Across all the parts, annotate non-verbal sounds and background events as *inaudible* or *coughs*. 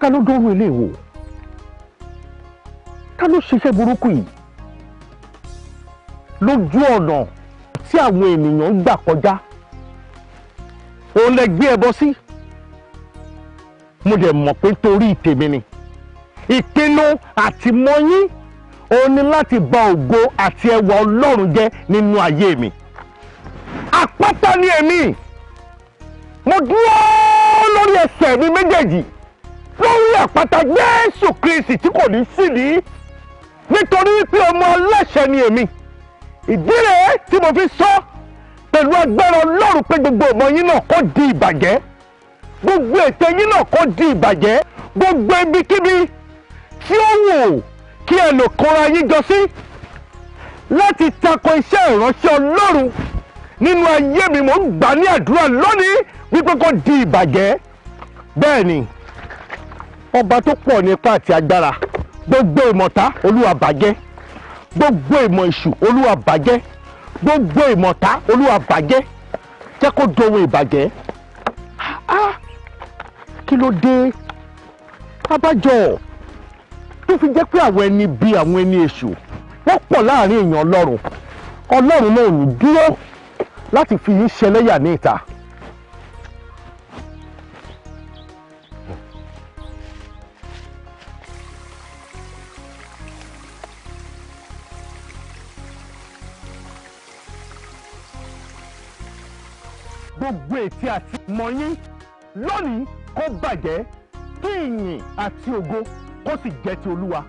ká ló dánwó ilé wò ká ló ṣiṣẹ́ burúkú yìí lójú ọ̀nà tí àwọn ènìyàn ń gbà kọjá òun lè gbé ẹbọ sí mo dẹ̀ mọ̀ pé torí tèmi ni ìpinnu àti mọ́yín òun ni láti bà ògo àti ẹwà Ọlọ́run jẹ́ nínú ayé mi àpáta ni èmi mo dúró lórí ẹsẹ̀ mi méjèèjì lórí àpáta Jésù Kristi tí kò ní sídìí nítorí wípé ọmọ aláṣẹ ni èmi ìdí rèé tí mo fi sọ pẹ̀lú agbára Ọlọ́run pé gbogbo ọmọ yín náà kó di ìbàjẹ́ gbogbo ète yín náà kó di ìbàjẹ́ gbogbo ibikíbi tí ó wù kí ẹ lò kóra yín jọ sí láti tako iṣẹ́ ìránṣẹ́ Ọlọ́run nínú ayé mi mò ń gbà ní àdúrà lónìí wípé kó di ìbàjẹ́ bẹ́ẹ̀ ni ọba tó pọ̀ nípa àti agbára gbogbo ìmọ̀ta olúwa bàjẹ́ gbogbo ìmọ̀ èṣù olúwa bàjẹ́ gbogbo ìmọ̀ta olúwa bàjẹ́ jẹ́ kó dohun ìbàjẹ́ kí ló dé abájọ tó fi jẹ́ pé àwọn ẹni bíi àwọn ẹni èṣù wọ́n pọ̀ láàrin èèyàn ọlọ́run ọlọ́run náà ò ní dúró láti fi yín ṣẹlẹ́yà ní ìta. gbogbo ètí àti mọ̀yín lónìí kó bàjẹ́ kí ìyìn àti ògo kó sì jẹ́ ti olúwa.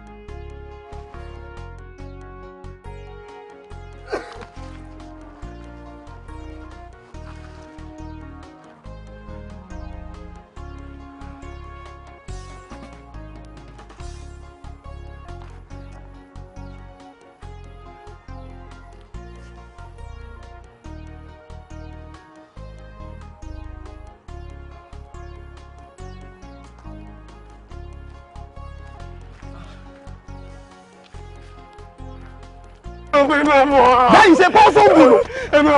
báyìí ṣe kó fún gbùrù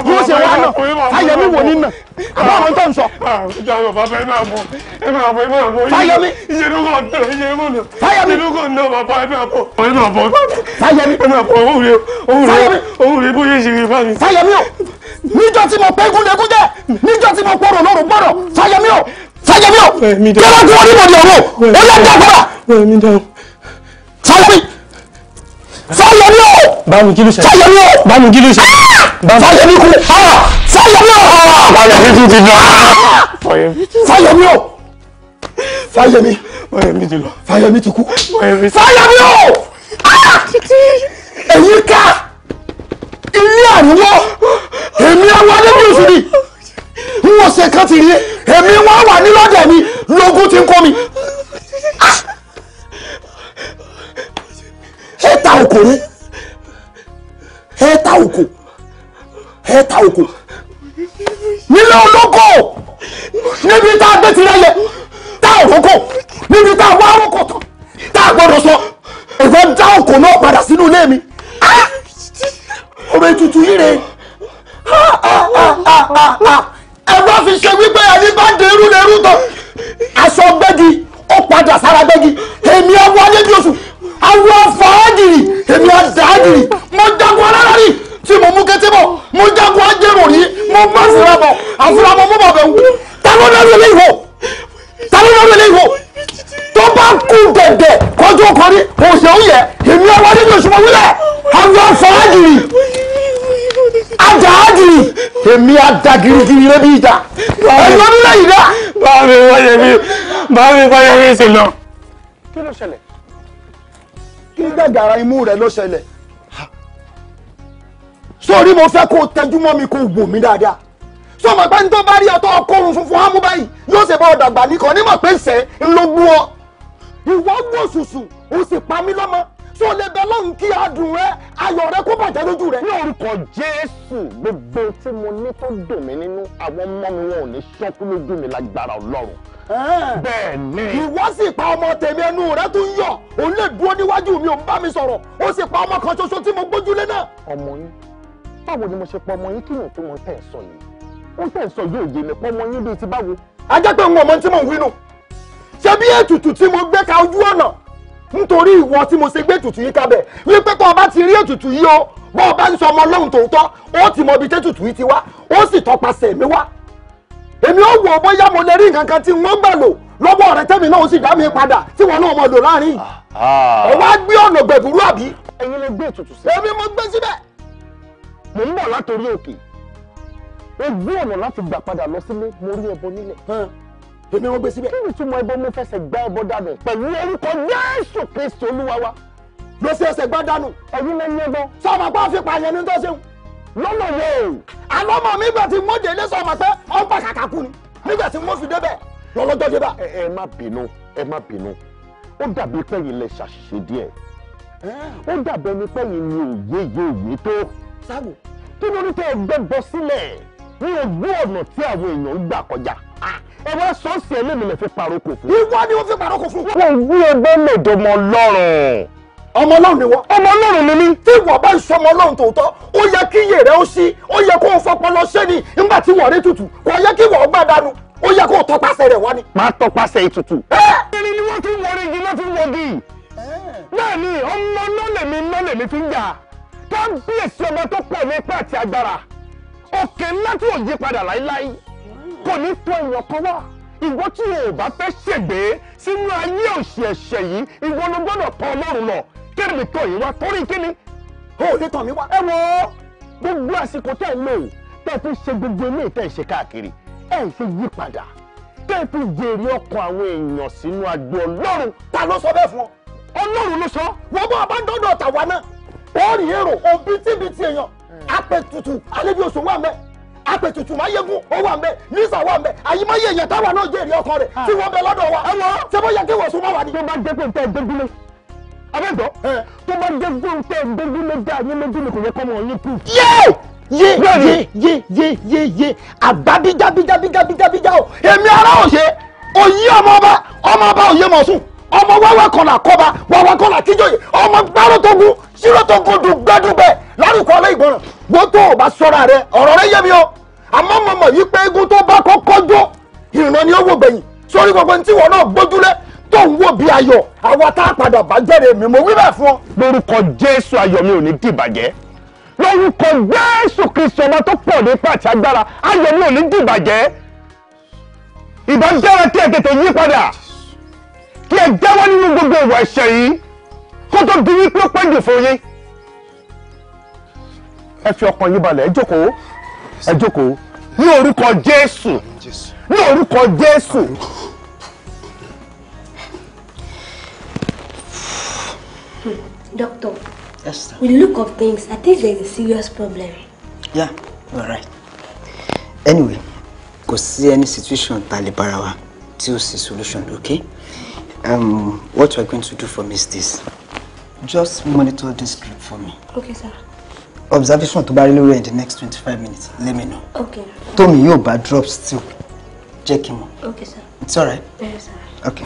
bó ṣe wá náà fáyemí wò ní náà àbá àwọn tó ń sọ. fáyemí fáyemí fáyemí fáyemí o níjọ́ tí mo pẹ́ gúnlẹ̀gún jẹ́ tí mo pọ̀rọ̀ lọ́rùn gbọ́dọ̀ fáyemí o fáyemí o kí ló ń kú onímọ̀ ní ọ̀rọ̀ ó lè dàgbà fáyemí. Fáyẹmí o. Bámi kí ló ṣe. Fáyẹmí o. Bámi kí ló ṣe. Ah! Fáyẹmí kú. Fáyẹmí o. Fáyẹmí tún ti lọ. Fáyẹmí o. Fáyẹmí. Fáyẹmí ti lọ. Fáyẹmí ti kú. Fáyẹmí o. Èyí ah! ká ilé àníwọ̀ èmi àwọn adébíyèsí ni n wọ́n ṣe kán ti rí èmi wọ́n wà nílọ́dẹ̀ mi lógún ti ń kọ́ mi. Ah! ẹ ta òkò ni ẹ ta òkò ẹ ta òkò nílé olóko níbi tá a gbé tirẹ̀ yẹ tá a roko níbi tá a wá roko tán tá a gbọ́dọ̀ sọ ẹ̀fọ́ dá òkò náà padà sínú ilé mi ọmọ ètùtù yìí rè ẹ bá fi ṣe wípé ẹni bá dèrú lèrú tán aṣọ gbẹ́gi ó padà sára gbẹ́gi èmi á wọlé bí oṣù àwọn afáàdìrì èmi àdáàdìrì mo jagun alára rí tí mo mú kété bọ̀ mo jagun ajérò rí mo bá síra bọ̀ àfúrà mo mú bọ̀ bẹ̀ wú ta ló lọ́rọ̀ ilé ìwò ta ló lọ́rọ̀ ilé ìwò tó bá kú dẹ̀dẹ̀ kọjú ọkọrí òṣèlú yẹ èmi àwọn adéjọ́ ìṣúná wílẹ̀ àwọn afáàdìrì adaadi èmi ada girigiri rẹ bí ìjà ẹ̀yọ́ nílẹ̀ yìí dá. báwo ni wọ́n yẹ mí báwo ni wọ́n yẹ mí ṣe lọ. kí ló ṣẹlẹ̀ kí gàgàrà imú rẹ ló ṣẹlẹ̀ sórí mo fẹ́ kó o tẹjú mọ́ mi kó o wò mí dáadáa sọmọ pé ní tó bá rí ọtọ ọkọrun funfun hámú báyìí yóò ṣe bá ọ dàgbà nìkan nímọ̀ pé ń sẹ́ ń ló gbú ọ ìwọ gbó sùsù ó sì pa mí lọ́mọ tó lè bẹ lọ́hùn kí adùn rẹ ayọ̀ rẹ kó bàjẹ́ lójú rẹ. ní orúkọ jésù gbogbo tí mo ní tó dùn mí nínú àwọn ọmọ mi wọn ò ní ṣọ́kú lójú mi lágbára ọlọ́run. bẹ́ẹ̀ ni. ìwọ sì pa ọmọ tèmi ẹnu rẹ tún yọ òun lè dúró níwájú mi ò ń bá mi sọ̀rọ̀ ó sì pa ọmọ kan ṣoṣo tí mo gbójúlé náà. ọmọ yín báwo ni mo ṣe pa ọmọ yín kí ni òkú mo tẹ̀ sọ yìí ó tẹ̀ sọ yóò yé mi pọ́ nítorí ìwọ tí mo ṣe gbé ètùtù yìí kábẹ̀ wípé tó o bá ti rí ètùtù yìí o bó o bá ń sọ ọmọ ọlọ́run tòótọ́ ó ti mọ ibi tètùtù yìí ti wá ó sì tọpasẹ̀ mi wá èmi ò wò bóyá mo lè rí nǹkan kan tí wọ́n gbà lò lọ́wọ́ rẹ tẹ́mi náà ó sì dá mi padà tí wọn náà mọ̀ lò láàrin ah, ah. ẹ wá gbé ọ̀nà gbẹ̀dúrú àbí. ẹ̀yin lè gbé ètùtù sí. èmi mo gbé síbẹ̀. mo ń bọ̀ látòrí òkè ó gbé ọ̀nà láti gbà padà lọ sílé mo rí ẹbọ nílẹ̀ èmi wọn gbé síbẹ̀. kí ni túmọ̀ ẹbọ mo fẹsẹ̀ gbá ẹbọ dànù pẹ̀lú orúkọ Jésù Kristi Olúwa wa ló ṣe ẹsẹ̀ gbá dànù. ẹ̀yin lẹ́yìn ẹbọ. sọ̀rọ̀ pé ó fi pààyàn ní tó ṣeun. lọ́nà wo. àlọ́mọ mi gbà tí mo dé ilé sọ̀rọ̀ pé ó ń pàkàkà kú ni nígbà tí mo fi débẹ̀ lọ́lọ́jọ́ débà. ẹ ẹ má bínú ẹ má bínú ó dàbí pé yìí lè ṣàṣìṣe díẹ̀ ó dàbí ẹni pé yìí ni òye yìí òye tó. sáwò kí ló ní tẹ ẹgbẹ́ bọ sílẹ̀. ní ogún ọ̀nà tí àwọn èèyàn gbà kọjá ẹ wá sọ́ọ̀sì lè fi paroko fún. ìwọ ni wọ́n fi paroko fún. wọ́n wí ẹgbẹ́ ọmọ ọlọ́run ni wọ́n. ọmọ ọlọ́run ni mí. tí ìwọ bá ń sọ ọmọ ọlọ́run tòótọ́ ó yẹ kí iye rẹ ó ó yẹ kó o fọpọlọ ṣé ni nígbà o tọpasẹ̀ rẹ̀ wá ni. tọpasẹ̀ ìtutù. fi òkè ńlá tí ò yí padà láíláí kò ní tó ìwọ̀n kan wá ìwọ tí o bá fẹ́ ṣègbè sínú ayé òṣì ẹ̀ṣẹ̀ yìí ìwọ ló gbọ́dọ̀ tọ ọlọ́run lọ kéde mi tọ yìí wá torí kíni o ò lè tọ̀ mí wá. ẹ wọ gbogbo àsìkò tẹ́ ẹ lò tẹ́ ẹ fi ṣe gbogbo ilé tẹ́ ẹ ṣe káàkiri ẹ ẹ ṣe yí padà tẹ́ ẹ fi jèrè ọkàn àwọn èèyàn sínú agbo ọlọ́run. ta ló sọ bẹ́ẹ̀ fún ọ. ọlọ́run ló sọ. wọ́n bá a bá dọ́dọ̀ tàwa náà ó rí èrò òbí èèyàn apẹ̀tùtù alẹ́bí oṣù wà mẹ́ apẹ̀tùtù máa yegun ó wà mẹ́ nísà wà mẹ́ àyè máa yẹ èèyàn táwa náà jẹ́ èrè ọkàn rẹ̀ tí wọ́n bẹ lọ́dọ̀ wa ẹ wọ́n ṣe bó yẹ kí wọ́n sún mọ́ wa ni. tó bá dé pé nǹkan ẹ̀ẹ́dẹ́gúnlé abẹ́gbọ́ tó bá dé pé nǹkan ẹ̀ẹ́dẹ́gúnlé dá yín lójú ni kò yẹ kọ́mọ yín kú. yéè ye ye ye ye ye ye àbábíjábíjábíjábíjábíjá o èmi ara òye òye ọmọ ọba ọmọ ọba òye mọ̀ sùn ọmọ wáwá kọlà kọba wáwá kọlà kíjòyè ọmọ gbárò tó gun sírò tó gun dùn gbẹdùn bẹ lárúkọ ọlẹ ìgbọràn wọn tó o bá sọra rẹ ọ̀rọ̀ rẹ yé mi o àmọ́ mọmọ yìí pé egun tó bá kọ́kọ́ jó ìrìnà ni ó wò gbẹ̀yìn sórí gbogbo ní tiwọn náà gbójúlé tó ń wò bí ayọ̀ àwa tá a padà bá jẹrè mi mo wí bẹ́ẹ̀ fún ọ. lórúkọ jésù ayọ̀ mi ò ní dìbàjẹ́ lórúkọ jésù kristu ọba tó pọ̀ ní pàtí agbára ayọ̀ mi ò ní dìbàjẹ́ ìbá dára tí ẹ tètè yí padà kí ẹ jáwọ́ nínú gbogbo ìwà ẹ̀ṣẹ̀ yìí kó tó di yín pé ó pẹ́ jù fún yín ẹ fi ọkàn yín balẹ̀ ẹ jókòó ẹ jókòó ní orúkọ Jésù ní orúkọ Jésù. Doctor, yes, with look of things, I think there is a serious problem. Yeah, you are right. Anyway, kò sí any situation tá a lè bára wa tí ó sì solution, okay? Um, what we're going to do for me is this. Just monitor this group for me. Okay, sir. Observation to bá rí in the next 25 minutes. Let me know. Okay. Tommy, yóò bá drops too. Check him out. Okay, sir. It's alright. right? Yes, sir. Okay.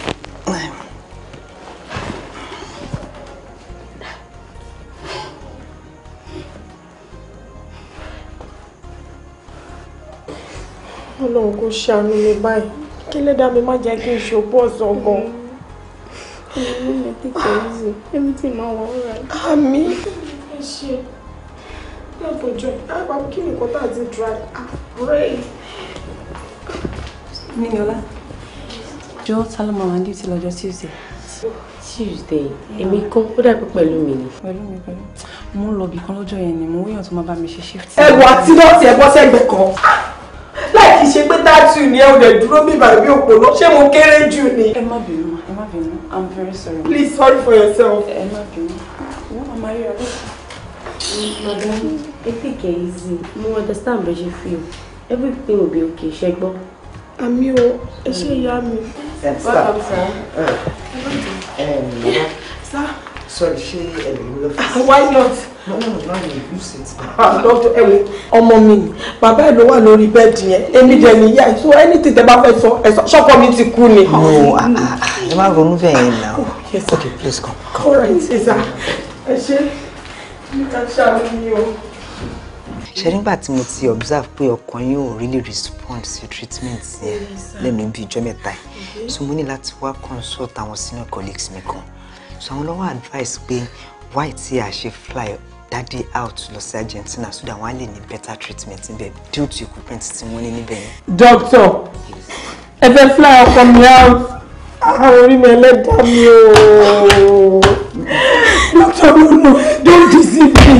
Ọlọ́run kò ṣàánú mi buy. Kí lẹ́dàá mi má jẹ́ kí n ṣòpó ọ̀sán gan take it easy everything máa wà alright. àmì ẹ ṣe ẹ bọjọ àpapọ̀ kí ni nǹkan tá a ti dry pray. Níyọlá jọ tálámà wà ní ti lọ́jọ́ Tuesday. Tuesday èmi kan ó dàbí pẹ̀lú mi ni. pẹ̀lú mi pẹ̀lú mo ń lọ ibì kan lọ́jọ́ yẹn ni mo wíyàn tó máa bá mi ṣe shift. ẹ̀wù àti nọ́ọ̀sì ẹ̀gbọ́n sẹ́gbẹ̀ẹ́ kan láì kìí ṣe pé táàtù ni ẹ̀ ò lè dúró bí ìbàdàn bí òpó lọ ṣé mo kéré jù ni. ẹ má bínú wa má bínú. I'm very sorry. Please, sorry for yourself. Ẹ má bínú. Wọ́n máa máa rí ọdún. Madam, etí kẹ̀ easy. No understand but you feel Everything will be okay, ṣe gbọ́. Àmì o, ẹ ṣe ìyá Welcome, sir. Eh, ẹ ẹ ẹ sorry ṣé ẹlòmí ló fi. why not. no no no you use ah, doctor ẹ wo ọmọ mi ni bàbá ẹ ló wà lórí bẹ́ẹ̀dì yẹn èmi dẹ̀ nìyá so anything tẹ bá fẹ́ sọ ẹ sọ ṣọ́kọ mi ti kú ni. no oh, ah, ah, ẹ má ronú bẹ́ẹ̀ yẹn náà oh, okay please come. all right ṣèṣà ẹ ṣe níta ṣàlùmí o ṣe nígbà tí mo ti observe pé ọkàn yín ò really respond sí treatment yẹn lẹ́nu bí ijọ́ mẹ́ta yìí mm-hmm. so mo ní láti wá consult àwọn senior colleagues mi kan so àwọn lọ́wọ́ advice pé why tí a ṣe fly daddy out lọ sí Argentina so that wọ́n á lè ní better treatment níbẹ̀ due to equipment tí wọ́n ní níbẹ̀ yẹn. doctor ẹ fẹ́ fly ọkọ mi out àwọn ah, orí mi ẹlẹ́dàá mi ooo doctor no no don't deceive me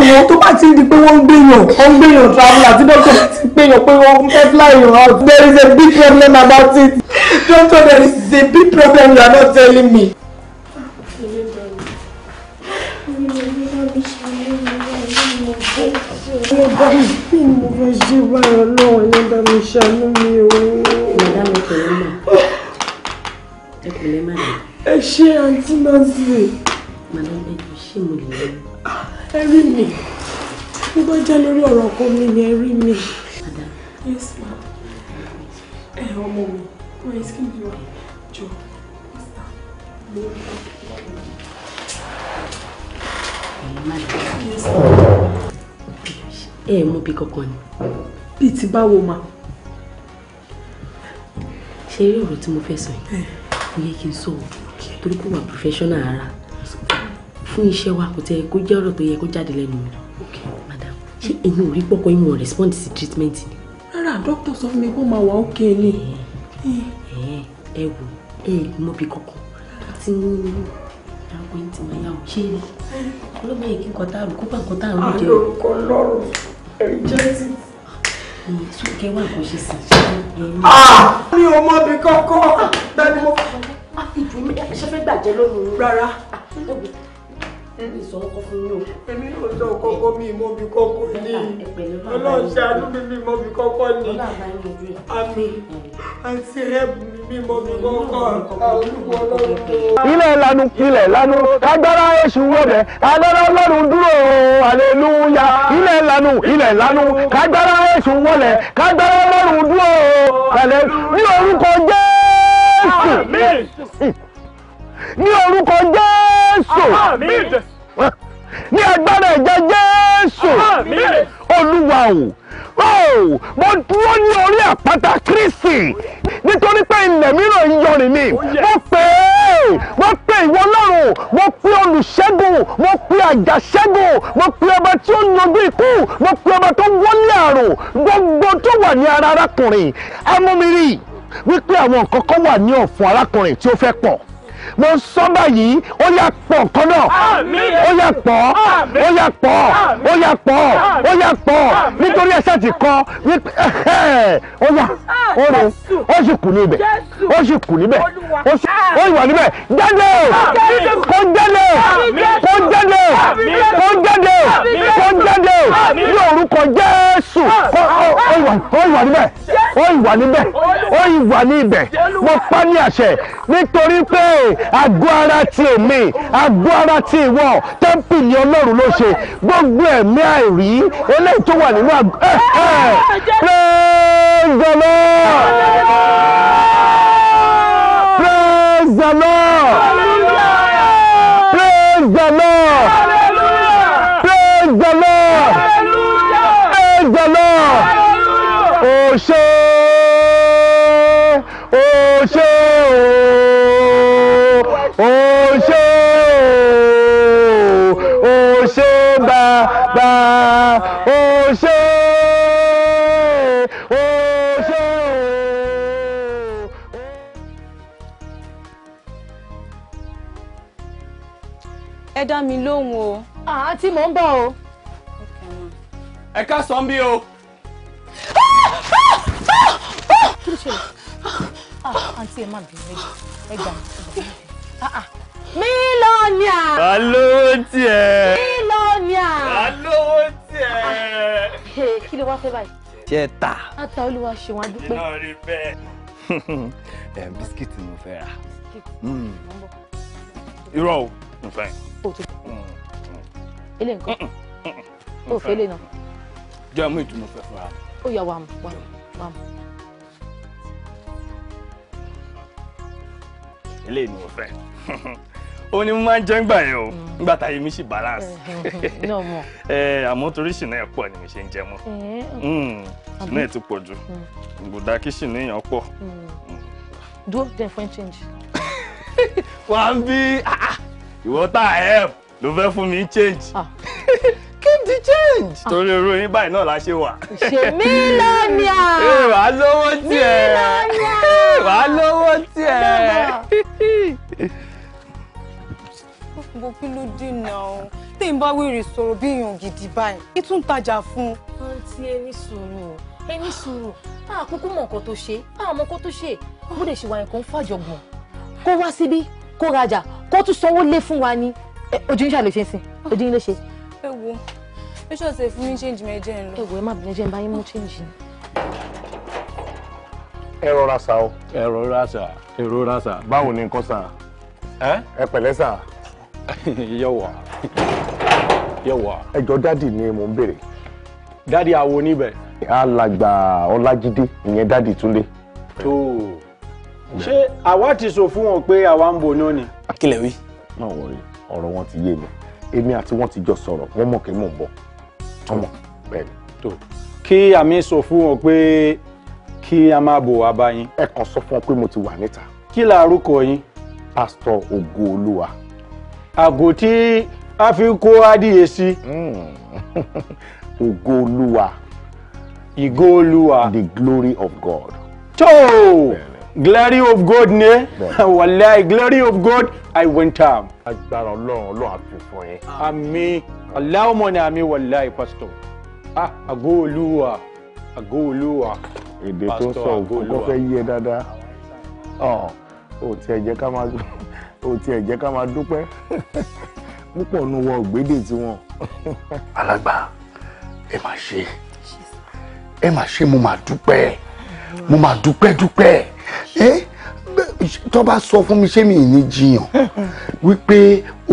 ẹ̀wọ̀n tó bá ti di pé wọ́n ń gbèyàn wọ́n ń gbèyàn travel àti doctor ti gbèyàn pé wọ́n ń fẹ́ fly your house there is a big problem about it doctor there is a big problem you are not telling me. ẹ bá mi kí ni mo fẹ́ ṣe báyọ̀ náà ẹ bá mi ṣàánú mi o. màdá mi kò ní mà ẹ kò lè má dé. ẹ ṣe àǹtí Nancy. màdá mi kò ṣe mo lè lọ. ẹ rí mi bó bá yes ma'am. ẹ ọmọ mi mo ẹ sí mi wá jọ mo. ẹ má yes ma ẹ ẹ mú bí kankan ni. bíi ti báwo ma. ṣe rí ọ̀rọ̀ tí mo fẹ́ sọ yìí kò yẹ kí n sọ torí kò wà professional ara fún iṣẹ́ wa kò tẹ kó jẹ́ ọ̀rọ̀ tó yẹ kó jáde lẹ́nu mi. madam ṣé èmi ò rí pọ̀kọ́ ìmọ̀ respond sí treatment ni. rárá dókítà sọ fún mi kó máa wà ókè ni. ẹ wò ẹ mú bí kankan tí mo yàgò ṣe é ọlọ́mọ yìí kí nǹkan tá a rò kó bá nǹkan tá a rò jẹ́ o. àlòkọ lọ́rùn rejected. Sókè wà kò ṣe sí. Ah! Mi ò mọ ibi kọ́kọ́. Bẹ́ẹ̀ni mo. Ah, Ìjù mi ṣe fẹ́ gbàjẹ́ lónìí. Rárá. Ìsọ̀ ah, ọkọ̀ fún mi o. Èmi ò lọ kọ́kọ́ mi ìmọ̀ ibi kọ́kọ́ ni. Ọlọ́run ṣe àánú mi mi ìmọ̀ ibi kọ́kọ́ ni. Ọlọ́run Àmì àti ẹ̀bùn mi ilẹ̀ lanu ilẹ̀ lanu kágbára èṣù wọ̀bẹ̀ agbára ọlọ́run dúró hallelujah ilẹ̀ lanu ilẹ̀ lanu kágbára èṣù wọ̀lẹ̀ kágbára ọlọ́run dúró hallelujah ní orúkọ jésù ní orúkọ jésù ní agbára ẹ̀jẹ̀ Jésù Olúwa o mo dúró ní orí àpáta Kristi nítorí pé ilẹ̀ mìíràn ń yọrin mi oh, mo pè é mo pè ìwọ Ọlọ́run mo pè olùṣẹ́gun mo pè àjàṣẹ́gun mo pè ọba tí ó ń yanjú ikú mo pè ọba tó wọlé àrùn gbogbo tó wà ní ara arákùnrin amúmiri wípé àwọn nǹkan kan wà ní ọ̀fun arákùnrin tí ó fẹ́ pọ̀ mo sọ báyìí ó yà pọ̀ kan náà ó yà pọ̀ ó yà pọ̀ ó yà pọ̀ ó yà pọ̀ nítorí ẹsẹ̀ ti kọ́ ó yà ah, ó ro ó sì kù níbẹ̀ ó sì kù níbẹ̀ ó sì wà níbẹ̀ jáde o ah, kó jáde o kó jáde o ah, kó jáde o kó jáde o ní orúkọ Jésù ó wà níbẹ̀ ó ìwà níbẹ̀ ó ìwà ní ibẹ̀ mo pa ní àṣẹ nítorí pé àgọ́ ara ti èmi àgọ́ ara ti ìwọ tẹ́ḿpìlì ọlọ́run ló ṣe gbogbo ẹ̀mí àìrí eléyìí tó wà nínú àgọ́ ẹ̀ ẹ̀ praise the lord praise the lord praise the lord praise the lord praise the lord. Oh, show. lóhùn o. àǹtí mò ń bọ̀ o. ẹ ká sọ ń bí o. kí ló ṣẹlẹ̀ àǹtí ẹ má bínú ẹ gbà mílíọ̀nìà. wà lówó tiẹ̀. mílíọ̀nìà. wà lówó tiẹ̀. kí ló wá fẹ́ báyìí. tiẹ̀ ta. a ta olúwa ṣe wọn dúpẹ́. iná rí bẹ́ẹ̀. *laughs* ẹ bisikíìtì mo fẹ́ ra. Hmm. irọ́ o n fẹ́ òtún. ilé mm, mm. nǹkan mm, ó fẹ́ lé náà. jẹ́ mú ìtumọ̀ fẹ́ fún wa. ó yà wà mú wà mú. eléyìí ni mo fẹ́ *laughs* ó ní mo máa ń jẹ́ ńgbà yẹn o ńgbà táyé mi sì balance *laughs* àmọ́ torí ṣìnà ẹ̀ pọ̀ ni mo ṣe ń jẹ mọ́ ṣìnà ẹ̀ ti pọ̀ jù gbòdà kí ṣìnà èèyàn pọ̀. dúró dẹ̀ fún change. *laughs* wà bí ah, ah ìwọ tá a help ló fẹ́ fún mi change. Ah. *laughs* keep the change. Ah. torí oró yín báyìí náà la ṣe wà. ṣe mílíọ̀nìà. ee wàá lówó tiẹ̀. mílíọ̀nìà. wàá lówó tiẹ̀. gbogbo kí ló dènà o tí n bá wèrè sọ̀rọ̀ bí èèyàn gidi báyìí kí tún tajà fún. ó ti ẹni sùúrù ẹni sùúrù tá kúkú mọ̀ nǹkan tó ṣe tá mọ̀ nǹkan tó ṣe bó lè ṣe wà nǹkan fàjọgbọ̀n kó wá síbí kó rajà kó tún sanwó lé fún wa ni ojú yín ṣàlè ṣe ń sìn ojú yín ló ṣe. ẹ wo ẹ ṣọ́ ṣe fún mi change mi ẹjẹ́ ń lọ. ẹ wo ẹ má bínú ẹjẹ́ ń bá yín mú change ni. ẹ rọra sá o. ẹ rọra sá ẹ rọra sá. báwo ni nǹkan sá. ẹ pẹ̀lẹ́ sá. yọ̀wọ̀ yọ̀wọ̀. ẹjọ́ dádì ni mò ń béèrè. dádì àwo níbẹ̀. alàgbà ọlájídé ìyẹn dádì túnlé. tóo ṣé àwa ti sọ fún wọn pé àwa ń bò náà ni. akílẹ̀ wí. má wọrí ọ̀rọ̀ wọn ti yé mi èmi àti wọn ti jọ sọ̀rọ̀ wọ́n mọ̀ kí mò ń bọ̀ tọmọ bẹ́ẹ̀ ni. tó kí àmì sọ fún wọn pé kí a máa bò wá bá yín. ẹ kàn sọ fún wọn pé mo ti wà níta. kí làárúkọ yín. pásítọ̀ ògo olúwa. àgò tí a fi kó adìyẹ sí. Hmm. *laughs* ògo olúwa. ìgò olúwa. the glory of God. tó. Yeah glory of God ni *laughs* wàláì glory of God I went am. agbára ọlọ́run ọlọ́run àfi fún yín. àmín aláwọ̀mọ̀ ni àmín wàláì pásítọ̀ ah àgọ́ olúwa àgọ́ olúwa. èdè tó ń sọ òkú fẹ́ yí ẹ dáadáa ò tiẹ̀ jẹ́ ká máa ò tiẹ̀ jẹ́ ká máa dúpẹ́ *laughs* púpọ̀ nu wọ ògbédè tiwọn. *laughs* alàgbà ẹ máa ṣe ẹ máa ṣe mo máa dúpẹ́ mo máa dúpẹ́ dúpẹ́ ẹ́ tó bá sọ fún mi ṣé mi ní jiyàn wípé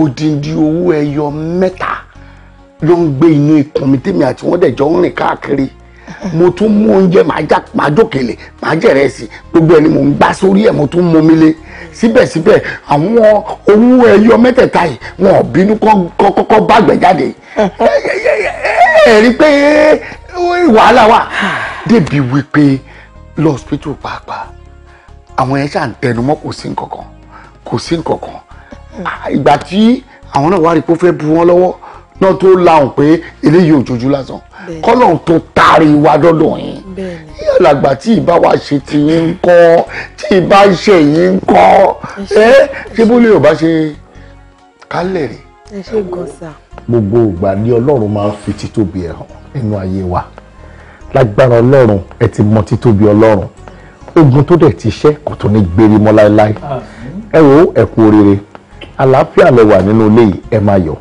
odindi owó ẹyọ mẹ́ta ló ń gbé inú ikùn mi tèmi àti wọ́n dẹ̀ jọ ń rìn káàkiri mo tún mú oúnjẹ màá jókèlè màá jẹ̀rẹ̀ sí gbogbo ẹni mò ń gbá sórí ẹ̀ mo tún mú mi lé síbẹ̀síbẹ̀ àwọn owó ẹyọ mẹ́tẹ̀ẹ̀ta yìí wọn ò bínú kọ́kọ́ bàgbẹ́ jáde ẹ̀rí pé wàhálà wà débi wípé lọ hospital pàápàá àwọn yẹn ṣàn tẹnumọ́ kò sí nkankan kò sí nkankan hmm. ah, ìgbà tí àwọn náà wá rí i pé ó fẹ́ bu wọn lọ́wọ́ náà tó lahùn pé eléyìí ò jojú lásán kọ́lọ́n tó taari wa dọ́dọ̀ yín alàgbà tí ìbá wa ṣe ti yín ń kọ́ tí ìbá ṣe yín ń kọ́ ẹ ṣé bó lè bá ṣe kálẹ̀ rè. ẹ ṣe gọ́sà. gbogbo ìgbà ni ọlọ́run máa ń fi títóbi ẹ̀ hàn nínú ayé wa lágbára ọlọ́run ẹ ti mọ títóbi ọlọ́run ogun tó dẹ̀ ti ṣẹ́ kò tún ní gbérí mọ́ láéláé ẹ wo ẹ kú oríire àlàáfíà lẹ wà nínú ilé yìí ẹ máa yọ̀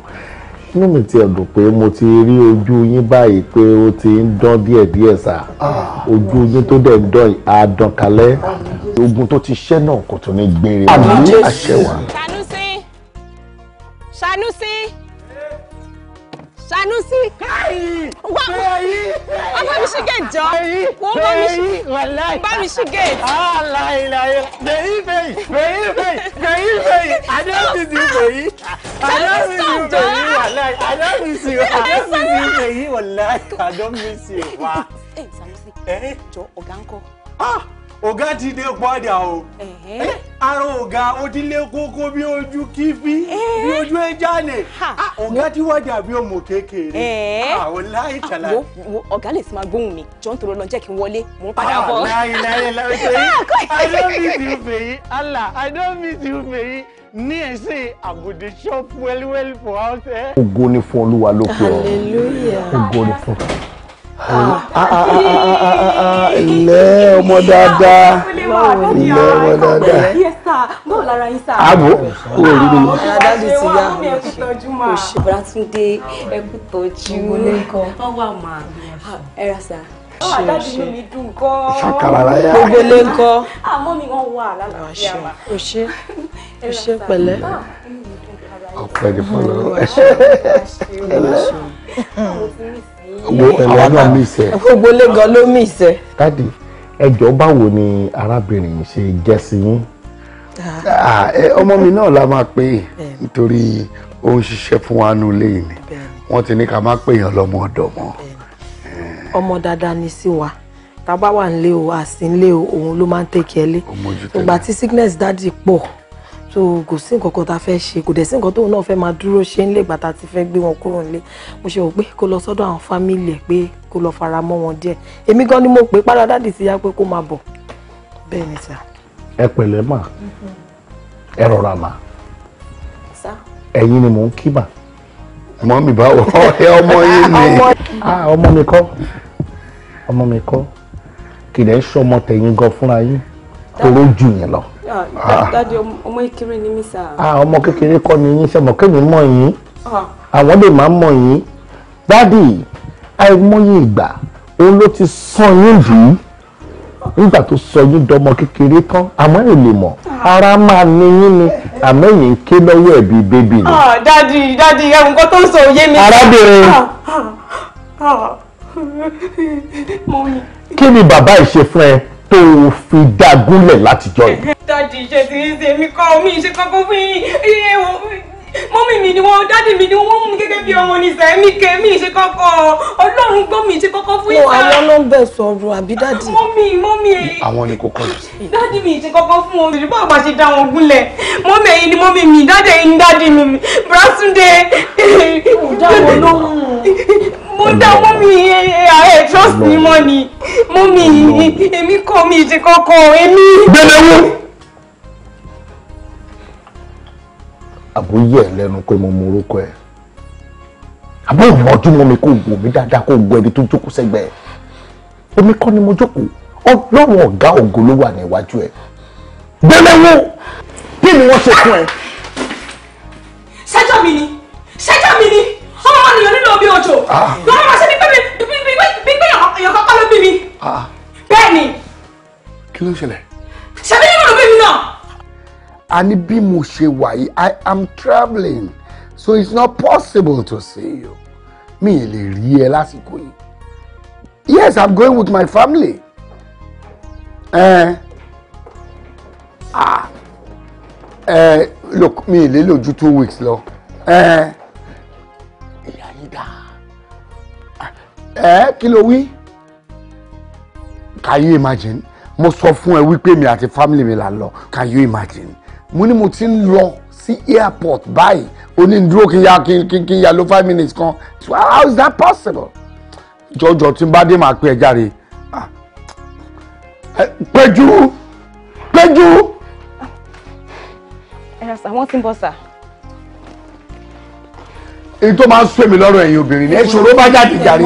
inú mi ti ẹ̀dùn pé mo ti rí ojú yín báyìí pé ó ti ń dán díẹ̀ díẹ̀ sá ah. ojú yín tó dẹ̀ ń dán yìí á dán kalẹ̀ ogun tó ti ṣẹ́ náà kò tún ní gbérí mọ́ àṣẹ wà. Sanusi Sanusi. Sanusi. Wá wá bá mi ṣí gate jọ. I. bá mi ṣí bá mi ah, I. gate. Àlà ìlàyé bèyí bèyí I. bèyí bèyí bèyí I. bèyí àdéhùnsì bèyí wàlá àdéhùnsì I. bèyí wàlá àdéhùnsì wà. Ẹ Sanusi, jọ ọ̀gá ń kọ́. Ah! ọ̀gá ti dé padà o eh, ara ọ̀gá ó ti lé kókó bí ojú kífí bí eh. ojú ẹja nì ah, ọ̀gá ti wá dàbí ọmọ kékeré àwọn eh. ah, láì tàlà. Ah, ọ̀gá lè ti máa gbóhùn mi jọ ń tọrọ lọ jẹ́ kí n wọlé mò ń padà bọ̀. láì láì láì i don't meet you fèyí allah i don't meet you fèyí ní ẹsẹ àgùdì shop well well for house. ògo ni fún olúwa ló pè ọ́ ògo ni fún ilẹ̀ ọmọ dáadáa ilẹ̀ ọmọ dáadáa àbò kò rí mi. dáadáa ti yá kò ṣe bàtúndé ẹkú tọ́jú ọwọ́ àmà ẹ̀rọ̀sà ṣe ṣàkàràlàyà gbogbo lè ń kọ́ àmọ́ mi wọ́n wà lálàáfíà mà. o ṣe o pẹ̀lẹ́. ọ̀pẹ̀ ní fọlọ́ wo àwa náà mí ìsẹ. *laughs* gbogbo lẹ́gàn ló mí ìsẹ. dádì ẹjọ́ báwo ni arábìnrin yìí ṣe jẹ́ sí yín ah. ọmọ mi náà la máa pè é nítorí ó ń ṣiṣẹ́ fún wa nù léyìn ni wọ́n ti ní ká má pè yàn lọ́mọ ọ̀dọ̀ mọ́. ọmọ dáadáa ni sí wa tá a bá wà nílé o àsínlé o òun ló máa ń tẹ̀kẹ́ lé ìgbà tí sickness dádì pọ̀ so kò sí nǹkan kan tá a fẹ́ ṣe kò dẹ̀ sí nǹkan tóun náà fẹ́ máa dúró ṣe ń lẹ́gbàá tá a ti fẹ́ gbé wọn kúrò nílé mo ṣe wò pé kó lọ sọ́dọ̀ àwọn fámìlì ẹ̀ pé kó lọ fara mọ́ wọn díẹ̀ èmi gan ni mo pè padà dáàdì ti yá pé kó máa bọ̀ bẹ́ẹ̀ ni sà. ẹ pẹ̀lẹ́ mà ẹ rọra mà ẹ̀yin ni mò ń kí mà mọ́ mi báwo ẹ ọmọ yín ni ọmọ mi kọ́ ọmọ mi kọ́ kì í dẹ̀ ń ṣọmọ tẹ̀yìn gan fúnra yín toró jù yín lọ. Ah, ah. dádì ọmọ kékeré ni mí sà. Ah, ọmọ kékeré kọ́ ni yín sẹ́mọ̀ kémi mọ̀ yín àwọn lè máa mọ̀ yín dádì àìmọye ìgbà òun ló ti sàn yín jù ú nígbà tó sọ yín dọmọ kékeré tán àmọ́ ẹ lè mọ̀ ara máa ní yín ni àmọ́ èyí ń ké lọ́wọ́ ẹ̀ bíi bébì ni. dadi dadi ẹ̀rù nǹkan tó ń sọ òye mi. arábìnrin. *laughs* kí ni bàbá ìṣe fún ẹ tó o fi dá gúnlẹ̀ látijọ́ yìí. dájú ìṣètìlẹ́sẹ̀ mi kọ́ mi ìṣe kankan fún yín mọ́mí mi ni wọ́n dádì mi ni wọ́n mú mi gẹ́gẹ́ bí ọmọ ní sẹ́mi kẹ́mi ṣe kọ́kọ́ ọlọ́run gbọ́ mi ṣe kọ́kọ́ fún ìta. àwọn ló ń bẹ̀ sọ̀rọ̀ àbí dádì. mọ́mí mọ́mí èyí. àwọn ni kókó yìí. dádì mi ṣe kọ́kọ́ fún wọn òṣèlú báwo bá ṣe dá wọn gúnlẹ̀ mọ́mí èyí ni mọ́mí mi dádì èyí ni dádì mi Brastunde. mo dá wọn lóhùn. mo dá mọ́mí ẹ̀ trust me mọ́ ni mọ́mí èmi kọ́ mi ṣe kọ́kọ́ èmi. gbẹ̀lẹ́wọ́ àbóyẹ lẹ́nu pé mo morúkọ ẹ àbó ìmọ̀jú mọ́ mi kó wò mí dáadáa kó gbọ́ ẹni tó jókòó sẹ́gbẹ̀ẹ́ èmi kọ́ ni mo jókòó ọlọ́run ọ̀gá ògo ló wà níwájú ẹ gbẹlẹ́wọ́ kí ni wọ́n ṣe fún ẹ. ṣẹjọ mi ni ṣẹjọ mi ni ọmọ wọn nìyọ nínú omi òjò ah. lọ́wọ́ máa ṣe bí pẹ́ẹ́mì bí pé èèyàn kọ́kọ́ ló bí mi ah. bẹ́ẹ̀ ni. kí ló ń ṣẹlẹ̀. ṣebí nínú ló bí mi náà àní bí mo ṣe i am travelling so it's not possible to see you Me, ì lè rí yes i'm going with my family ẹ eh. ah ẹ eh, look me, ì lè ju two weeks lo. ẹ eh. ìyá yín dá ẹ can you imagine mo sọ fún ẹ wípé mi àti family mi là ń can you imagine mo ní mo ti ń lọ sí airport báyìí onídúró kí n ya kí n kí n ya lo five minutes kan how is that possible jọjọ tí n bá dé máa pé ẹ jáde péjú péjú. ẹ̀rọ sà wọ́n ti ń bọ̀ sà. èyí tó máa ń sọ èmi lọ́rọ̀ ẹ̀yin obìnrin ni ẹ ṣòro bá jáde jàre.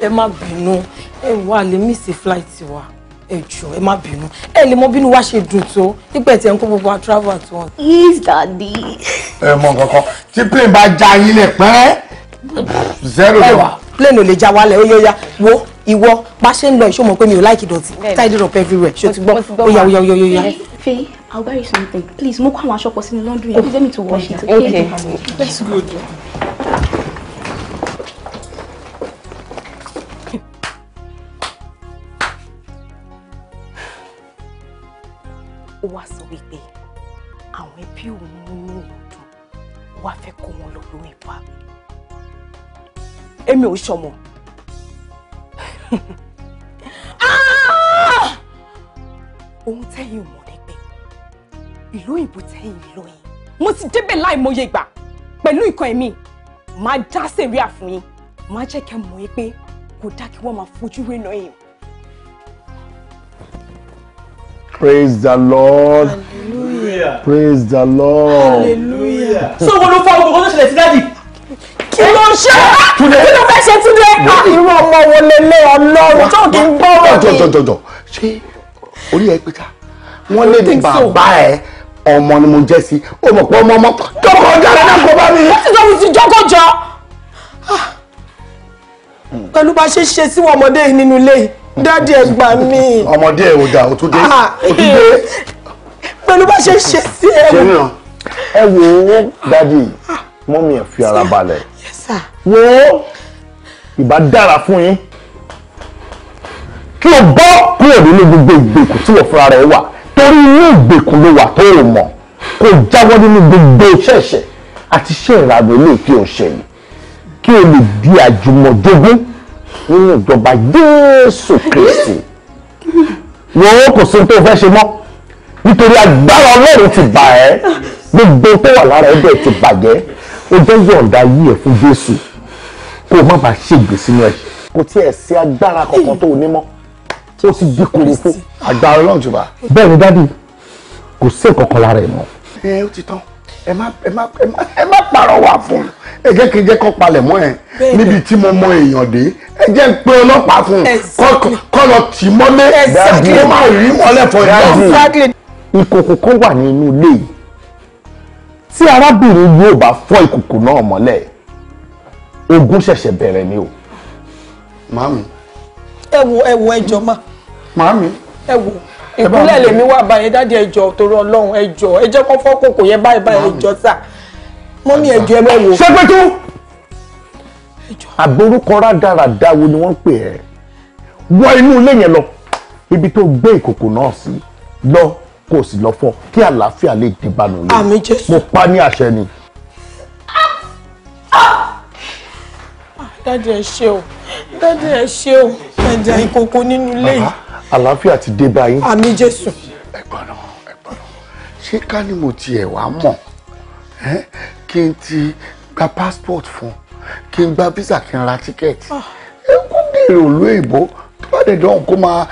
ẹ má bínú ẹ wò ẹ má bínú flight wa ẹ jọ̀ọ́ ẹ má bínú ẹ lè mọ bínú wá ṣe dùn tó nígbà tí ẹ ń kó gbogbo wa travel at once. yes daddy. ẹ mọ nǹkan kan tí plane bá já yín lẹ pẹ́ zero lè wà. plane ò lè já wálẹ̀ ó yẹ ya wo ìwọ bá ṣe ń lọ ìṣó mọ̀ pé mi ò láìkì dọ̀tí tidy up everywhere ṣó ti gbọ́ ó yà ó yà ó faye i'll buy you something please mo kó àwọn aṣọ pọ̀ sínú laundry yẹn oh. please let me to wash it. okay that's good. ó wá sọ wípé àwọn ẹbí òun nínú òun dùn ó wá fẹ́ kó wọn lọ lórí ipa èmi ò ṣọmọ. Ah! ohun tẹ́yìn mọ̀ ni pé ìlú òyìnbó tẹ́yìn lọ yẹn mo ti débẹ̀ láìmọye ìgbà pẹ̀lú ìkan ẹ̀mí máa já sẹ̀ríà fún yín máa jẹ́ kẹ́ mọ̀ yín pé kò dá kí wọ́n máa fojú rẹ̀ náà yìí praise the lord hallelujah praise the lord hallelujah. so wọn ló fọ ọgbọ̀n kó tó ṣẹlẹ̀ sí dáàdì. kí ló ń ṣe kí ló fẹ́ ṣe túnde irú ọmọ wo lélẹ̀ ọlọ́run tó kì í gbọ́rọ̀ kí. jọjọjọjọ ṣé orí ẹ pé ká wọn lè ní bàbá ẹ ọmọ ni mo jẹ sí o mọ̀ pé ọmọ ọmọ jọkọ̀ ọjà rẹ̀ náà kò bá mi. wọ́n ti sọ fún ti jọkọ̀ jọ. Hmm. pẹ̀lú bá ṣe ṣe sí ọmọdé nínú ilé yìí dáàdì ẹ gbà mí. ọmọdé ẹ ò dà ó tún dé ah. ó tún dé. pẹ̀lú bá ṣe ṣe sí ẹ. ṣe náà ẹ wo dáàdì mọ́mí ẹ fi ara balẹ̀ wo ìbá dára fún yín kí o bọ́ kúrò nínú gbogbo ìgbèkùn tí wọ́n fúnra rẹ̀ wà torí inú ìgbèkùn ló wà tó o mọ̀ kó o jáwọ́ nínú gbogbo iṣẹ́ ẹ̀ṣẹ̀ àti iṣẹ́ ìrànlọ́lẹ́ kí o ṣe yìí kí o lè di àjùmọ̀jogún nínú ìjọba Jésù Kristi wo kò sí tó fẹ́ ṣe mọ́ nítorí agbára Ọlọ́run ti bà ẹ́ gbogbo tó wà lára ẹgbẹ́ ti bàjẹ́ o jẹ́ yọ̀ǹda yí ẹ̀ fún Jésù kó o má bàa ṣègbè sínú ẹ̀ kò tiẹ̀ sí agbára kankan tó o ní mọ́ ó sì di kúrúkú. agbára Ọlọ́run ti bà. bẹ́ẹ̀ ni dádì kò sí nǹkan kan lára ẹ̀ mọ́. ẹ ó ti tán ẹ má ẹ má ẹ má pàrọwà fún un ẹ jẹ́ kí n jẹ́ kọ́ palẹ̀ mọ́ ẹ níbi tí mo mọ èèyàn dé ẹ jẹ́ n pe ọlọ́pàá fún un kọ́ lọ tì mọ́lé kó má rí mọ́lẹ̀ fọ ìdájú. ìkòkò kan wà ní inú ilé yìí tí arábìnrin yóò bá fọ́ ìkòkò náà mọ́lẹ̀ ogun ṣẹ̀ṣẹ̀ bẹ̀rẹ̀ ni o. màámi. ẹ wo ẹ wo ẹjọ ma. màámi. ẹ wo ìkúlẹ̀ lèmi wà báyìí dáàdi ẹjọ́ torí ọlọ́run ẹjọ́ ẹjẹ́ kan fọ́kùn kò yẹ báyìí báyìí ẹjọ́ sà mọ́mí ẹjọ́ ẹ mẹ́wò. ṣẹ́pẹ́tù àbórúkọ rádaràda wo ni wọ́n pè ẹ́ wọ inú ilé yẹn lọ ibi tó gbé ìkòkò náà sí lọ kó sì lọ fọ kí àlàáfíà lè dé bánu lé mo pa ní àṣẹ ni. Ah, dáàdi ẹ ṣe o dáàdi ẹ ṣe o ẹ̀jẹ̀ ìkòkò nínú ilé yìí àlàáfíà ti dé báyìí. àmì jésù. ẹ̀gbọ́n náà ẹ̀gbọ́n náà ṣé ká ní mo tiẹ̀ wá mọ̀ kí n ti gba passport fún kí n gba visa kí n ra tíkẹ́ẹ̀tì ah. ẹ kó bèrè òlú èbó tó bá dẹ̀ dán kó máa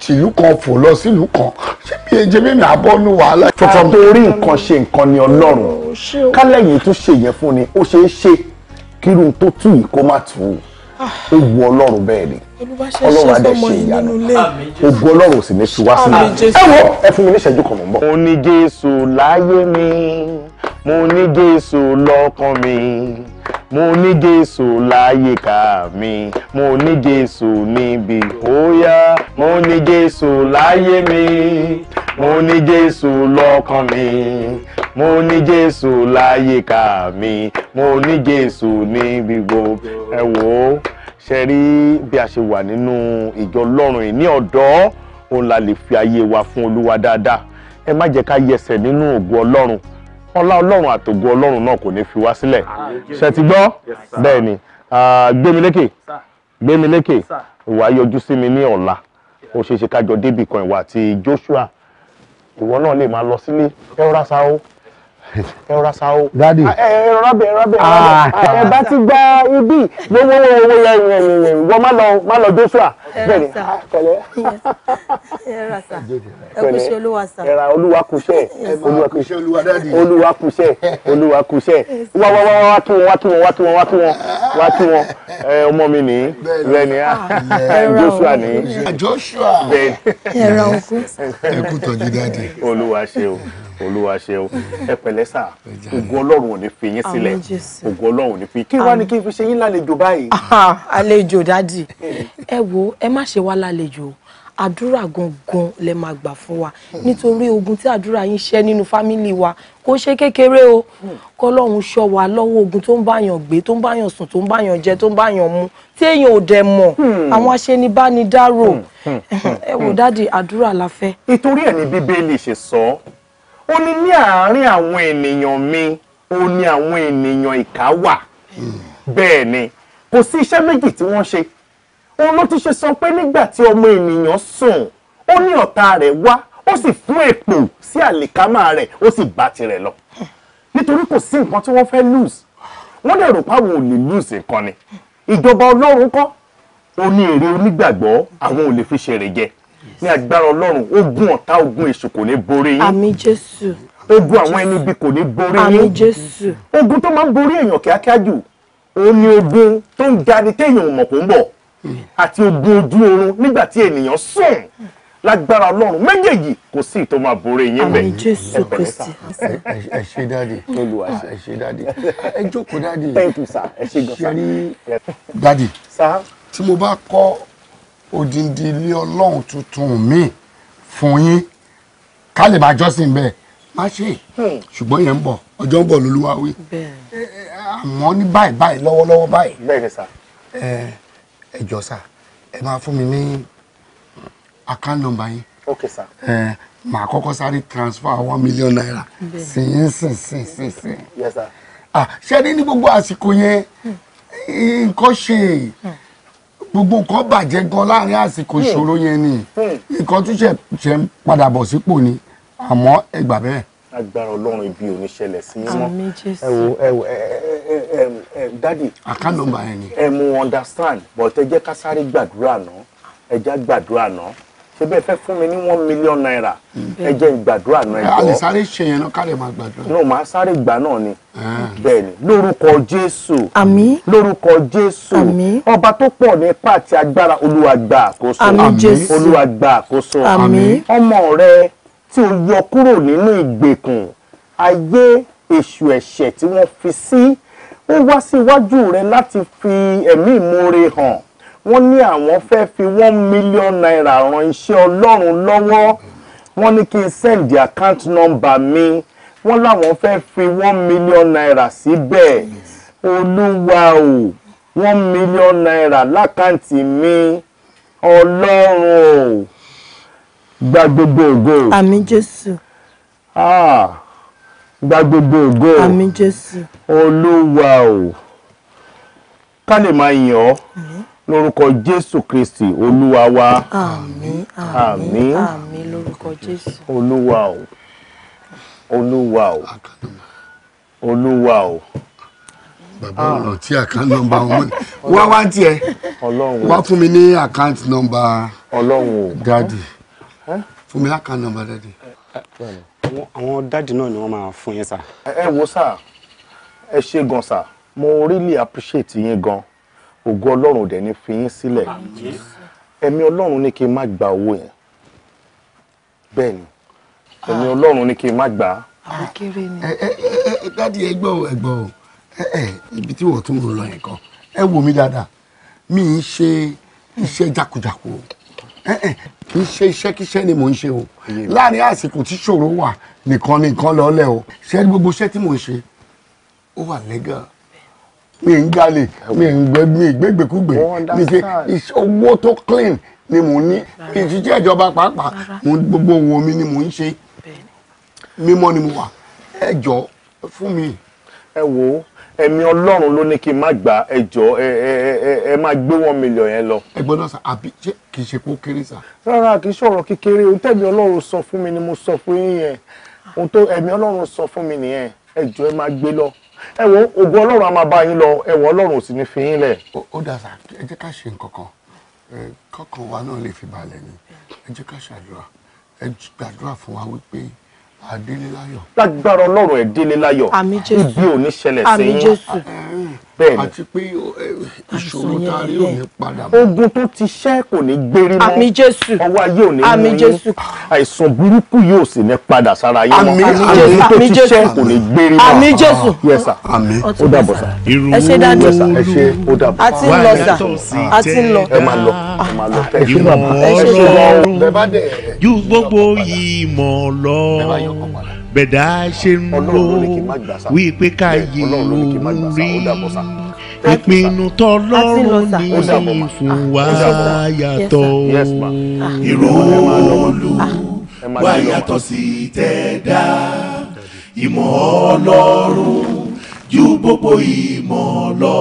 tìlú kan fò lọ sílùú kan ṣé bí ẹjẹ mi nà bọ́ ní wàhálà. tuntun tó rí nǹkan ṣe nǹkan ni ọlọ́run kálẹ̀yìn tó ṣe yẹn fún ni ó ṣeé ṣe kírun tó tù yìí kó má tù ah. ó wu ọlọ́run bẹ́ẹ̀ ni ọlọ́run adé ṣe ìyanu ògo ọlọ́run sì ní fi wá sínú ẹ ẹ fún mi ní ìṣẹ́jú kan mò mo ní jésù láyé mi mo ní jésù lọ́kàn mi mo ní jésù láyìíká mi mo ní jésù níbi óyá mo ní jésù láyé mi mo ní jésù lọ́kàn mi mo ní jésù láyìíká mi mo ní jésù níbi gbogbo ẹ wò ó ṣe rí bí a ṣe wà nínú ìjọ Ọlọ́run yìí ní ọ̀dọ́ òun la lè fi ayé wa fún Olúwa dáadáa ẹ má jẹ́ ká yẹsẹ̀ nínú ògo Ọlọ́run ọlá Ọlọ́run àtògo Ọlọ́run náà kò ní fi wá sílẹ̀ ṣe ti gbọ́ bẹ́ẹ̀ ni gbémilékè gbémilékè ìwà yọjú sí mi ní ọ̀la ó ṣeé ṣe ká jọ ìwà àti Joshua ìwọ náà lè máa lọ sílé ẹ rọra ẹ̀rọ sáwó dádì ẹ̀rọ rábẹ̀ ẹ̀rọ rábẹ̀ ah. ẹ̀bá ti gba ibi lówó owó yẹn wọ́n má lọ Joshua ẹrasa ẹrasa ẹkúṣẹ́ olúwa sa ẹra olúwa kúṣẹ́ olúwa kúṣẹ́ olúwa kúṣẹ́ olúwa kúṣẹ́ *laughs* wá wá wá wá tú wọn wá tú wọn wá tú wọn wá tú wọn wá tú wọn ọmọ mi ní rẹ ní Joshua ní ah, Joshua bẹ́ẹ̀ ẹra òkú ẹkú tọ́jú dáadé olúwa ṣe o olúwa ṣe o ẹ pẹ̀lẹ́ sà ògo Ọlọ́run ò ní fi yín sílẹ̀ ògo Ọlọ́run ò ní fi kí wàá ní kí n fi ṣe yín lálejò báyìí. Ah, àlejò dádì hmm. ẹ wo ẹ má ṣe wá lálejò o àdúrà gangan lẹ máa gbà fún wa nítorí ogun tí àdúrà yín ṣẹ́ nínú fámílì wa kò ṣe kékeré o kọlọ́run ṣọ́ wa lọ́wọ́ ogun tó ń báyàn gbé tó ń báyàn sùn tó ń báyàn jẹ tó ń báyàn mu tí èèyàn ò dẹ̀ mọ̀ hmm. àwọn aṣenibánidárò hmm. Hmm. ẹ wò dáàdi àdúrà la fẹ́. ìtorí ẹ̀ ni bíbélì ṣe sọ ó ní ní àárín àwọn ènìyàn mi ó ní àwọn ènìyàn ìkà wà bẹ́ẹ̀ ni kò sí iṣẹ́ méjì tí wọ́n ṣe òun ló ti ṣe sọ pé nígbà tí ọmọ ènìyàn sùn ó ní ọ̀tá rẹ̀ wá ó sì fún èpò sí àlìkámà rẹ̀ ó sì bá tirẹ̀ lọ nítorí kò sí nǹkan tí wọ́n fẹ́ lose wọ́n dẹ̀ rò páwọn ò lè lose nǹkan ni ìjọba ọlọ́run kọ́ oní èrè onígbàgbọ́ àwọn ò lè fi ṣeré jẹ ní agbára ọlọ́run ogun ọ̀tá ogun èṣù kò ní borí yín àmín jésù ogun àwọn ẹni ibi kò ní borí yín àmín jésù ogun tó máa ń borí èèyàn kíákíá jù òun ni ogun tó ń jani téèyàn ò mọ̀ kó ń bọ̀ àti ogun ojú oorun nígbà tí ènìyàn sùn lágbára ọlọ́run méjèèjì kò sí ìtọ́ máa borí yín bẹ́ẹ̀. àmì jésù kristi. ẹ ṣé dáàdì ẹ ṣé dáàdì ẹ jókòó dáàdì ṣe rí dáàdì tí mo bá kọ́ odindi ilé ọlọ́run tuntun mi fún yín ká lè máa jọ́sìn bẹ́ẹ̀ má ṣe hmm. ṣùgbọ́n yẹn ń bọ̀ ọjọ́ ń bọ̀ lólúwa àmọ́ ní báyìí báyìí lọ́wọ́lọ́wọ́ báyìí. bẹ́ẹ̀ ni sá ẹ jọ sà ẹ máa fún mi ní account number yín. ok sà. ẹ màá kọ́kọ́ sáré transfer one million naira sí yín sìn sìn sìn sìn. yes sà. ah ṣé ní ní gbogbo àsìkò yẹn nǹkan ṣe gbogbo nǹkan bàjẹ́ gan láàrin àsìkò hmm. ìṣòro yẹn ni hmm. nǹkan tún ṣe ń padà bọ̀ sípò ni àmọ́ ẹ bẹ́ẹ̀ agbára ọlọ́run ibi ò ní ṣẹlẹ̀ sí yín mọ́ ẹ wo ẹ wo ẹ ẹ dádì ẹ ni. ẹ mú understand but ẹ jẹ́ ká sáré gbàdúrà náà ẹ já gbàdúrà náà ṣe bẹ́ẹ̀ fẹ́ fún mi ní one million naira mm. ẹ jẹ́ ìgbàdúrà náà ẹ̀jọ́. a lè sáré ṣe yẹn náà ká máa gbàdúrà. náà màá sáré gbà náà ni. Ah. bẹ́ẹ̀ ni lórúkọ jésù. àmín. lórúkọ jésù. àmín. ọba tó pọ̀ ní pàtì agbára olúwa gba àkóso. àmín jésù. olúwa gba àkóso. àmín. ọmọ rẹ tí o yọ kúrò nínú ìgbèkùn ayé èṣù ẹ̀ṣẹ̀ tí wọ́n fi sí ó wá síwájú rẹ láti fi ẹ̀mí ìmoore hàn wọ́n ní àwọn fẹ́ fi one million naira ran iṣẹ́ ọlọ́run lọ́wọ́ wọ́n ní kí n send account number mi wọ́n láwọn fẹ́ fi one million naira síbẹ̀ olúwa o one million naira lákàntì mi ọlọ́run o gba gbogbo ògo. àmín jésù. Ah, gba gbogbo ògo. àmín jésù. olúwa o ká lè máa yàn ọ́ lórúkọ jésù kristi olúwa wa. àmín àmín àmín lórúkọ jésù. olúwa o olúwa o olúwa o bàbá ọ̀rọ̀ tí account number wọn wá wá tiẹ̀ wá fún mi ní account number dadi fún mi lákàn nọ́mbà dádì. àwọn dádì náà ni wọ́n máa fún yín sà. ẹ wo sà ẹ ṣe gan sà mo really appreciate yín gan ògo ọlọ́run dẹ̀ ni fi yín sílẹ̀ ẹ̀mí ọlọ́run ní kí n má gba owó yẹn bẹ́ẹ̀ ni ẹ̀mí ah. ọlọ́run ní kí n má gbà á. Ah. àkèrè ni. dádì ẹ gbọ́ ẹ gbọ́ ibi tí wọ́n tún lọ yẹn kan ẹ wò mí dáadáa mi ń ṣe iṣẹ́ jákujàku o kì í ṣe iṣẹ́ kíṣẹ́ ni mò ń ṣe o láàrin àsìkò tí ṣòro wà nìkan nìkan lọ́lẹ̀ o ṣé gbogbo iṣẹ́ tí mò ń ṣe ó wà lẹ́gàn mi ń jalè mi ń gbẹ mi gbẹgbẹkúgbẹ mi ṣe owó tó clean ni mò ń ní ìṣiṣẹ́ ìjọba pàápàá mo gbogbo owó mi ni mò ń ṣe mímọ́ ni mo wà ẹ jọ fún mi. ẹ wo ẹ̀mí ọlọ́run ló ní kí n má gbà ẹ jọ ẹ ẹ ẹ ẹ má gbé wọn mílíọ̀n yẹn lọ. ẹ gbọ́dọ̀ sà àbí ṣé kì í ṣe pé ó kéré sà. rárá kì í ṣọ̀rọ̀ kékeré ohun tẹ̀mí ọlọ́run sọ fún mi ni mo sọ fún yín yẹn ohun tó ẹ̀mí ọlọ́run sọ fún mi nìyẹn ẹ jọ ẹ má gbé lọ ẹ wo ògùn ọlọ́run á máa bá yín lọ ẹ wọ ọlọ́run ò sì ní fi yín lẹ̀. ó dà sà ẹ jẹ́ ká ṣe nǹkan kan kọ́kàn wa náà lè fi balẹ̀ ni ẹ jẹ́ ká ṣàdúrà ẹ gbàdúrà fún wa wípé adélé láyọ̀. lágbára ọlọ́run ẹ̀ délé láyọ̀. àmì jésù ibi ò ní ṣẹlẹ̀ sí yín. àmì jésù bẹ́ẹ̀ àti pé eh, ìṣòro tá a rí ò ní padà mọ́. ogun tó ti ṣẹ́ kò ní gbérí mọ́ àmì jésù ọwọ́ ayé ò ní mú yín àìsàn burúkú yóò sì ní padà sára yín mọ́ àmì tó ti ṣẹ́ kò ní gbérí mọ́ àmì jésù yes sir àmì ó dàbọ̀ sà ẹ ṣe dájú yes sir ẹ ṣe ó dàbọ̀ àti ń lọ sà àti ń lọ ẹ máa lọ ẹ máa lọ ẹ ṣe bàbá ẹ ṣe bàbá ju gbogbo yìí mọ̀ lọ bẹ̀dá ṣe ń ro wípé káyé òun rí ìpinnu tọlọ́run ní ìfún wa yàtọ̀ ìròlù wa yàtọ̀ sí tẹ̀dá ìmọ̀ ọlọ́run ju gbogbo ìmọ̀ lọ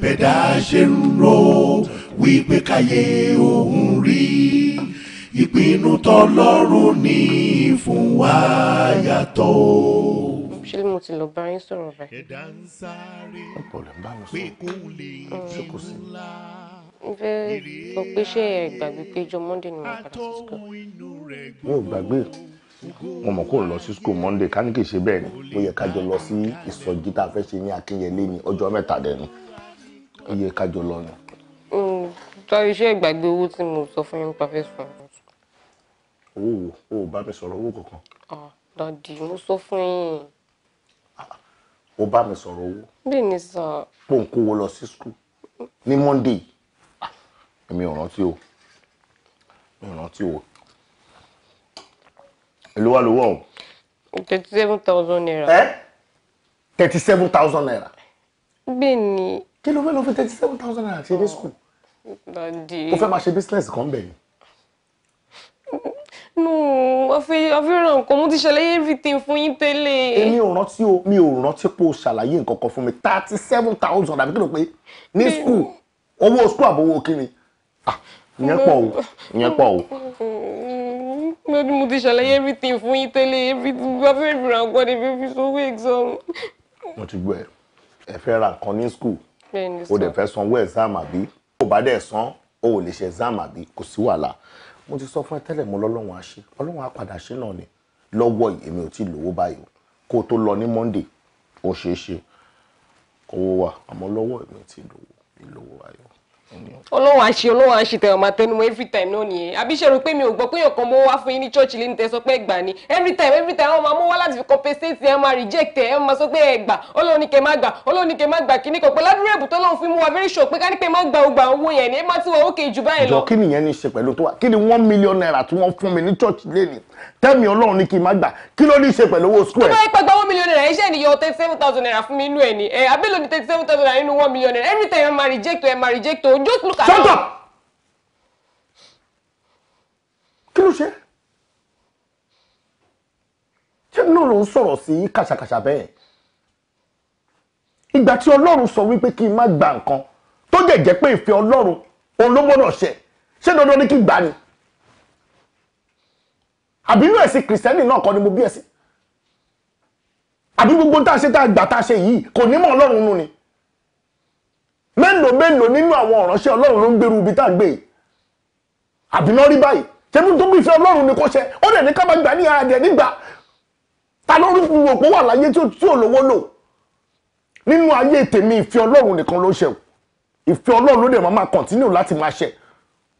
bẹ̀dá ṣe ń ro wípé káyé òun rí ìpinnu tọlọ́run ní fún wa yàtọ̀. ṣé mo ti lọ bá yín sọ̀rọ̀ báyìí. ẹ̀dá ń sáré pé kò lè kò sí. n fẹ́ sọ pé ṣé ẹ gbàgbé pé ni mo padà sí school. mo gbàgbé mo mọ̀ kó lọ sí school monday ká ní kì í ṣe bẹ́ẹ̀ ni ó yẹ ká jọ lọ sí ìsọjí tá a fẹ́ ṣe ní akínyẹlé ní ọjọ́ mẹ́ta ó yẹ ká jọ lọ ni. sọ mm, iṣẹ́ ìgbàgbé owó tí mo sọ fún yín pa fẹ́ sùn owó o ò bá mi sọ̀rọ̀ owó kankan. dàdí mo sọ fún yín. o bá mi sọ̀rọ̀ owó. bí ni sọ. pò ń kówó lọ sí skul ní monday ah, èmi ò rántí o mi ò rántí o èló wà lówó ọ̀hún. thirty seven thousand naira. ẹ thirty seven thousand naira. bẹ́ẹ̀ ni. kí ló fẹ́ lọ fi thirty seven thousand naira ṣe ní skul. dàdí. o fẹ́ máa ṣe business kan bẹ́ẹ̀ ni no àfihàn nǹkan mo ti ṣàlàyé everything fún yín tẹ́lẹ̀. èmi ò rántí o mi ò rántí pé o ṣàlàyé nǹkan kan fún mi thirty seven thousand àbí kí ló pé ní school owó school àbówó kíni ah, ìyẹn pọ̀ o ìyẹn pọ̀ o. mo ti ṣàlàyé everything fún yín tẹ́lẹ̀ everything bá fẹ́ ra nǹkan ní fífi sówó exam. mo ti gbọ́ ẹ ẹ fẹ́ ra nǹkan ní school o dẹ̀ fẹ́ sanwó exam àbí o bá dẹ̀ san o ò lè ṣe exam àbí kò sí wàhálà mo ti sọ fún ẹ tẹ́lẹ̀ mo lọ́lọ́run àṣẹ ọlọ́run àpàdà àṣẹ náà ni lọ́wọ́ yìí èmi ò tí lówó báyìí kó o tó lọ ní Monday ó ṣeé ṣe kówó wà àmọ́ lọ́wọ́ èmi ò tí lówó ìlówó olóhùn àṣì olóhùn àṣì tẹ ọmọ àtẹnumọ́ every time náà nìyẹn àbí ṣe rò pé mi ò gbọ́ pé ọkàn mo wá fún yín ní church lẹ́nu tẹ sọ pé ẹgbà ni every time every time ọmọ amówó láti fi compensate ẹ máa reject ẹ máa sọ pé ẹgbà olóhùn ní kẹ má gbà olóhùn ní kẹ má gbà kíní kan pé ládùúrà ẹ̀bùn tó lóhùn fi mú wa very sure pé ká ní pé má gba ògbà owó yẹn ni ẹ má ti wọ òkè jù báyìí lọ. jọ kí nìyẹn ní í ṣe pẹ̀lú tó wà kí ni one million naira tí wọ́n fún mi ní church lẹ́nu tẹ́mi ọlọ́run ní kí n má gbà kí ló ní í ṣe pẹ̀lú owó school tó bá yẹ pé one million naira iṣẹ́ ènìyàn thirty seven thousand naira fún mi inú ẹ̀ ni ẹ̀ abẹ́lò ní thirty seven thousand naira nínú one million naira time ẹ̀ máa reject ẹ̀ máa reject o oh, just look at. shut up kí ló ṣe ṣé náà ló ń sọ̀rọ̀ sí kàṣàkàṣà bẹ́ẹ̀ ìgbà tí ọlọ́run sọ wípé kí n má gba nǹkan tó jẹ́ jẹ́ pé ìfẹ́ ọlọ́run òun ló gbọ́dọ̀ ṣẹ ṣé dandan ní kí gbà ni àbí inú ẹ̀sìn kìrìsìtẹ́nì náà kọ́ ni mo bí ẹ̀sìn àbí gbogbo tá a ṣe tá a gbà tá a ṣe yìí kò ní mọ̀ ọlọ́run nù ni mélòó mélòó nínú àwọn ọ̀ránṣẹ́ ọlọ́run ló ń gbèrú ibi tá a gbé yìí àbí náà rí báyìí tẹ́bí tó bí ìfẹ́ ọlọ́run ni kò ṣe ó dẹ̀ ní ká má gbà ní àdẹ̀ nígbà ta ló rí fún òpó wà láyé tí ò lówó lò nínú ayé tèmi ìfẹ́ ọlọ́run nìkan ló ṣe ìfẹ́ ọlọ́run ló dẹ̀ máa máa kọ̀ntínú láti máa ṣe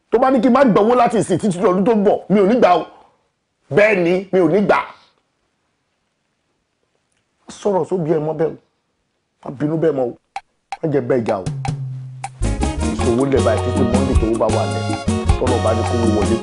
tó bá ní kí n má gbowó láti ìsìn títí ọdún tó ń bọ̀ mi ò ní gbà o bẹ́ẹ̀ ni mi ò ní gbà sọ̀rọ̀ sóbi ẹ̀ mọ́ o má bínú bẹ́ẹ̀ mọ́ o má jẹ́ bẹ́ẹ̀ jà o ìṣòwò lẹ̀ báyìí títí mọ́ndé tó bá wà lẹ̀ tọ́lọ̀ bá ní kó wọlé.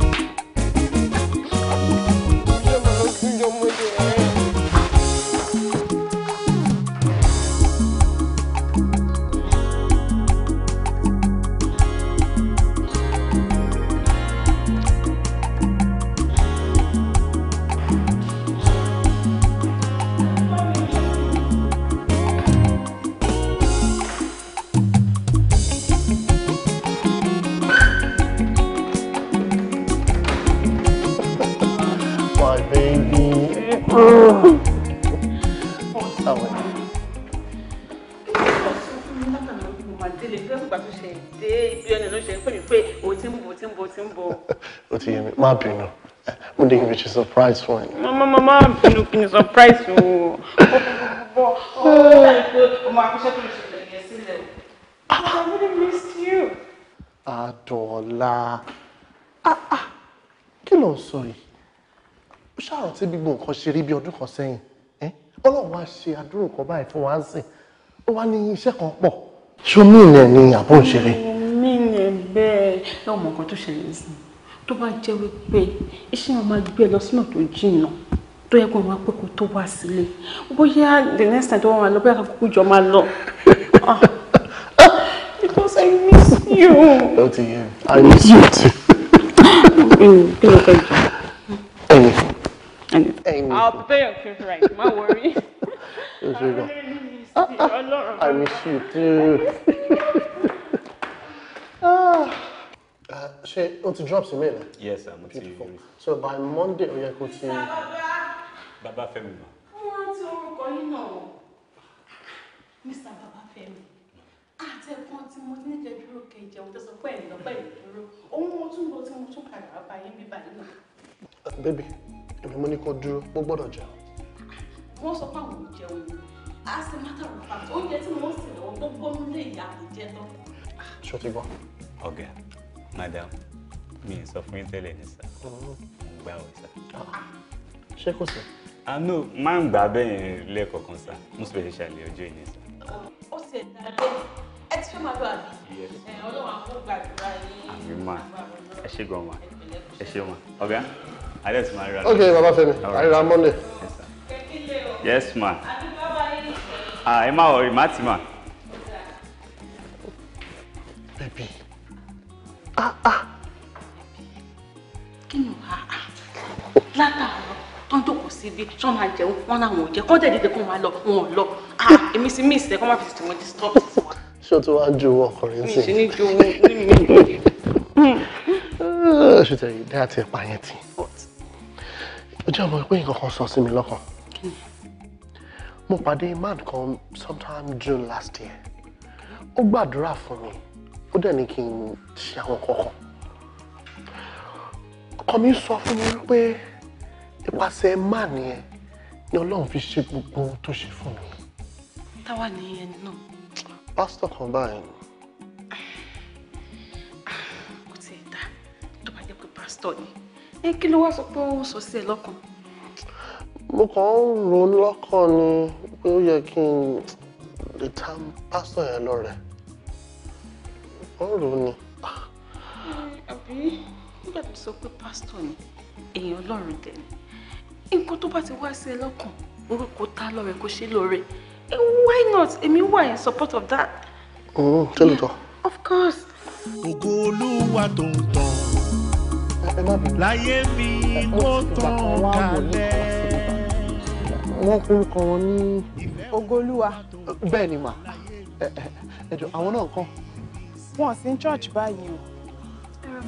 má bínú mo dé kí n surprise for you. mama mama bínú kí ni surprise o. bọ ọ ọ máa kọ́ṣẹ́ tó ṣe tẹ̀lé I really missed you. ah Adọ́lá ah, kí ló ń sọ yìí ó ṣàrántí gbogbo nǹkan ṣe rí bí ọdún kan Eh? ọlọ́run wá ṣe àdúrò kan báyìí fún wa ń sìn ó wá ní iṣẹ́ kan pọ̀ ṣó mí ìnẹ̀ ni àbó ń ṣeré. mi ìnẹ̀ bẹ́ẹ̀ ọmọ nǹkan tó to sí i tó bá jẹ́ wípé iṣẹ́ wọn máa gbé ẹ lọ sínú tó jìnnà tó yẹ kó wọn pé kó tó wá sílé bóyá the next time tó wọn máa lọ bóyá kókó jọ máa lọ because ah, *laughs* I miss you. ó ti yẹ I miss you too. *laughs* Mm, kí ló fẹ́ jù. I'll prepare right no worry. *laughs* I miss you. I miss you too. ah. Uh, ṣé o ti drop sí mail yes i'm ti beautiful so by monday o yẹ kó ti. bàbá fẹ́mi ma. wọ́n rántí orúkọ yín náà o mr bàbá fẹ́mi àtẹkùn tí mo ní jẹjúrò kẹjẹ òun tó sọ pé ẹ̀yìn lọ́pẹ́ ìdúró òun mo tún lọ tí mo tún padà wá bá yín bíbá yín náà. bébì èmi mo ní kó dúró mo gbọ́dọ̀ jẹun. wọ́n sọ pé àwọn ò jẹun as a matter of fact oúnjẹ tí mo ń sè lọ́wọ́ gbogbo nílé ìyá mi jẹ tán. ṣó ti gbọ́. ọ̀gẹ̀ madam mi ì sọ fún yín tẹ́lẹ̀ ní sá gbà ọ̀ sá. ṣé kò sí. àánú ah, máa ń gbà bẹ́ẹ̀ lẹ́ẹ̀kọ̀ọ̀kan sá mo sì fẹ́ ṣàlẹ̀ ọjọ́ ìní sá. ó sì ẹ̀ dára bẹ́ẹ̀ ẹ ti fẹ́ máa lọ àbí ọlọ́run àpò gbàdúrà yín. àmì máa ẹ ṣe gan ma ẹ ṣe ma ọ̀gá alẹ́ ti máa ríra. ok baba Fẹ́mi àríra Monday. yes ma. àdúgbò bá yín. Ah, ẹ má wọrí má ti máa. síbí ṣé wọ́n máa jẹun wọ́n làwọn ò jẹ kọ́ dẹ̀ dìde kó máa lọ wọn ò lọ ah, èmi sì mí ìsẹ̀ kó má fi tètè wọn disturb sí ṣé o ti wá ju ọkùnrin sí i. mi ṣe ní ju mi. ṣe tẹ ìdá àti ẹ̀pà yẹn ti. ọjọ́ mo pé nǹkan kan sọ sí mi lọ́kàn. mo pàdé man kan sometime June last year ó gbàdúrà fún mi ó dẹ̀ ní kí n ṣe àwọn kọ̀ọ̀kan ọkọ mi sọ fún mi wípé ipasẹ̀ má nìyẹn ni ọlọ́run fi ṣe gbogbo ohun tó ṣe fún mi. táwa ni ẹni náà. pásítọ̀ kan báyìí ni. kò tiẹ̀ dá tó bá jẹ́ pé pásítọ̀ ni ẹ kí ló wá sọ pé ó sọ sí ẹ lọ́kàn. mo kàn ń ronú lọ́kàn ni pé ó yẹ kí n lè ta pásítọ̀ yẹn lọ́rẹ. ó ń ronú ni. àbí nígbà tó sọ pé pásítọ̀ ni èèyàn ọlọ́run tẹ̀lé nǹkan tó bá ti wá sí ẹ lọ́kàn orúkọ ta lọ́rẹ̀ kò ṣe lóore eh, why not èmi wà in support of that. Oh, ṣé lóòótọ́. of course. ògo olúwa tó ń tàn láyé mi kò tàn kálẹ̀. wọ́n kúrúkọ wọn ní. ògo olúwa. bẹ́ẹ̀ ni mà ẹ̀dùn àwọn náà kàn. wọn sí church báyìí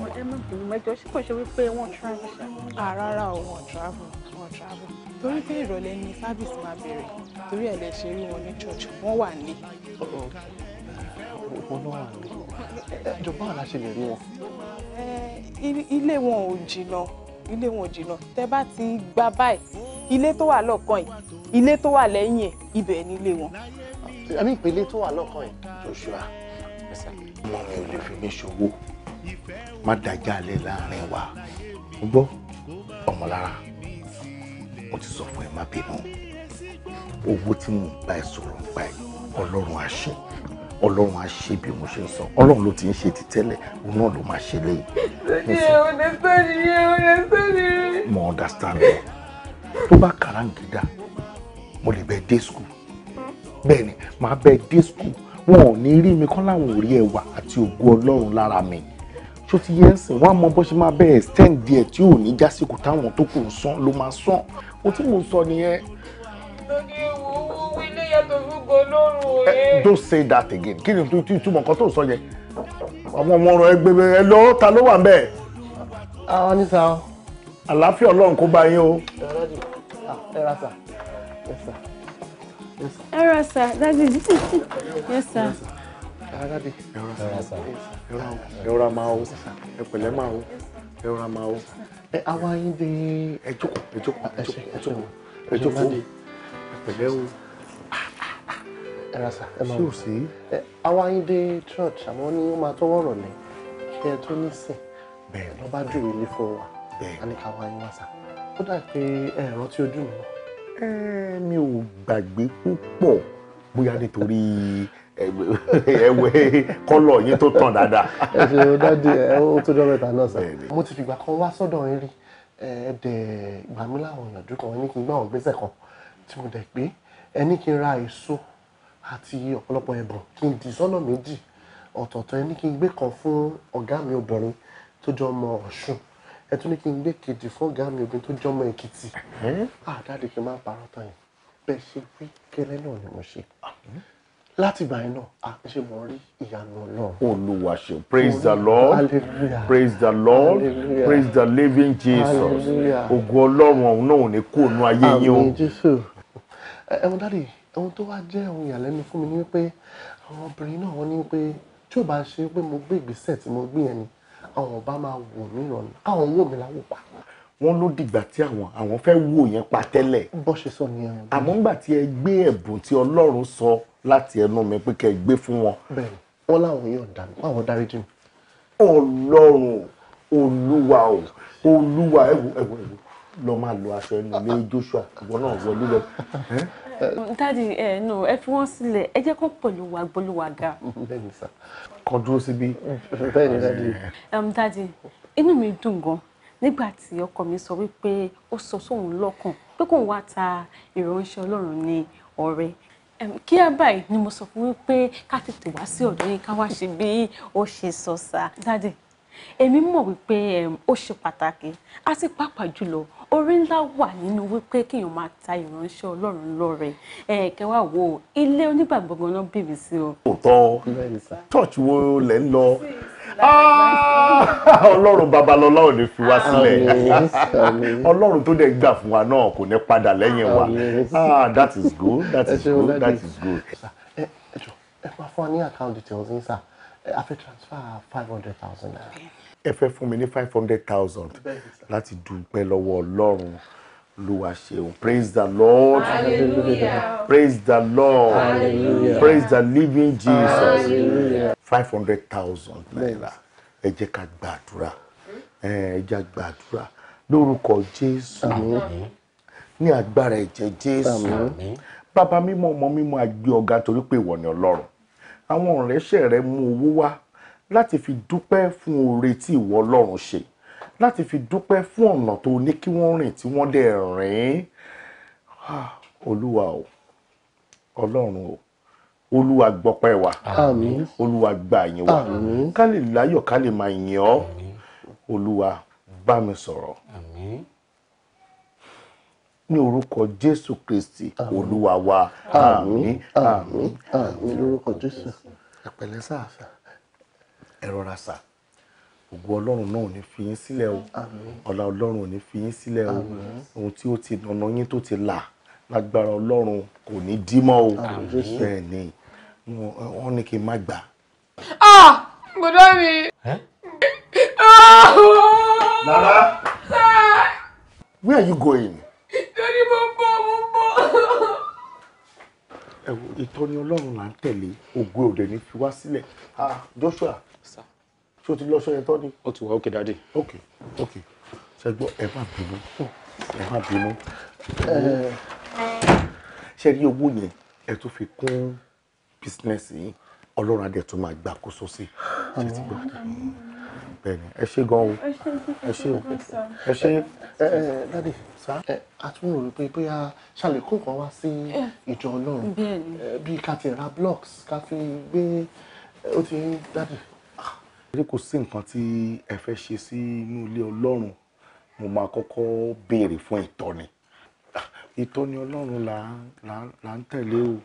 o ẹ má bínú mẹjọ ṣé kò ṣe wípé wọn travel ṣá. Ah, rárá o wọn travel travel torí pé ìrọ̀lẹ́ ni sábìsì máa bẹ̀rẹ̀ torí ẹ̀ lè ṣe rí wọn ní church wọ́n wà ní. wọn náà wà ní ìjọba àlá ṣe lè rí wọn. Eh, ilé wọn ò jìnnà ilé wọn ò jìnnà tẹ bá ti gbà báyìí ilé tó wà lọ́kàn yìí ilé tó wà lẹ́yìn ẹ̀ ibẹ̀ nílé wọn. àmì ah, ìpele tó wà lọ́kàn yìí Joshua ọmọ mi ò lè fi mí ṣòwò má dájà lé láàrin wa gbọ́ ọmọ mo ti sọ fún ẹ má bínú owó tí mo ń bá ẹ sọ̀rọ̀ ń bá ẹ ọlọ́run á ṣe ọlọ́run bí mo ṣe ń sọ ọlọ́run ló ti ń ṣe ti tẹ́lẹ̀ òun náà ló máa ṣe léyìí. ṣe understand yẹ understand yẹ. mo understand ẹ tó bá kàráǹgídà mo lè bẹ dé school bẹ́ẹ̀ ni màá bẹ dé school wọn ò ní rí mi kọ́ láwọn ò rí ẹwà àti ògo ọlọ́run lára mi tó ti yẹ ń sìn wọn mọ bó ṣe máa bẹ extend díẹ̀ tí ò ní jásìkò táwọn tó kù ń san ló máa san o tí mò sọ nìyẹn. Eh, don't say that again kí ni túmọ̀ nǹkan tó sọ yẹn àwọn ọmọ ọ̀rọ̀ ẹgbẹ́ ẹ lọ ta ló wà ń àwọn ah, ní sa. àlàáfíà ọlọ́run kó bá yín o. Ah, ẹ ra sa. ẹ ra sa dájú. *laughs* yes sir arábì ẹrọra máa o ẹpẹ̀lẹ́ máa o ẹrọra máa o ẹ awa yín dé ẹjọkọ ẹjọkọ ẹjọkọ ẹjọkọ ẹpẹ̀lẹ́ o ẹrasa ẹ máa wò sí awa yín dé church àmọ́ ní ó máa tọwọ́ rọ̀ lẹ́ kí ẹ tó ní sìn bẹ́ẹ̀ lọ́ bá jùwé ilé fún wa a ní awa yín wá sá ó dà pé ẹ rántí ojú mi. ẹ mi ò gbàgbé púpọ̀ bóyá nítorí ẹwẹ kọ́lọ̀ yín tó tàn dáadáa. ẹ ṣe o dájú ẹ ó tó jọ mẹ́ta náà sá mo ti fìgbà kan wá sọ́dọ̀ yín rí ẹ̀ẹ́dẹ̀ ìgbà mi láwọn ìyànjú kan ní kí n gbá àwọn gbèsè kan tí mo dẹ̀ pé ẹni kí n ra èso àti ọ̀pọ̀lọpọ̀ ẹ̀bùn kí n dì sọ́nà méjì ọ̀tọ̀ọ̀tọ̀ ẹni kí n gbé kan fún ọ̀gá mi obìnrin tó jọ ọmọ Ọ̀ṣun ẹ tún ní kí n gbé kejì fún ọ̀gá mi obìnrin tó jọ ọmọ Èkìtì àdáde ah, kí n má parọ́ tán yẹn bẹ́ẹ̀ ṣe wí kẹlẹ́ náà ni mo ṣe ah, láti ìgbà yẹn náà a ṣe mọ̀ rí ìyanu ọlọ́run. olúwa ṣe praise the lord hallelujah praise the lord hallelujah praise the living jesus ògo ọlọ́run ọ̀hún náà ò ní kó nu ayé yín o. àmín jésù ẹ̀wọ̀n dáàdì ohun tó wá jẹ́ ohun ìyàlẹ́nu fún mi ni wípé àwọn obìnrin náà wọ́n ní wípé tí ò bá ṣe pé mo gbé ìgbésẹ̀ tí mo gbé yẹn ni àwọn ọba máa wò mí ìrọ̀lẹ́ káwọn wò mí láwòpá wọ́n ló dìgbà tí àwọn àwọn fẹ́ wò yẹn pa tẹ́lẹ̀. bó ṣe sọ nìyẹn. àmọ́ ńgbà tí ẹ gbé ẹ̀bùn tí ọlọ́run sọ láti ẹnu mi pé kẹ́ ẹ gbé fún wọn wọn láwọn yóò dà mí wọn dárí jù mí ọlọ́run olúwa o olúwa ẹ̀wò ẹ̀wò ẹ̀wò lọ máa lo aṣọ ẹnu lé Joshua ìwọ náà wọlé lọ. *laughs* dádì ẹ nù ẹ fi wọn sílẹ̀ ẹ jẹ́ kó pẹ̀lú wa gbólúwa ga. bẹ́ẹ̀ni sá kan dúró síbí. bẹ́ẹ̀ni dádì. Eh, um, dádì inú mi dùn gan nígbà tí ọkọ mi sọ wípé ó sọ sóun lọ́kàn pé kóun wá ta ìránṣẹ́ Ọlọ́run ní ọ̀rẹ́ kíá báyìí ni mo sọ fún wípé ká tètè wá sí ọ̀dọ̀ yín ká wá ṣe bí ó ṣe sọ sá dáàdì èmi mọ̀ wípé ó ṣe pàtàkì àti pàápàá jùlọ orí ńlá wà nínú wípé kéèyàn máa ta ìránṣẹ́ Ọlọ́run lọ́rẹ ẹ kẹwà wo ilé onígbàgbọ́ gan-an sí o. òótọ́ church wo lẹ́ ń lọ Ah! Ah! ọlọ́run babalọ́lá ò ní fi wá sílẹ̀ ọlọ́run tó dẹ̀ gbà fún wa náà kò ní padà lẹ́yìn wa ah that is good that is good that is good. ẹ máa fún wa ní account details ní sà a fẹ́ transfer five hundred thousand naira. ẹ fẹ́ fún mi ní five hundred thousand láti dúpẹ́ lọ́wọ́ ọlọ́run olúwa ṣeun praise the lord hallelujah praise the lord hallelujah praise the living jesus five hundred thousand naira ẹ jẹ́ ká gbàdúrà ẹ jẹ́ gbàdúrà lórúkọ jésù ní agbára ẹ̀jẹ̀ jésù bàbá mímọ́ ọmọ mímọ́ agbé ọ̀gá torí pé ìwọ ni ọlọ́run àwọn ọ̀rẹ́ṣẹ̀ rẹ mú owó wá láti fi dúpẹ́ fún oore tí ìwọ ọlọ́run ṣe láti fi dúpẹ́ fún ọ̀nà tó ní kí wọ́n rìn tí wọ́n dẹ̀ rìn olúwa o ọlọ́run o olúwa gbọ́pẹ́ wa àmín olúwa gba àyìn wa àmín ká lè láyọ̀ ká lè máa yìn ọ́ olúwa bá mi sọ̀rọ̀ ní orúkọ jésù kristi olúwa wa àmín àmín àmín lórúkọ jésù ẹ pẹ̀lẹ́ sáà ẹ ògo ọlọ́run náà ní fi yín sílẹ̀ o ọlá ọlọ́run ní fi yín sílẹ̀ o ohun tí ó ti nànà yín tó ti là lágbára ọlọ́run kò ní dí mọ́ o bẹ́ẹ̀ ni wọ́n ní kí n má gbà. gbọdọ ah! mi. Ah! Nana ah! where are you going? torí mo bọ̀ mo bọ̀ ẹ̀wọ̀ ìtọ́ni ọlọ́run là ń tẹ̀lé ògo òde ní fi wá sílẹ̀ Joshua ṣé o ti lọ sọ yẹn tán ni. ó ti wà ókè dáadé. ókè ókè ṣẹgbọn ẹ má bínú ẹ má bínú ṣe rí owó yẹn ẹ tó fi kún bísínẹ́sì yìí ọlọ́run adé tó máa gbàkóso sí ṣe ti gbọ́ bẹ́ẹ̀ni ẹ ṣe gan o ẹ ṣe o ẹ ṣe ẹ ẹ dáàdì sá ẹ a tún rò wípé bóyá ṣàlẹ̀ kó kan wá sí ìjọ ọlọ́run bíi ká ti ra blocks ká fi gbé ó ti dáàdì ṣé kò sí nǹkan tí ẹ fẹ́ ṣe sí inú ilé ọlọ́run mo máa kọ́kọ́ béèrè fún ìtọ́ni ah, ìtọ́ni ọlọ́run là ń tẹ̀lé o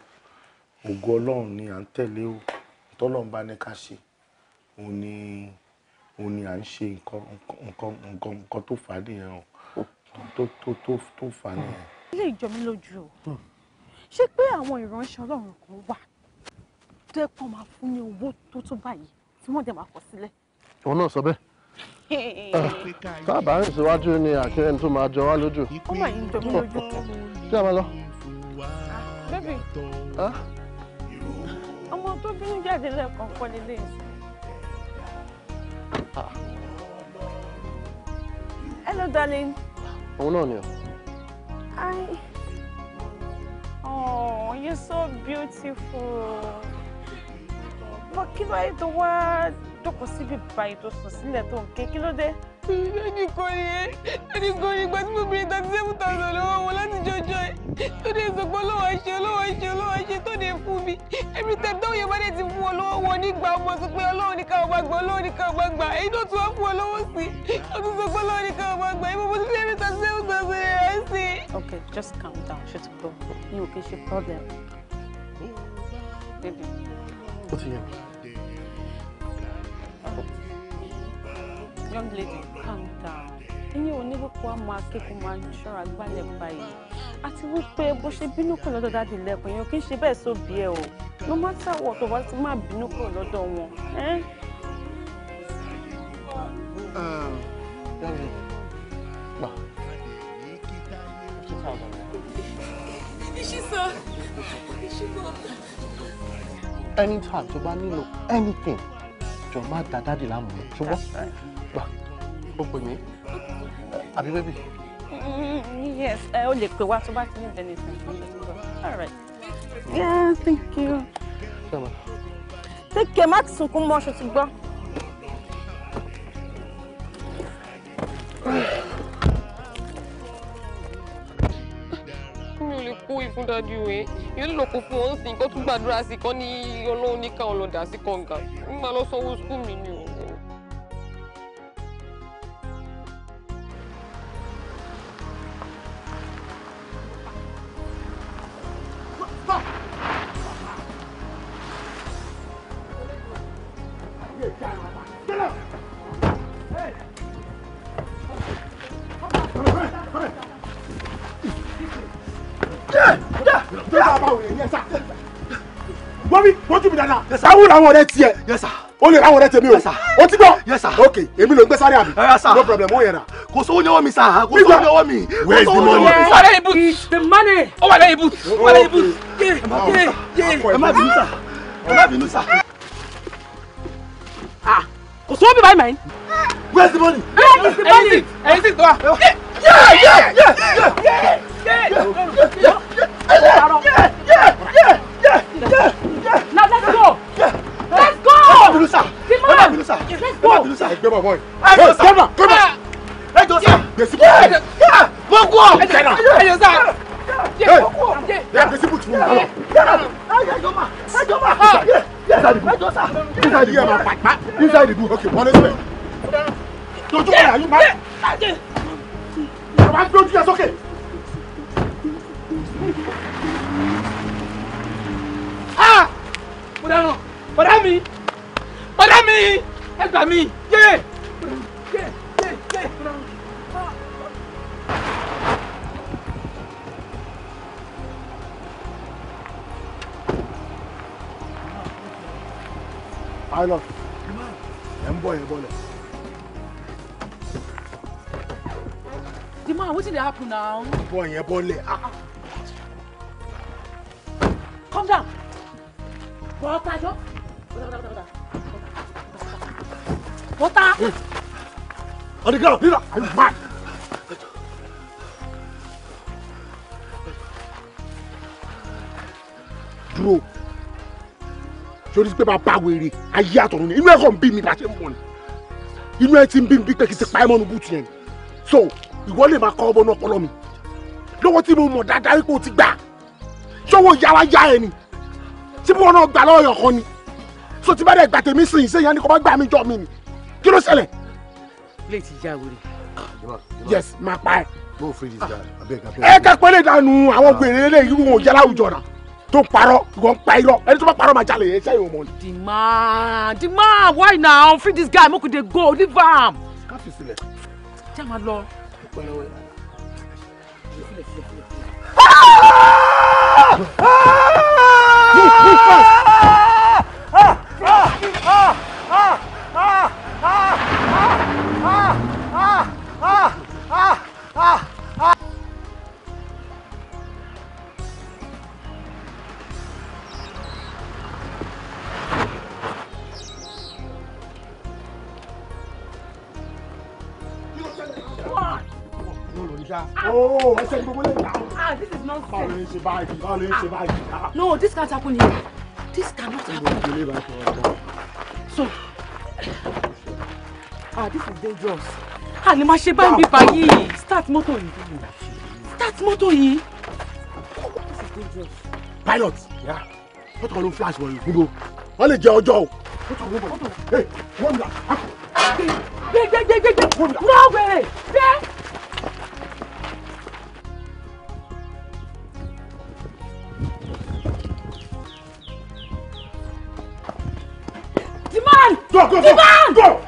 ògo ọlọ́run ni à ń tẹ̀lé o tọ́lọ́run bá ní ká ṣe òun ni òun ni à ń ṣe nǹkan nǹkan nǹkan nǹkan tó fà á nìyẹn o tó tó tó tó fà á nìyẹn. ilé ìjọ mi lójú o ṣé pé àwọn ìránṣẹ́ ọlọ́run kan wà tó ẹ̀ pọ̀ máa fún ní owó tó tó báyìí tí wọ́n dẹ̀ máa kọ sílẹ̀. òun náà sọ bẹ́ẹ̀ tábà ń síwájú ni àkẹ́rẹ́ tó máa jọ wá lójú. ó mà yín jọ mí lójú. ṣé a máa lọ. Ah, bébì ah? ọmọ tó bínú jáde lẹ́ẹ̀kan kọ́ lélẹ̀ ah. hello darling. òun náà ni o. I... Oh, you're so beautiful bọ́ kí ló ayé tó wá jókòó síbi báyìí tó sùn sílẹ̀ tó ń ké kí ló dé. ẹni kò yé ẹni kò yé ìgbà mo bèrè thirty seven thousand lọ́wọ́ wọn láti jọjọ́ ẹ̀ tó dé sọ pé ṣe olówó ṣe olówó ṣe tó dé fún mi ẹbí tẹ̀m tó bá dé ti fún wọn wọn nígbà ọmọ sọ pé ọlọ́run ní káwọn bá gbà ọlọ́run ní káwọn bá gbà èyí tó tún wá fún ọlọ́wọ́ sí ó tún sọ pé ní káwọn bá gbà Okay, just calm down ṣe ti gbọ́ mi problem. Baby. Ó ti yẹ young lady calm down ẹ̀yin ò ní wípé wàá máa ké kó máa ṣọ́ra báyìí àti wípé bó ṣe bínú kò lọ́dọ̀ dáàdì lẹ́kùn yẹn kì í ṣe bẹ́ẹ̀ só bí ẹ o no matter what tó bá ti máa bínú kò lọ́dọ̀ wọn. Anytime tó bá nílò anything, jọ̀ọ́ má da dáàdì láàmú ṣùgbọ́n gbà ó pè mí àbí bébì. yes ẹ ó lè pè wá tó all right yeah thank you. take care má ti sunkún mọ́ ṣe ti gbọ́. mi ò lè kú ìfún dájú ẹ eh? yóò lò kó fún ọ sí kó tún gbàdúrà sí kán ní ọlọ́run níkan ọlọ́dà sí kànga ń gbà lọ sanwó skul mi ni o. ó làwọn ọ̀rẹ́ tiẹ̀. yes sir o lè ráwọn rẹ tèmi o o ti gbọ́ ok èmi ló ń gbé sáré àbí no problem o yẹn ra. kò sówó ní ọwọ́ mi sá kò sówó ní ọwọ́ mi kò sówó ní ọwọ́ mi sá. wàlẹ́ ibùt wàlẹ́ ibùt wàlẹ́ ibùt yé yé yé ẹ má bínú sá ẹ má bínú sá. kò sówó bí báyìí mẹ́rin. where's the money. where's the money. ẹyin sì tó wa. yé yé yé yé yé yé yé yé yé yé. now let's go bínú sà ẹ má bínú sà ẹ má bínú sà ẹ gbé bọ̀bọ̀ yìí ẹ jọ sà ẹ jọ sà gbèsè bùtù mo kú ọ ẹ jọ sà gbèsè bùtù mo kú ọ. ẹ jọ ma ẹ jọ ma ẹ jọ sà inside the bull inside the bull okay punishment dojú kọ yà yín má bàbá dojú yà sókè. Ah! Mo dáná, bọ̀dá mi ọ̀dọ́ mi ẹ gbà mí yé yé yé yé. pilot ẹ ń bọ̀ yẹn bọ̀lẹ̀. the man wetin dey happen now. bọ̀ yẹn bọ̀lẹ̀. Ah, ah. come down. bọ̀ ọ́ tajọ́. Water! Hey. On the ground, Peter! Are you mad? Dúró. Sori pé bàbá wèrè ayé àtọ̀run ni inú ẹ̀ kàn ń bí mi bá ṣe ń mọ̀ ni. Inú ẹ̀ ti ń bí mi bí pé kì í ti pa ẹ́ mọ́nu búùtù yẹn. So ìwọ lè máa kọ́ ọbọ̀ náà pọ́lọ́ mi. Lọ́wọ́ tí mo mọ̀ dáadáa wípé o ti gbà. Ṣọ́wọ́ yàrá yá ẹ ni. Tí mo náà gbà lọ́yọ̀ kan ni. So tí bá dẹ̀ gbà tèmi sìn, ṣé ìyá ni kò bá gbà mí jọ mi ni kí ló ṣẹlẹ̀. lè ti já wèrè. yes máa pa ẹ. no free this guy abeg abeg. ẹ ká pẹ́lẹ́ dànù àwọn gbèrè lè irú wọn jẹ́ láwùjọ náà tó parọ́ ìwọ ń pa irọ́ ẹni tó bá parọ́ máa jalè ẹ ṣẹ́yìn ọmọ ni. dima dima why now free this guy mo kò dey go leave am. káfí sílẹ̀. jẹ́ máa lọ. Ah! Ah! Move, move fast. dáadáa. ooo ẹsẹ̀ ní gbogbo lè dá. ah this is nonsense. báwo lè ṣe báyìí báwo lè ṣe báyìí. Ah. no this can't happen here this cannot happen. so ah this is dangerous. a lè máa ṣe báyìí bíbá yìí start mọ́tò yìí start mọ́tò yìí. this is dangerous. pilot mọ́tò kan ló ń flash wọ̀nyí gbogbo wọ́n lè jẹ ọjọ́ o. mọ́tò kan ló ń bọ̀ wọ́n mi là. gbẹgbẹgbẹgbẹ kúrò wẹ̀rẹ̀ gbẹ. go, go, go, go, go.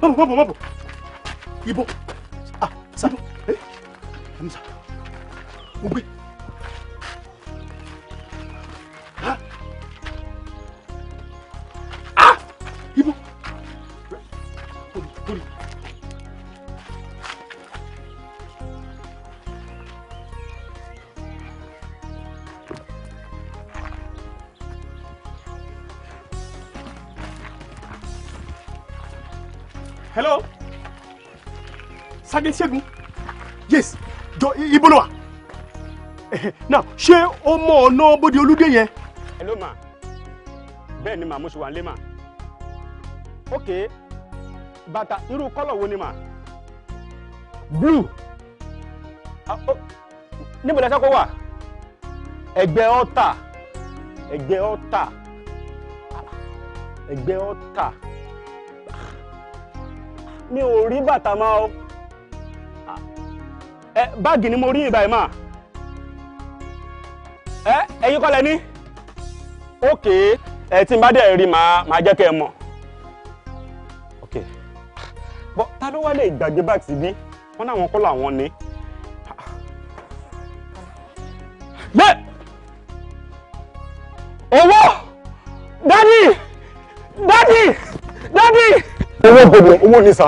마보 마보 마보 이보 아 사보 에 감사 오백 Sade Ṣẹ́gun yes jọ ibo ló wà eh, now ṣé o mọ ọ̀nà bóde olúdé yẹn. ẹ ló ma. bẹ́ẹ̀ ni mà mo ṣe wà ń lé mà ok bàtà irú kọ́lọ̀ wo ni mà blue níbo lẹ sọ́kọ́ wà ẹgbẹ́ ọ̀tà ẹgbẹ́ ọ̀tà ẹgbẹ́ ọ̀tà mi ò rí bàtà máa o ẹ báàgì ni mo rí ìbá ẹ̀ mà ẹ ẹ̀yin kọ́lẹ̀ ní ok ẹ tí n bá dẹ̀ rí màá màá jẹ́ kẹ́ ẹ mọ̀ ok bọ́ ta ló wá lè gbàgbé báàgì síbí wọ́n náà wọn kọ́ làwọn ni. bẹ́ẹ̀ owó dádì dádì dádì. owó gbogbo owó ni sà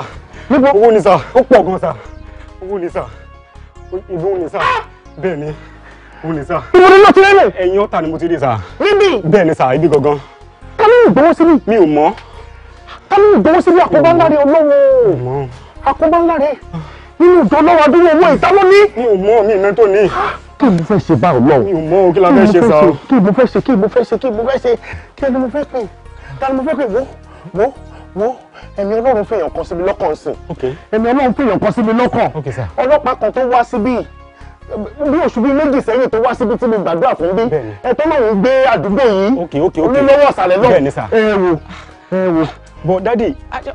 owó ni sà ó pọ̀ gan sà owó ni sà ìbọn ni sá ah! bẹ́ẹ̀ ni òun ni sá. ìwọ ni lọ́tí lẹ́lẹ̀. ẹ̀yin ọ̀tá ni mo ti rí sá. níbí. bẹ́ẹ̀ ni sá ibi gangan. kálíwì gbowó síbí. mi ò mọ̀. kálíwì gbowó síbí àkóbá ńlá rẹ ọlọ́wọ́. àkóbá ńlá rẹ nínú ìjọ lọ́wọ́ adúlọ̀ owó ìtawọ́ ní. mi ò mọ̀ mi ìná tó ní. Ah! kí mo fẹ́ ṣe bá ọlọ́run. mi ò mọ̀ kí la fẹ́ ṣe sá. kí mo fẹ́ ṣe kí mo fẹ́ ṣe kí mo fẹ́ ṣe kí mo fẹ́ ṣe kí mo fẹ́ ṣe wo ẹ̀mí ọlọ́run fèèyàn kan síbi lọ́kàn sí ẹ̀mí ọlọ́run fèèyàn kan síbi lọ́kàn ọlọ́pàá kan tó wá síbí bí oṣù bíi méjì sẹ́yìn tó wá síbi tí mo gbàdúrà fún bí ẹ̀tọ́ lòun gbé àdúgbò yìí onílọ́wọ́ ọ̀sàlẹ̀ náà ẹ wò ẹ wò. bọ dadi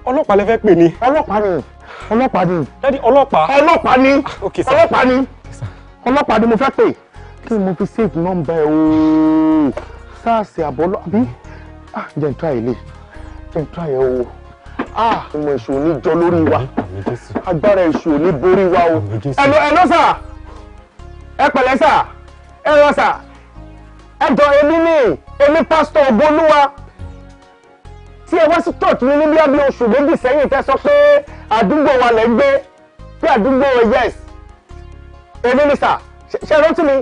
ọlọ́pàá lẹ fẹ́ pè ní. ọlọ́pàá ni ọlọ́pàá ni. dadi ọlọ́pàá. ọlọ́pàá ni ọlọ́pàá ni ọlọ́pàá ni mo fẹ́ pè kí mo fi save number ẹ̀ ooo sars àbọ̀lọ́ àbí ah jẹ́ n try ilé ìtura yẹn o ah ìmọ̀ èṣù ní jọ lórí wa agbára èṣù ní borí wa o ẹ̀lọ́ ẹ̀lọ́ sà ẹ pẹ̀lẹ́ sà ẹ rọ sà ẹ jọ èmi ní èmi pásítọ̀ ògbólúwa tí ẹ wá sí tọ́ọ̀tù ní níbi abúlé oṣù méjì sẹ́yìn tẹ́ sọ pé àdúgbò wa lẹ́ gbé pé àdúgbò yes èmi ní sà ṣe rántí mi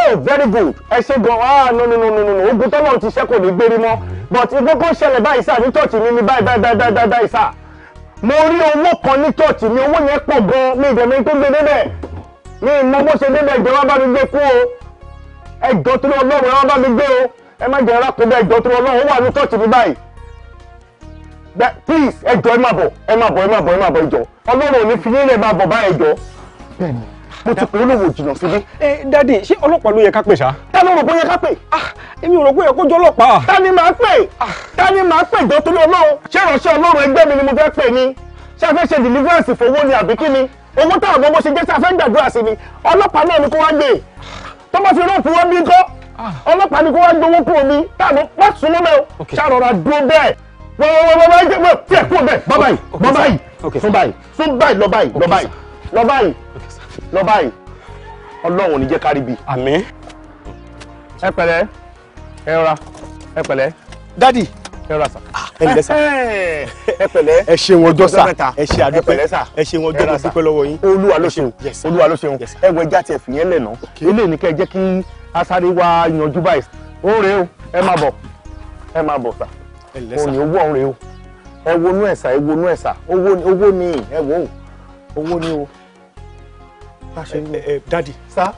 oh very good ẹ ṣe gan ah no no no no no ogun tọ́lọ̀ ti ṣẹ́ kò ní gbérí mọ́ but ìgbókò ṣẹlẹ̀ báyìí sáà ní tọ́ọ̀tì mi ní báyìí báyìí báyìí báyìí sáà mo rí owó kan ní tọ́ọ̀tì mi owó yẹn pọ̀ gan mi ìdẹ̀mí tó gbé débẹ̀ mi ìmọ̀ bó ṣe débẹ̀ ìjọba bá mi gbé kú o ẹjọ́ tó lọ lọ́rùn ẹ̀rọ bá mi gbé o ẹ má jẹ́ rákò bẹ́ẹ̀ ẹjọ́ tó lọ lọ́rùn ó wà ní tọ́ọ̀tì mi báyìí please ẹjọ́ ẹ má bọ̀ ẹ má bọ̀ ẹ má bọ̀ ẹ má bọ̀ ẹjọ́ ọlọ́run ò ní fi yín lẹ̀ má bọ̀ báyìí ẹjọ́ bẹ́ẹ̀ mo ti pè é lòwò jìnnà síbí. ẹ eh, dádì ṣé ọlọ́pàá ló yẹ ká pè ṣá. ta ló rò pé ó yẹ ká pè. Ah, èmi ò rò pé ó yẹ kó jọ ọlọ́pàá. ta ni màá pè ah. ta ni màá pè jọ torí ọlọ́run ṣé ìránṣẹ́ ọlọ́run ẹgbẹ́ mi ni mo fẹ́ pè ni ṣé a fẹ́ ṣe deliverance fowó ni àbí kí ni owó táwọn ọmọ ṣe jẹ́ sí a fẹ́ gbàdúrà sí ni ọlọ́pàá náà ni kó wá gbé tó bá fi rọ́ọ̀pù wọn bí kọ́ ah. ọlọ́pàá ni kó wá gbowó kúrò mi táwọn wọ́n sún mọ́mọ́ o ṣàròrà dúró bẹ́ẹ̀ wọ́wọ́wọ́wọ́ tiẹ̀ kúrò bẹ́ẹ̀ bọ́ báyìí bọ́ báyìí sún báyìí sún báyìí lọ báyìí lọ báyìí lọ báyìí lọ báyìí ọlọ́run ò ní jẹ́ ká rí bí. àmín. ẹ pẹ̀lẹ́ ẹ rọra ẹ pẹ̀lẹ́. dádì ẹ rọra sà. Ah, ẹ ǹlẹ́ sà ẹ pẹ̀lẹ́ ẹ ṣe wọn ọjọ́ sà ẹ ṣe àdúpẹ́ ẹ ṣe wọn ọjọ́ mo dúpẹ́ lọ́wọ́ yín. olúwa ló ṣeun olúwa ló ṣeun ẹ wọ ẹja tiẹ̀ fìyẹn lẹ̀ náà eléyìí ni kẹ́ ẹ jẹ́ kí asáré wa yanjú báyìí ó rèé o ẹ máa bọ̀ ẹ máa bọ̀ sà òní owó ọ̀rẹ́ o ẹ wonú ẹ̀sà ẹ wonú ẹ̀sà owó ni ẹ wò owó ni o. Eh, eh, eh, dadi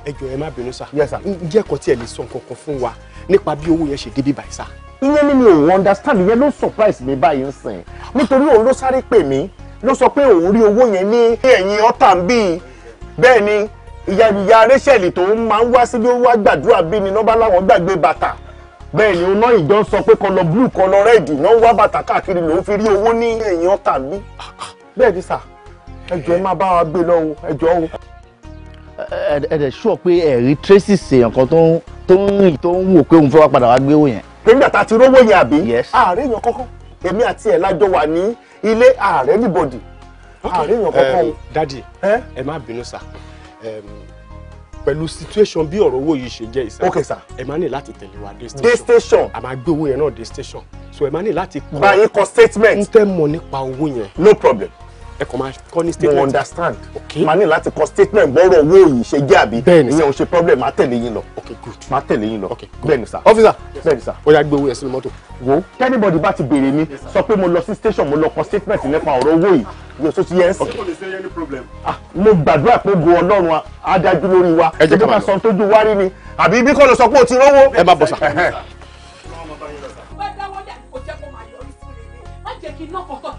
ẹ jọ̀ọ́ ẹ má bínú sá ǹjẹ́ ẹ̀kọ́ tí ẹ lè sọ nǹkan kan fún wa nípa bí owó yẹn ṣe débi báyìí sá. ìyẹn ni mi ò understand ìyẹn ló surprise mi báyìí ń sìn nítorí òun ló sáré pè mí ló sọ pé òun rí owó yẹn ní ẹ̀yìn ọ̀tà ń bíi bẹ́ẹ̀ ni ìyá ìyá rachel tó ń máa ń wá síbi ó wá gbàdúrà bíi ni nọ́bà láwọn gbàgbé bàtà bẹ́ẹ̀ ni ọ̀nà ìjọ sọ pé kọlọ blue kọlọ red náà ń wá bàtà káàkiri lòún fi rí owó ní ẹ̀yìn ọ̀tà ń bí bẹ́ẹ̀ ni sà ẹjọ́ ẹ máa bá wa gbé lọ́wọ́ ẹjọ́ o ẹ̀ẹ́dẹ̀ sọ pé ẹ̀rí traces èèyàn kan tó ń tó ń rìn tó ń wò pé òun fẹ́ wá padà wá gbé owó yẹn. nígbà tá a ti rówó yẹn àbí ààrẹ èèyàn kọ́kọ́ èmi àti ẹ̀ lájọ wà ní ilé ààrẹ níbọ̀dì ààrẹ èèyàn kọ́kọ́. dadi ẹ má bínú sá pẹ̀lú situation bí ọ̀rọ̀ owó yìí ṣe jẹ́ ìsá. ẹ máa ní láti tẹ̀lé wa dé station. dé station. a máa gbé owó yẹn náà dé station so ẹ máa ní láti báyìí kọ statement. n tẹ́ mọ̀ nípa owó yẹn. no problem ẹ kàn máa kọ́ ní statement. mo understand máa ní láti kọ statement bọ́rọ̀ owó yìí ṣe jẹ́ àbí ìyẹn ò ṣe problem máa tẹ̀lé yín lọ máa tẹ̀lé yín lọ bẹ́ẹ̀ni sà ọ́fíìsà bẹ́ẹ̀ni sà. ó yá gbé owó yẹn sínú mọ́tò. wo kẹ́nìbọ̀dì bá ti béèrè mi sọ pé mo lọ sí station mo lọ kọ statement nípa ọ̀rọ̀ owó yìí yóò tó ti yẹ ẹ sìn. Ah, mo gbàdúrà pé go ọlọ́run adájú lórí wa ẹ jẹ́ ká máa sọ tójú wárí ni àbí bí kò lọ sọ pé o ti rówó. ẹ má bọ̀ sà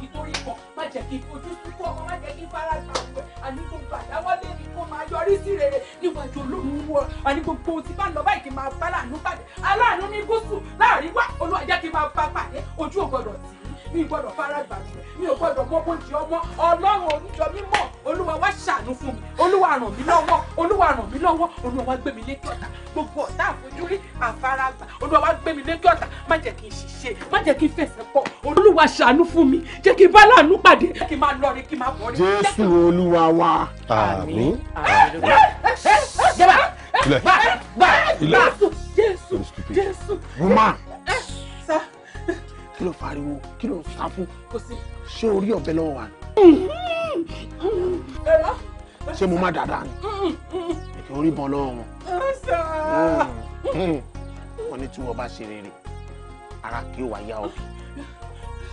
kí yọrí sí rere níwájú olóhùn wọ àní gbogbo ohun tí bá lọ báyìí kí máa bá láàánú pàdé aláàánú ní gúúsù láàrin wá olúwa jẹ́ kí máa bá pàdé ojú ò gbọdọ̀ sí mi gbọ́dọ̀ fara gbàgbé mi ò gbọ́dọ̀ mọ bó di ọmọ ọlọ́run oníjọ mi mọ̀ olúwa wá ṣàánú fún mi olúwa ràn mí lọ́wọ́ olúwa ràn mí lọ́wọ́ olúwa wá gbé mi lékè ọ̀tá gbogbo ọ̀tá àfojúrí àfaragbà olúwa wá gbé mi lékè ọ̀tá má jẹ́ kí n ṣiṣẹ́ má jẹ́ kí n fẹsẹ̀ pọ̀ olúwa ṣàánú fún mi jẹ́ kí n bá láàánú pàdé kí n máa lọrin kí n máa bọ̀rí. jésù olúwa wa. àmín. jẹba jésù jésù jésù kí ló fariwo kí ló sá fún ṣé orí ọ̀bẹ lọ́wọ́ wa. ṣé mo má dáadáa ni èké orí bọ́n lọ́wọ́ wọn. Hmm. wọ́n ní tí wọ́n bá ṣe rere ara kí ó wá yá ọ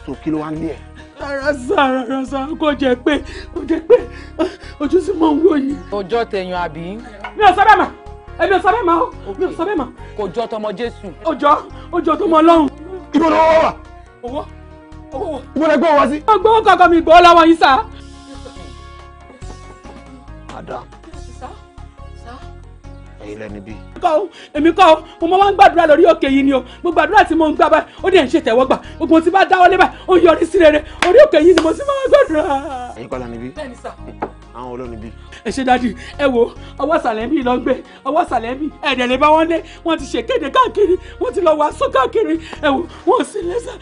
so kí ló wá ń lé ẹ rárá sá rárá sá kò jẹ́ pé kò jẹ́ pé ojú sì mọ owó yìí. ọjọ́ tẹ̀yàn àbí. mi ò sábẹ́ mà èmi ò sábẹ́ mà ó mi ò sábẹ́ mà. kò jọ tọmọ jésù. ó jọ tọmọ ọlọ́run. ibo ni wọ́n owó owó. mo lè gbọ́ wá sí. mo gbọ́ kankan mi gbọ́ lọ́wọ́ yín sá. ada ẹ̀yin lẹni bí. èmi kọ́ o mo máa ń gbàdúrà lórí òkè yìí ni o mo gbàdúrà tí mo ń gbà báyìí ó dẹ̀ ń ṣe tẹ̀wọ́gbà ogun tí bá dáwọ́lé báyìí ó yọrí sí rere orí òkè yìí ni mo sì máa ń gbàdúrà. ẹ̀yin kọ́ lẹni bí. bẹ́ẹ̀ni sá àwọn olórin bíi. ẹ ṣe dadi ẹ wo ọwọ́ sàlẹ́mì lọ gbé ọwọ́ sàlẹ́mì ẹ̀dẹ̀ lè bá wọn lé wọn ti ṣèkéde káàkiri wọn ti lọ wá sọ káàkiri ẹ wo wọn sì lé sà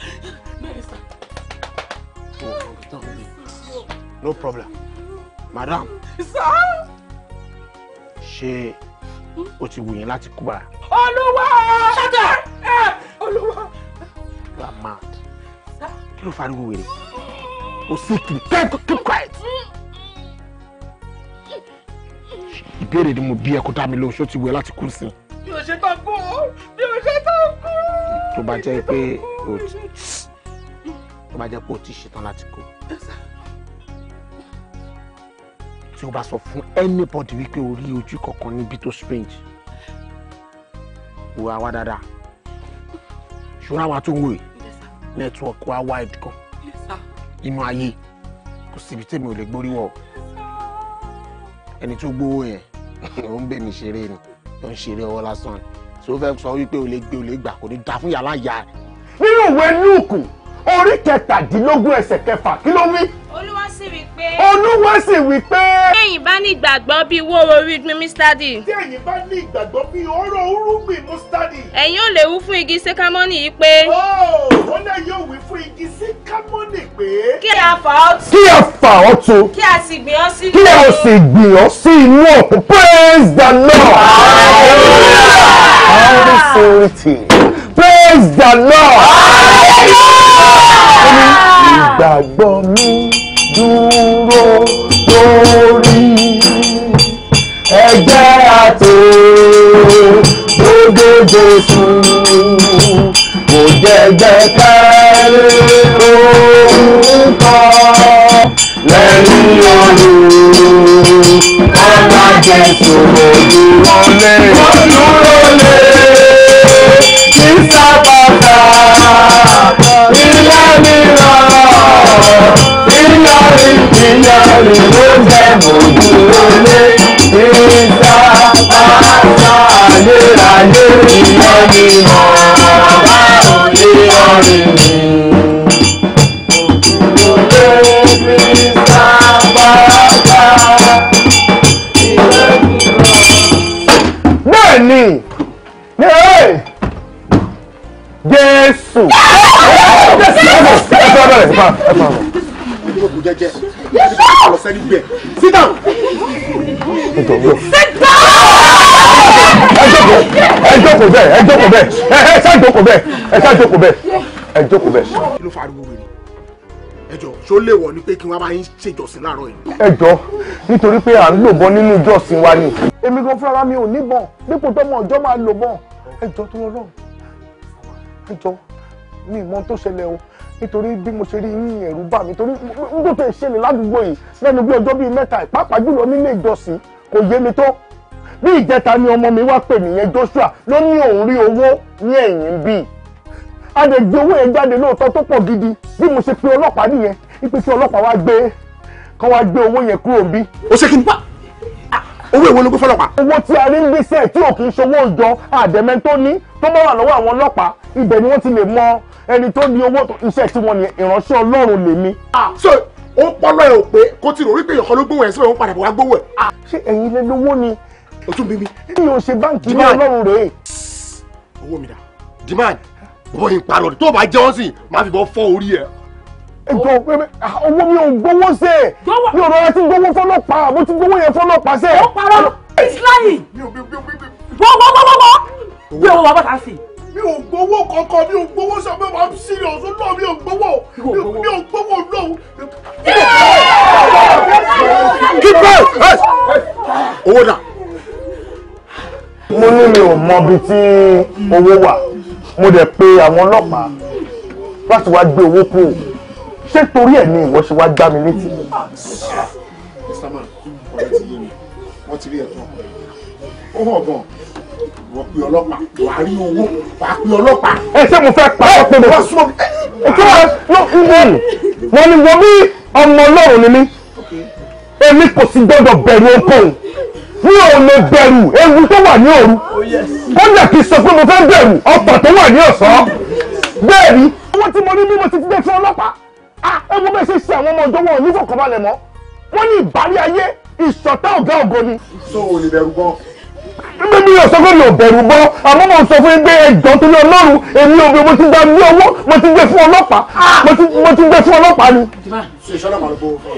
bẹ́ẹ̀ sà. no problem madam. sà. ṣé o ti wù yín láti kú bá. olúwa ṣáda ẹ olúwa. you are mad kí ló fariwo wèrè o sì tún keep quiet. Mm ìbéèrè ni mo bí ẹ kó dá mi lóhùn ṣó ti wẹ láti kú sí. mi ò ṣe tán kú mi ò ṣe tán kú. tó bá jẹ́ pé o ti tó bá jẹ́ pé o ti ṣetán láti kú. tí o bá sọ fún anybody wípé o rí ojú kankan níbi tó strange wò àwa dáadáa ṣùgbọ́n àwa tó ń wòye network wa wide kan inú ayé kò síbi tèmi ò lè gbórí wọ̀ ọ́ ẹni tó gbowó yẹn ò ń bè mí ṣeré ni ò ń ṣeré ọwọ́ lásán ni tí ó fẹ́ sọ wípé o lè gbé o lè gbà kò ní dá fún yàrá ìyá rẹ̀. nínú ìwé lúùkù orí kẹtàdínlógún ẹsẹ̀ kẹfà kí ló wí. olúwa sì wí pé. olúwa sì wí pé. tí ẹ̀yin bá ní ìgbàgbọ́ bí wóró orí gbin mustadi. tí ẹ̀yin bá ní ìgbàgbọ́ bí ọ̀rọ̀ orúgbìn mustadi. ẹ̀yin ò lè wí fún igi síkámọ́nì yìí pé. ó lè yóò wí fún igi síkámọ́nì pé. kí a fà ọ́ tu. kí a fà ọ́ tu. kí a sì gbìn ọ́ sí kí a sì gbìn ọ́ sí inú òkú praise the lord. hallelujah. hallelujah. praise the lord. hallelujah ìgbàgbọ́ mi dúró lórí ẹ̀jẹ̀ àtò gbogbo Jésù kò jẹ́jẹ́ kẹ́lẹ́ ohun kan lẹ́yìn ọdún ọ̀la Jésù òdìwọlé olúrọ̀lẹ́ kí sábà ilé mi rọ ìlọrí ìlọrí ló jẹ mojú olé ìta àṣà léraléra ìyọrí mọ ìyọrí mi. Bẹ́ẹ̀ni, ní ẹ̀ẹ́. Jésù. Ẹ fẹ́ bẹ̀rẹ̀ ẹ fà ẹ fà. Ìdílókù jẹ́jẹ́. Yẹ́sọ̀! Sit down. Sit down. jókòó bẹ́ẹ̀ ẹ jókòó bẹ́ẹ̀ ẹ ṣá jókòó bẹ́ẹ̀ ẹ ṣá jókòó bẹ́ẹ̀ ẹ jókòó bẹ́ẹ̀. Kí ló fa ariwo wèrè? Ẹ ṣó lè wọ̀ ni pé kí wọ́n bá yín ṣèjọsìn láàárọ̀ yìí. Ẹ nítorí pé à ń lòbọn nínú ìjọsìn wa ni. Èmi gan fúnra mi ò níbọn dípò tọmọ ọjọ́ máa lòbọn. Ẹ tó lọ́rùn ẹ jọ mi mọ tó ṣẹlẹ̀ o nítorí bí mo ṣe rí yín ẹ̀rù bà mí torí nígbà tó ìṣẹ̀lẹ̀ ládùúgbò yìí lẹ́nu bí ọjọ́ bíi mẹ́ta ìpápá jùlọ nílé ìjọsìn kò yé mi tó bí ìjẹta ni ọmọ mi wá pè nìyẹn Joshua ló ní òun rí owó ní ẹ̀yìn bíi a lè gbé owó yẹn jáde lóòótọ́ tó pọ̀ gidi bí mo ṣe pe ọlọ́pàá nìyẹn ipe tí ọlọ́pàá wá gbé kán wá gbé owó yẹn kúrò bí. ó ṣe kí n pa owó èwo ló gbé fọlọ́pàá. owó tí a rí ń gbèsè tí ò kì í ṣòwò ìjọ àdẹ̀mẹ́ tó ní tó bá wà lọ́wọ́ àwọn ọlọ́pàá ibẹ̀ ni wọ́n ti lè mọ ẹni tó ní owó iṣẹ́ tí wọ́n ní ìránṣẹ́ ọlọ́run lèmi. so ó pọ́nlọ́ ẹ̀ ò pé kó ti rò wípé ìyọ̀kan ló gbóhùn ẹ̀ síbẹ̀ òun padà bọ̀ wá gbówó ẹ̀. ṣé ẹ̀yin lè lówó ni. o tún bí mi. mi ò ṣe báǹkì ní ọlọ́run rèé. owó mi dà demand bọ́ọ̀ ìparọ̀ tó bá jẹ́ wọ́n sì máa fi bọ́ fọ́ orí ẹ̀ ètò ah, owó mi ò gbowó ṣe mi ò rọra ti gbowó fọlọ́pàá mo ti gbowó yẹn fọlọ́pàá ṣe. ó parọ́ ìsìláyì gbogbogbogbogbò bí owó wa bá ta sí. mi ò gbowó kankan mi ò gbowó sábẹ́ wàá sí ni ọ̀sán náà mi ò gbowó mi ò gbowó lóhùn. kíkọ́ owó dà. mo ní mi ò mọbi tí owó wà mo dẹ̀ pe àwọn ọlọ́pàá láti wá gbé owó kù ṣé torí ẹ̀ ni ìwọ ṣe wá gbá mi létí. wọ́n ti rí ẹ̀tọ́ ó hàn gan wọ́n pe ọlọ́pàá wàá rí owó wàá pe ọlọ́pàá. ẹ ṣé mo fẹ́ pa ọ́ pé mo wá súnmọ́ ẹ kí wọ́n ló ń wọ̀ wọ́n ni wọ́n bí ọmọ ọlọ́run ni mí èmi kò sì gbọ́dọ̀ bẹ̀rù ohunkóhun mi ò lè bẹ̀rù ewu tó wà ní òru ó yẹ kí n sọ pé mo fẹ́ bẹ̀rù ọ̀pọ̀ tó wà ní ọ̀sán bẹ́ẹ̀ ni owó tí mo ní bí ti ti dé fún ọlọ́pàá. Ah, wo bẹ́ẹ̀ ṣe ṣe àwọn ọmọ ọ̀dọ́ wọn ní fọkànbalẹ̀ mọ́ wọ́n ní ìbálẹ̀ ayé ìṣọ̀tá ọ̀gá ògo ni. so o lè bẹ̀rù gan. mi mi ò sọ pé mi ò bẹ̀rù gan àmọ́ mo sọ fún gbé ẹjọ́ tó ní ọlọ́run èmi ò mo ti gba ní owó mo ti gbé fún ọlọ́pàá mo ti gbé fún ọlọ́pàá ni.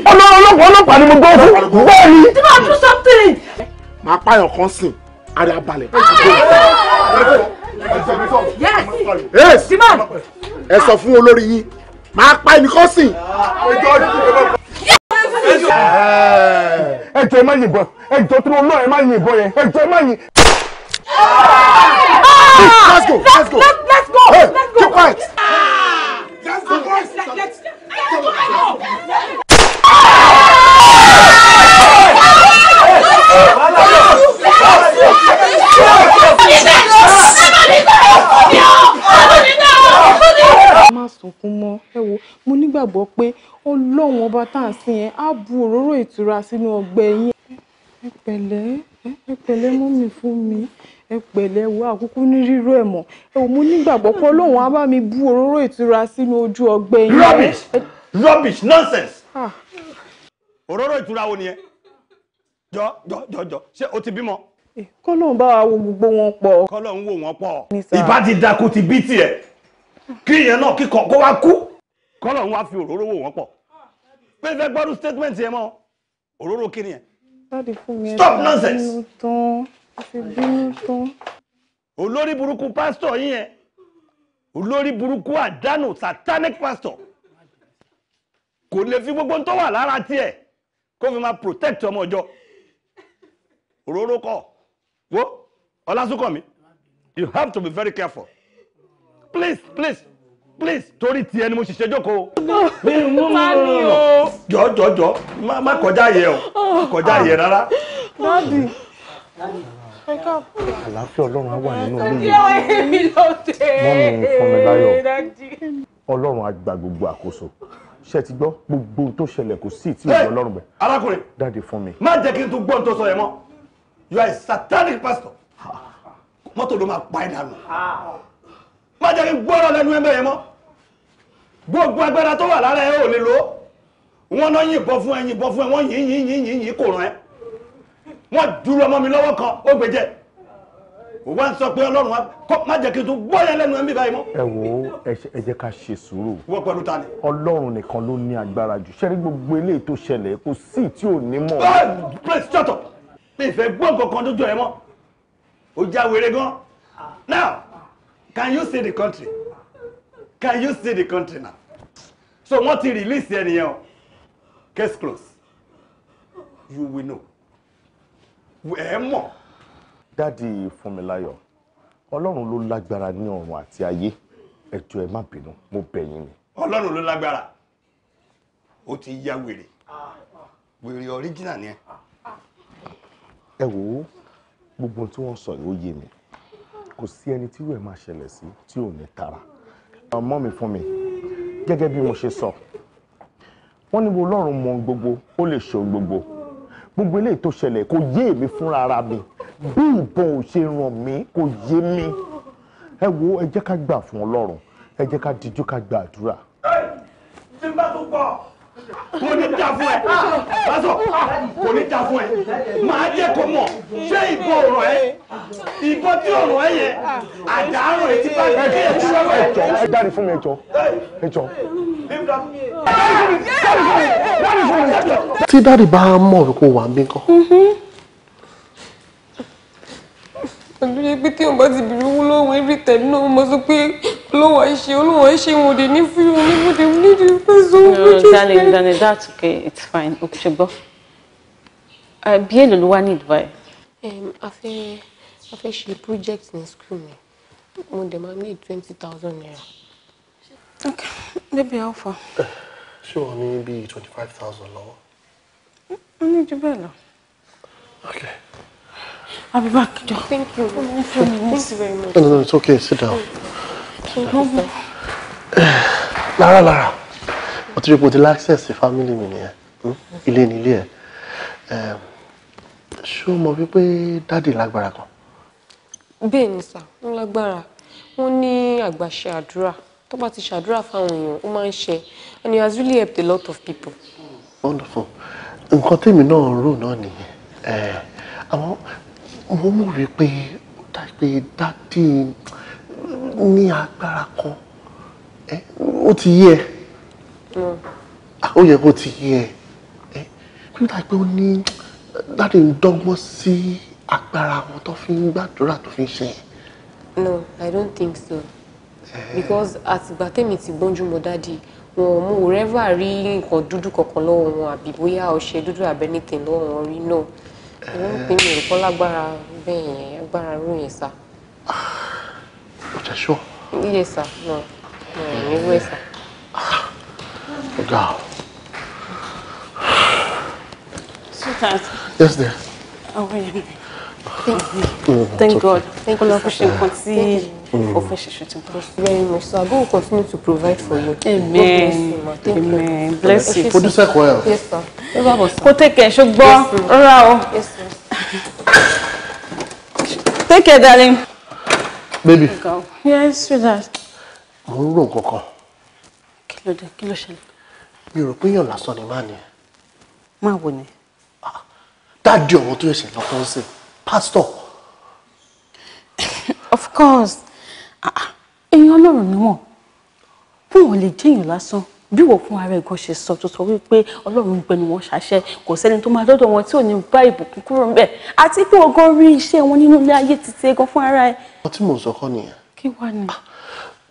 ọlọ́run ọlọ́pàá ọlọ́pàá ni mo gbọ́ fún bẹ́ẹ̀ ni. máa pààyàn kan sìn ara balẹ̀. Ah, ẹ sọ fún olórí yín máa pa ẹnìkan sìn. ẹ jọ̀ọ́ ẹ má yìnbọn ẹ jọ̀ọ́ tó lọ ẹ má yìnbọn yẹn ẹ jọ̀ọ́ ẹ má yìn. let's go let's go let's, let's go hey, let's go keep quiet. let's go boys. Let's, let's, let's go. má sunkún mọ́ ẹ wo mo nígbàgbọ́ pé ọlọ́run ọba tá à ń sìn yẹn á bu òróró ìtura sínú ọgbẹ́ yín ẹ pẹ̀lẹ́ ẹ pẹ̀lẹ́ mú mi fún mi ẹ pẹ̀lẹ́ wo àkúkú ní ríró ẹ̀ mọ̀ ẹ wò mo nígbàgbọ́ pé ọlọ́run á bá mi bu òróró ìtura sínú ojú ọgbẹ́ yín. rubbish rubbish nonsense òróró ìtura wo ni ẹ jọ jọ jọ jọ ṣé o ti bímọ eh, kọ́lọ́n bá wa wo gbogbo wọn pọ̀. kọ́lọ́n ń wò pọ̀. ìbá ti dákú ti bí tiẹ̀ kí ìyẹn náà kíkọ kó wá kú kọ́lọ̀ ń wá fi òróró wò wọ́n pọ̀ pé fẹ́ gbọ́dọ̀ statement yẹn mọ́ òróró kí nìyẹn. stop nonsense. olórí burúkú pásítọ̀ yín yẹn olórí burúkú àdánù satanic pastor kò lè fi gbogbo tó wà lára tiẹ̀ kó fi máa protect ọmọ ọjọ́ òróró kọ́ wo ọlásùnkànmí you have to be very careful please please please torí ti ẹni mo ṣiṣẹ́ jókòó. má ní o. jọ jọ jọ má kọjá yẹ o má ah. kọjá yẹ rárá. dádì ẹ káàpọ̀. àlàáfíà ọlọ́run á wà nínú ilé mi. ọjọ́ èmi ló dé. mọ́mí fún mi láyọ̀ ọlọ́run á gba gbogbo àkóso ṣe ti gbọ́ gbogbo ohun tó ṣẹlẹ̀ kò sí ìtì ìwọ ọlọ́run bẹ̀. arákùnrin dáàdi fún mi. má jẹ́ kí n tún gbọ́ tó sọ yẹn mọ́ you are a satanic pastor mọ́tò ló máa pa ẹ̀ dànù má jẹ́ kí gbọ́rọ̀ lẹ́nu ẹgbẹ́ yẹn mọ́ gbogbo agbára tó wà lára ẹ ò lè lò ó wọ́n náà yìnbọn fún ẹ yìnbọn fún ẹ wọ́n yìn yìn yìn yìn yìn kò rán ẹ wọ́n dúró ọmọ mi lọ́wọ́ kan ó gbé jẹ́ wọ́n sọ pé ọlọ́run wa kọ́ má jẹ́ kí n tún gbọ́yẹ lẹ́nu ẹ̀mí báyìí mọ́. ẹ wo ẹ jẹ́ ká ṣe sùúrù. wọ́n pẹ̀lú ta ni. ọlọ́run nìkan ló ní agbára jù ṣẹ́rí gbogbo eléyìí tó ṣẹlẹ̀ kò sí tí ò ní mọ̀. Ah, please shut up. mi ìfẹ́ gbọ́ nǹkan kan tó jọ ẹ mọ́ o já wèrè gan-an now can you see the country can you see the country now so wọ́n ti release ẹnìyẹn o case closed you will know ẹ mọ̀. dádì Fúnmiláyọ̀ ọlọ́run ló lágbára ní ọ̀run àti ayé ẹ jọ̀ọ́ ẹ má bínú mo bẹ̀ yín ni. ọlọ́run ló lágbára ó ti ya wèrè wèrè original ni ẹ. ẹ wò ó gbogbo tí wọ́n sọ yìí ó yé mi kò sí ẹni tí ìwé máa ṣẹlẹ̀ sí tí ò ní tara ọmọ mi fún mi gẹ́gẹ́ bí mo ṣe sọ wọ́n ní Ọlọ́run mọ gbogbo ó lè ṣe gbogbo gbogbo eléyìí tó ṣẹlẹ̀ kò yé èmi fúnra ara mi bí ìbọn ò ṣe ràn mí kò yé mi ẹ wo ẹ jẹ́ ká gbà fún Ọlọ́run ẹ jẹ́ ká dijú ká gba àdúrà. ṣé bá tó gbọ́ kò ní da fún ẹ lásọ ah, eh. ah, kò ní da fún ẹ màá jẹ kó mọ ṣé ìbọn ọ̀rọ̀ ẹ ìbọn tí ọ̀rọ̀ ẹ yẹ àdàárọ̀ etí bá gbé ẹ tí wọn bẹ. ẹjọ ẹ dárí fún mi ẹjọ ẹjọ. tí dárí bá mọ̀ wípé wà ń bí nǹkan. Mm-hmm àdúyẹ pé tí wọn bá ti bèrè owó lọ́wọ́ every time náà mo sọ pé olówó àìṣe olówó àìṣe wọn ò dé ní fún wọn ní bóde ní ìdí fẹ́ sọ wọn bó ṣe fẹ́. darling that's okay it's fine o ṣe gbọ́ bí èlò ló wá ní ìdúrà ẹ̀. a fẹ́ a ṣe project ní school mi mo dẹ̀ máa ní twenty thousand naira. okay baby how far. ṣé wọn ní bíi twenty five thousand lọ́wọ́. ó ní jù bẹ́ẹ̀ lọ. okay. I'll be back, Joe. Thank you. Thank you very much. No, no, no, it's okay. Sit down. Lara, Lara, What ti rí pé o ti láksẹ̀sì fámílì mi nìyẹn. Ilé ni ilé ẹ̀. Eh? Ṣé o mọ̀ wípé dáàdì lágbára kan? Bẹ́ẹ̀ ni sà, ń lágbára. Wọ́n ní àgbàṣe àdúrà. Tó bá ti ṣàdúrà fáwọn èèyàn, ó máa ń ṣe. And he has really helped a lot of people. Wonderful. Nǹkan tèmi náà rò náà nìyẹn. Àwọn mo mọ̀ rí ó dà pé dádì ní agbára kan ẹ ó ti yé ẹ mm. ó yẹ kó ti yé ẹ pé ó dà pé ó ní dádì ń dọ́gbọ́n sí agbára wọn tó fi ń gbàdúrà tó fi ń ṣe. no i don't think so because àtìgbà tèmi ti gbọ́njú mọ́ dádì wọn mo rẹ́fà rí nǹkan dúdú kankan lọ́wọ́ wọn àbí bóyá ọṣẹ dúdú àbẹ́nìtẹ̀ lọ́wọ́ wọn rí náà ìlú pín mi nǹkan lágbára bẹ́ẹ̀ yẹn agbára rú yẹn sá. ó jẹ́ sọ. iye sá náà náà ní wẹ́ sá. ọ̀gá o. sweetheart. yes dear. thank you thank you oh, for ṣe nǹkan tí. Mm. of Shishito Very much so. God will continue to provide for you. Amen. Amen. Bless you. Producer Coil. Yes, sir. take care. Shogbo. Rao. Yes, sir. Take care, darling. Baby. Yes, sweetheart. Mo ń rò nǹkan kan. Kí ló dé? Kí ló ṣẹlẹ̀? Mi ò rò pé yàn lásán ni máa ní. Máa wò ni. Ah, dáàdi ọ̀wọ́n tó ẹ̀ṣẹ̀ lọ́kọ́ ń Pastor. Of course èèyàn ọlọ́run ni wọ́n bí wọ́n lè jẹ́yàn lásán bí wọ́n fún ara ẹ̀gọ́ ṣe sọ tó sọ wípé ọlọ́run gbẹnu wọn ṣàṣẹ kò sẹ́ni tó máa dọ́dọ̀ wọn tí ò ní bá ìbùkún kúrò ńbẹ̀ àti pé wọ́n gan rí iṣẹ́ wọn nínú ilé ayé títí gan fún ara ẹ̀. ọ̀rọ̀ tí mò ń sọ kọ́ nìyẹn. kí wàá ní. Ah,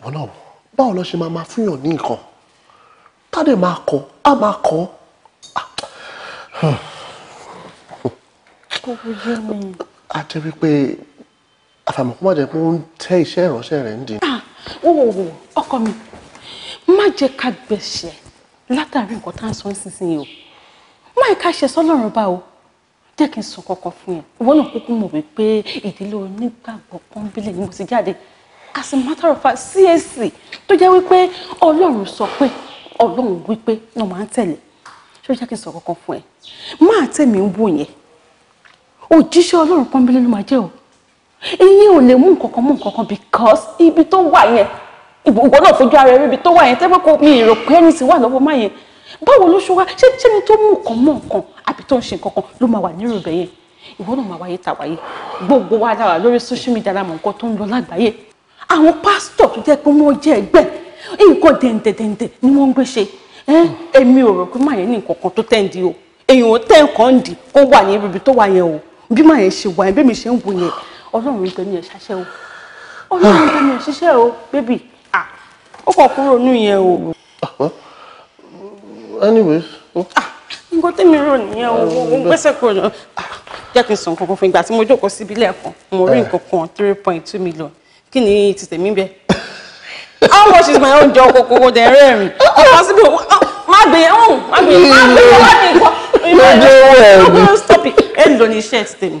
wọn náà báwo lọ ṣe máa máa fúnyàn ní nǹkan tádé máa kọ á máa kọ. Ah, hmm. kò wúyẹ́ mi. a jẹ́ wípé àfàmọ́ kó má jẹ́ pé ó ń tẹ́ iṣẹ́ ìránṣẹ́ rẹ̀ ń dì. Ah, wò wò wò ọkọ mi má jẹ́ ká gbẹ̀ṣẹ̀ látàrí nǹkan tá à ń sọ nísinsìnyí o má ẹ̀ ká ṣe sọ́lọ́run bá o jẹ́ kí n sọ kọ́kọ́ fún yẹn ìwọ náà kúkú mọ̀ wípé ìdílé onígbàgbọ́ pọ́ńbélé ni mo ti jáde as a matter of fact CAC tó jẹ́ wípé ọlọ́run sọ pé ọlọ́run wípé náà máa ń tẹ̀lé ṣé ó jẹ́ kí n sọ kọ́kọ́ fún ẹ máa tẹ̀mí ń wò yẹn òjíṣẹ́ ọlọ́run pọ́ńbélé ló máa jẹ́ o eyín ò lè mú nǹkan kan mú nǹkan kan because ibi tó wà yẹn ìwọ náà fojú ara rẹ ibi tó wà yẹn tẹ́fẹ́ kó mi rò pé ẹni tí wà lọ́wọ́ má yẹn báwo ló ṣe wá ṣé ṣẹ́ni tó mú nǹkan mọ́ nǹkan àbí tó ń ṣe nǹkan kan ló máa wà nírò rẹ̀ yẹn ìwọ náà máa wáyé tàwáyé gbogbo wa dára lórí social media la mọ̀ nǹkan tó ń lọ lágbàáyé àwọn pásítọ̀ tó jẹ́ pé wọ́n jẹ́ ẹgbẹ́ nǹkan dẹ̀ǹdẹ̀dẹ̀ǹdẹ̀ ni wọ́n ń gbé ṣe èmi ò rò pé má yẹn ní nǹkan kan tó tẹ̀ǹdì o èèyàn tẹ̀ǹkan dì kó wà ní ibi tó wà yẹn o bí má yẹn ṣe wà yẹn bí mi ṣe ń wò yẹn ọlọ́run tó ní ẹ̀ ṣaṣẹ́ o ọlọ́run tó ní ẹ̀ ṣiṣẹ́ o bébì ó kọ̀ kúrò nù yẹn o. anyways. nǹkan tẹ́mi rò nìyẹn o mo gbẹ́sẹ̀ kúrò náà jẹ́ kí n sọ nǹkan kan fún ìgbà tí mo jókòó síbi lẹ́ẹ̀kan mo rí nǹkan kan three point two million kí ni ti tèmi bẹ́ẹ̀ how much is my own jọ kòkòrò dẹ̀ rẹ́rìn ọkọ síbi òun má gbé ọ̀hún má gbé má gbé wọ́n ní nǹkan ìmọ̀ ẹ̀rọ ọkọ stop it èlò ni iṣẹ́ ti tèmi.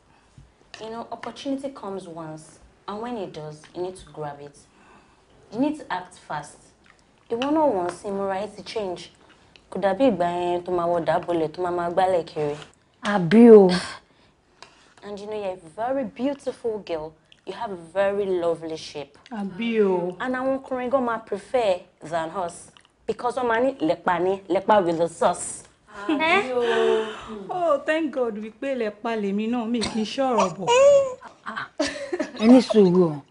You know, opportunity comes once, and when it does, you need to grab it. You need to act fast. Ìwọ náà wọ̀n sí ìmúra ẹ ti change. Kò dàbí ìgbà yẹn tó máa wọ dábọ̀lẹ̀ tó máa máa gbálẹ̀ kiri. *sighs* And you know, you're a very beautiful girl. You have a very lovely shape. Abio. And I won't gan my prefer than us because wọ́n máa ní lẹ́pa with the sauce. *laughs* oh thank god wípé ilẹ̀ palẹ̀ mi náà mi kì í ṣọ̀rọ̀ bọ̀. ẹ ní sùúrù o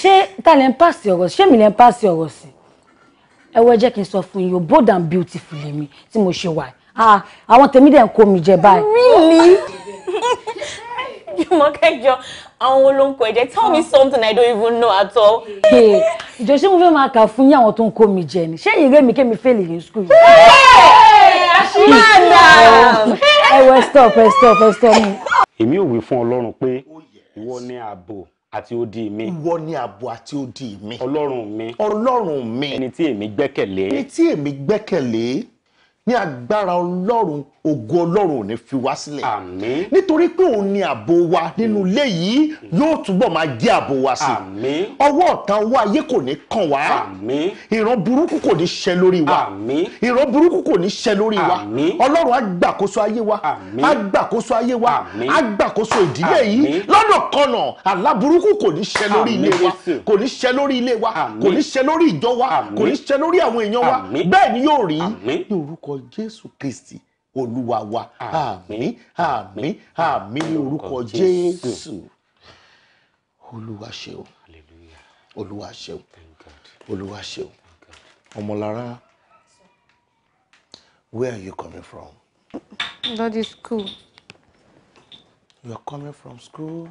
ṣé ta lẹ ń pàṣẹ ọ̀rọ̀ ṣé mi lẹ ń pàṣẹ ọ̀rọ̀ sí ẹ wọ ẹ jẹ́ kí n sọ fún yín bold and beautiful lèmi tí mo ṣe wà ah, àwọn tèmi dẹ̀ ń kó mi jẹ báyìí. really You Jùmọ̀kẹ́ jọ àwọn olóńkọ ẹ̀jẹ̀ tell me ah. something I don't even know at all. Hey, ṣé mo fẹ́ máa kà fún yín àwọn tó ń kó mi jẹ ni ṣé ìrẹ́ mi kémi fail in school yìí. ẹ wẹ stop ẹ eh, stop ẹ eh, stop mi. èmi ò wí fún Ọlọ́run pé ìwọ ni ààbò àti odi mi. ìwọ ni ààbò àti odi me. Ọlọ́run mi. Ọlọ́run mi. ẹni tí èmi gbẹ́kẹ̀lé. ẹni tí èmi gbẹ́kẹ̀lé ní agbára Ọlọ́run ògo ọlọ́run ò ní fi wá sílẹ̀ àmín nítorí pé òun ni ààbò wa nínú mm. ilé yìí yóò túbọ̀ máa jẹ́ ààbò wa sí àmín ọwọ́ ọ̀tá wa ayé kò ní kàn wá àmín ìran burúkú kò ní ṣẹ lórí wa àmín ìran burúkú kò ní ṣẹ lórí wa àmín ọlọ́run á gbàkóso ayé wa àmín á gbàkóso ayé wa àmín á gbàkóso ìdílé yìí lọ́nà kọ̀nà àlá burúkú kò ní ṣẹ lórí ilé wa kò ní ṣẹ lórí ilé wa kò ní ṣẹ lórí ìjọ wa kò ní ṣẹ lórí àwọn èèyàn wa bẹ́ẹ̀ ni yóò rí ní orúkọ Jésù Kristi olúwa wa àmín àmín àmín ní orúkọ jésù olúwa ṣeun olúwa ṣeun olúwa ṣeun ọmọlára where are you coming from. Daddy school. You are coming from school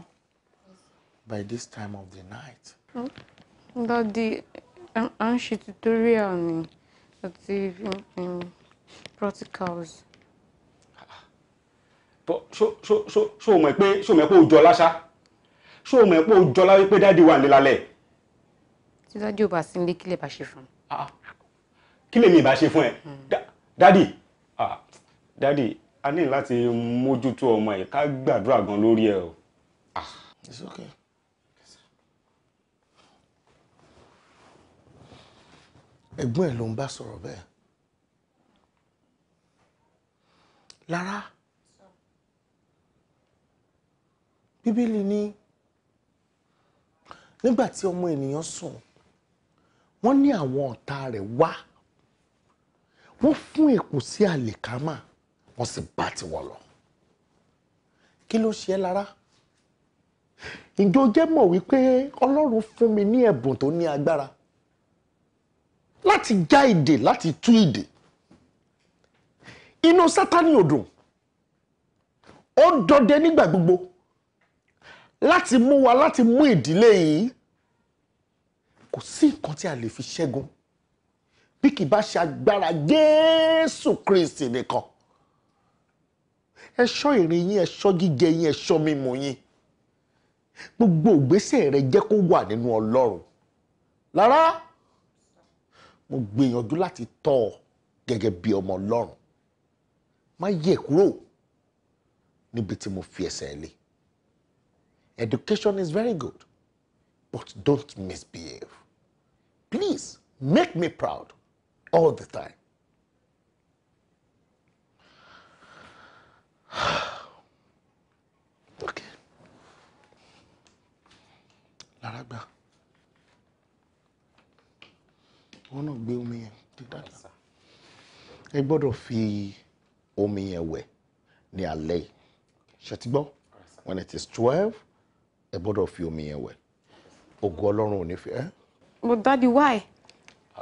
by this time of the night. Daddy à ń ṣe tutorial ni àti practicals ṣó mọ̀ pé ṣó mọ̀ pé ó jọ láṣá ṣó mọ̀ pé ó jọ láwí pé dáàdi wà nílálẹ̀. tí dáàdi ò bá sí ilé kí lè bá ṣe fún un. Ah, ah. kí lèmi ìbá ṣe fún ẹ hmm. dáàdi ah, dáàdi a ní láti mójútó ọmọ ẹ ká gbàdúrà gan lórí ẹ o. It's okay. ẹ̀gbọ́n ẹ̀ ló ń bá sọ̀rọ̀ bẹ́ẹ̀ lára bíbélì ní nígbà tí ọmọ ènìyàn sùn wọ́n ní àwọn ọ̀tá rẹ̀ wá wọ́n fún èkó sí àlìkámà wọ́n sì bá tiwọ́ lọ kí ló ṣe é lára ìjọ jẹ́ mọ̀ wípé ọlọ́run fún mi ní ẹ̀bùn tó ní agbára láti já ìdè láti tú ìdè inú sátani ò dùn ó dọdẹ nígbà gbogbo láti mú wa láti mú ìdílé yìí kò sí nǹkan tí a lè fi ṣẹ́gun bí kì bá ṣe agbára Jésù Kristi nìkan ẹ̀ṣọ́ ìrìn yín ẹ̀ṣọ́ gígẹ yín ẹ̀ṣọ́ mímu yín gbogbo ìgbésẹ̀ rẹ jẹ́ kó wà nínú Ọlọ́run lára mo gbìyànjú láti tọ́ ọ gẹ́gẹ́ bí ọmọ Ọlọ́run má yẹ̀ kúrò níbi tí mo fi ẹsẹ̀ lé. Education is very good, but don't misbehave. Please make me proud all the time. *sighs* okay. Laragba. Wọ́n náà gbé omi yẹn dé dáadáa. Ẹ gbọ́dọ̀ fi omi yẹn wẹ̀ ní alẹ́ yìí. Ṣètìgbọ́, when it is twelve ẹ gbọ́dọ̀ fi omi yẹn wẹ̀ ògo ọlọ́run ò ní fi ẹ́. mo why.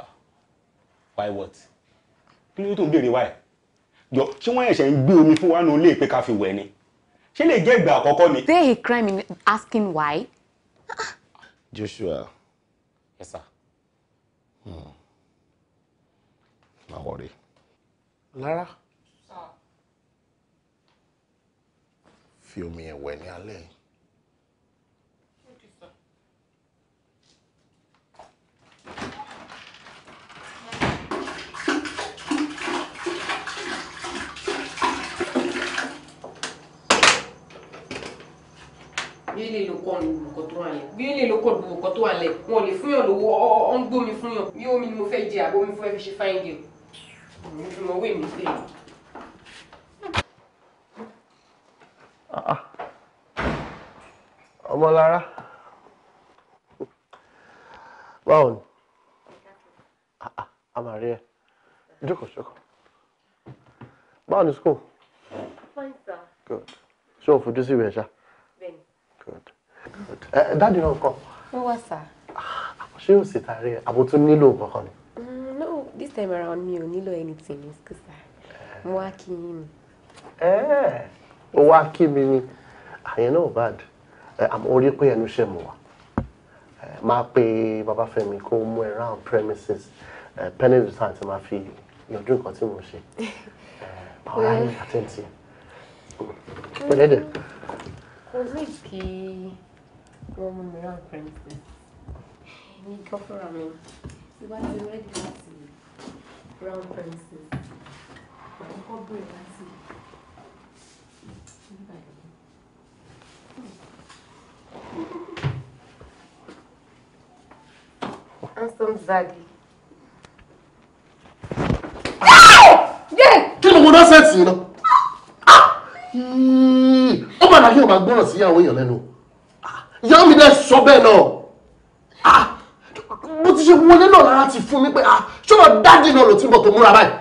Ah. why what kí ló tó ń béèrè why jọ ṣé wọ́n ẹ̀ṣẹ̀ ń gbé omi fún wa ní olé ìpè ká fi wẹ̀ ni ṣé lè jẹ́ ìgbà àkọ́kọ́ ni. there a crime in asking why. Joshua. yes sir. Hmm. máa wọlé. lára. fi omi ẹ̀wẹ̀ ní alẹ́ yìí. bí lè lo kọ́ lu tó wà lẹ̀ bí lè lo kọ́ lu tó wà lẹ̀ wọn ò lè fún yàn lówó ọ ń gbómi fún yàn bí omi ni mo fẹ́ jẹ àbí omi fún ẹ fi ṣe fáyín gẹ̀ mo fi mọ wéèmí sí i. ọmọlára báwo ni ah, ah, a máa rí ẹ jókòó jókòó báwo ni school. fine sir. good ṣé o fojú sí ìwé ẹ̀ dáàdì náà kọ́. wọ́n wá sà. ṣé o sì tàrí àbò to nilo kankan ni. Mm, no this time around me nilo anything ní sùkúsà mo wá working yín ni. ó eh, wá kí ah, bad I'm eh, orí pé ẹnu ṣe mọ̀ wá Baba Femi, come around premises eh, penny return ti máa fi yanjú nǹkan tí mo ṣe. Báwo la ní àtẹ̀ntì? Pẹ̀lẹ́dẹ̀ oríkì Me mìíràn kìrìntì ní gọ́fúnra mi ìwádìí rẹ́dí láti brown princess àkọ́kọ́ bẹ̀rẹ̀ láti ìbàdàn. Handsome Zaggy. Kí ni mo dá Ah. náà? Hmm yìí ó bàdà yóò máa gbọ́ràn sí àwọn èèyàn lẹ́nu ìyá mi dẹ́ sọ bẹ́ẹ̀ náà bó ti ṣe wọlé náà lára ti fún mi pé ṣọ́nà dájì náà ló ti bọ̀ tó múra báyìí.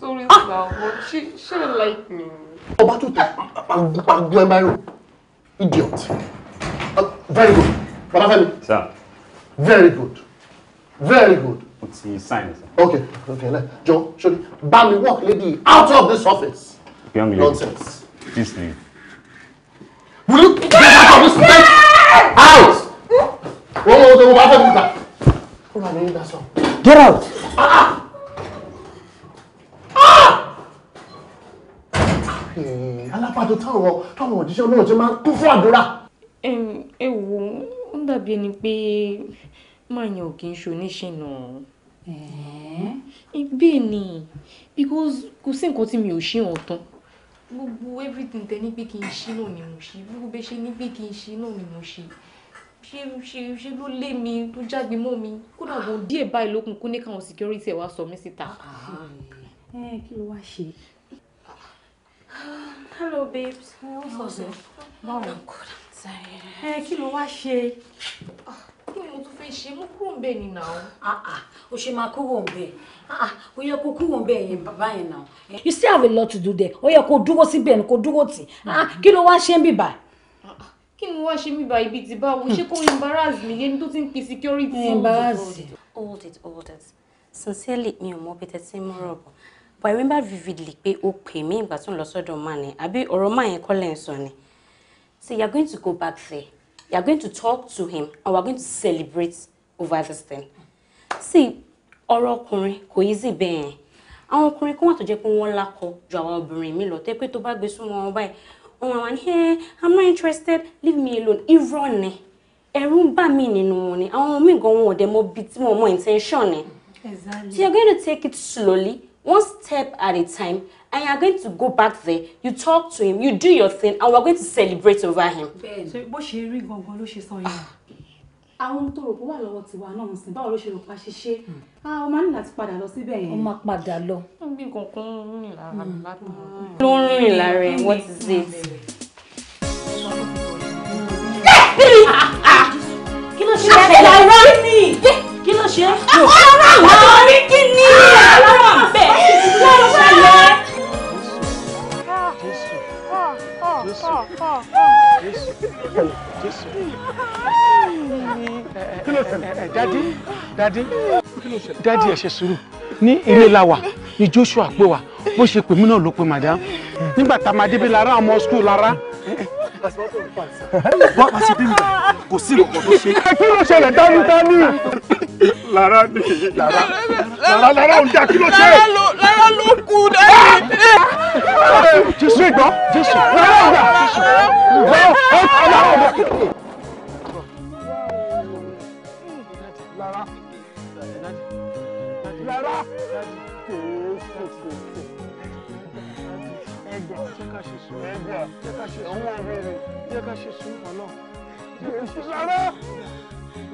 sorry sir but she she like me. ọba tó tẹ agun ẹ báyìí idiot uh, very good babafẹmi. sir. very good very good. o ti sign it. okay okay jọ sori bá mi work lady out of this office. young lady nonsense. Disney. Will you get out of this place? Out! Wọ́n mọ̀ ọ́n wọ́n fẹ́ mi ta. Ó rà ní ìdásọ. Get out! Alápàdé táwọn táwọn òjíṣẹ́ náà ti máa ń kún fún àdúrà. Ẹ wo, ó dàbí ẹni pé máa yan òkè ń ṣoníṣìnà. Bẹ́ẹ̀ ni, because kò sí nǹkan tí mi ò ṣe ọ̀tán gbogbo everything tẹ ní pé kí n ṣe náà ni mo ṣe gbogbo bẹ ṣe ní pé kí n ṣe náà ni mo ṣe ṣe ṣe ṣe ló lé mi ló jágbe mọ́ mi kódà gan díẹ̀ báyìí lókun kó ní káwọn security ẹ̀ wá sọ mí síta. Ah, ah, ah. ẹ kí ló wá ṣe. hello babes. ẹ wọ́n sọ̀rọ̀ báwo. ẹ kí ló wá ṣe mo tún fẹ́ ṣe mú kúrò ńbẹ̀ ni náà. Ah, ah, o ṣe máa kúrò ńbẹ̀ ah, o yẹ kó kúrò ńbẹ̀ yẹn bàbá yẹn náà. Eh, you still have a lot to do there o yẹ kó dúró síbẹ̀ ni kó dúró tì kí ló wá ṣe ń bìbà. kí ni wàá ṣe mí bá ibi tí báwo ṣé kó embarrass mi yẹn tó ti ń pe security. embarrass. hold it hold it sincerely mi ò mọ bí tẹ́tí mú rọ̀bù but I remember vividly pé o pè mí ìgbà tó ń lọ sọ́dọ̀ máa ní àbí ọ̀rọ̀ máa yẹn kọ́ lẹ́ sọ ni so you are going to go back there You are going to talk to him and we are going to celebrate over this thing. See, ọ̀rọ̀ ọkùnrin kò easy bẹ́ẹ̀ yẹn. Àwọn ọkùnrin kan wà tó jẹ́ pé wọ́n lákọ ju àwọn obìnrin mi lọ tẹ́ tó bá gbé súnmọ́ wọn báyìí. Wọ́n máa ní ẹ́ I'm not interested leave me alone. Irọ́ ni ẹ̀rù ń bà mí nínú wọn ni àwọn míì gan wọn ò dẹ̀ mọ bí tí wọ́n mọ intention ni. Exactly. So you are going to take it slowly one step at a time and you are going to go back there you talk to him you do your thing and we are going to celebrate over him. bẹ́ẹ̀ ṣe bó ṣe rí gangan ló ṣe sọ yẹn àwọn tó rò pé wà lọ́wọ́ tiwa náà ń sìn báwo ló ṣe rò pa ṣíṣe ó máa ní láti padà lọ síbẹ̀ yẹn. ó máa padà lọ. ó bí kankan ń rìn lára mi látàrí. ló ń rìn lára ẹ what is it. kí ló ṣe é lọ rọ ní. kí ló ṣe é. ọ̀rọ̀ àwọn orí kí ni. ọ̀rọ̀ bẹ́ẹ̀ lọ́rọ̀ dadi dadi dadi ẹ ṣe sùúrù Ni ilé la wà ní Joshua pé wa bó ṣe pè mí náà ló pe madam nígbà tá a máa débi ọmọ school lara wọ́n bá ṣe bí mi kò sí ìrọ̀kọ̀ tó ṣe. kí ló ṣẹlẹ̀ dání-dání. lára ni lára lára lára ò ń dá kí ló ṣe. lára ló kú dání. jésù ìgbọ́ jésù lára ò jésù lára ò dá. lára lára. ṣe lára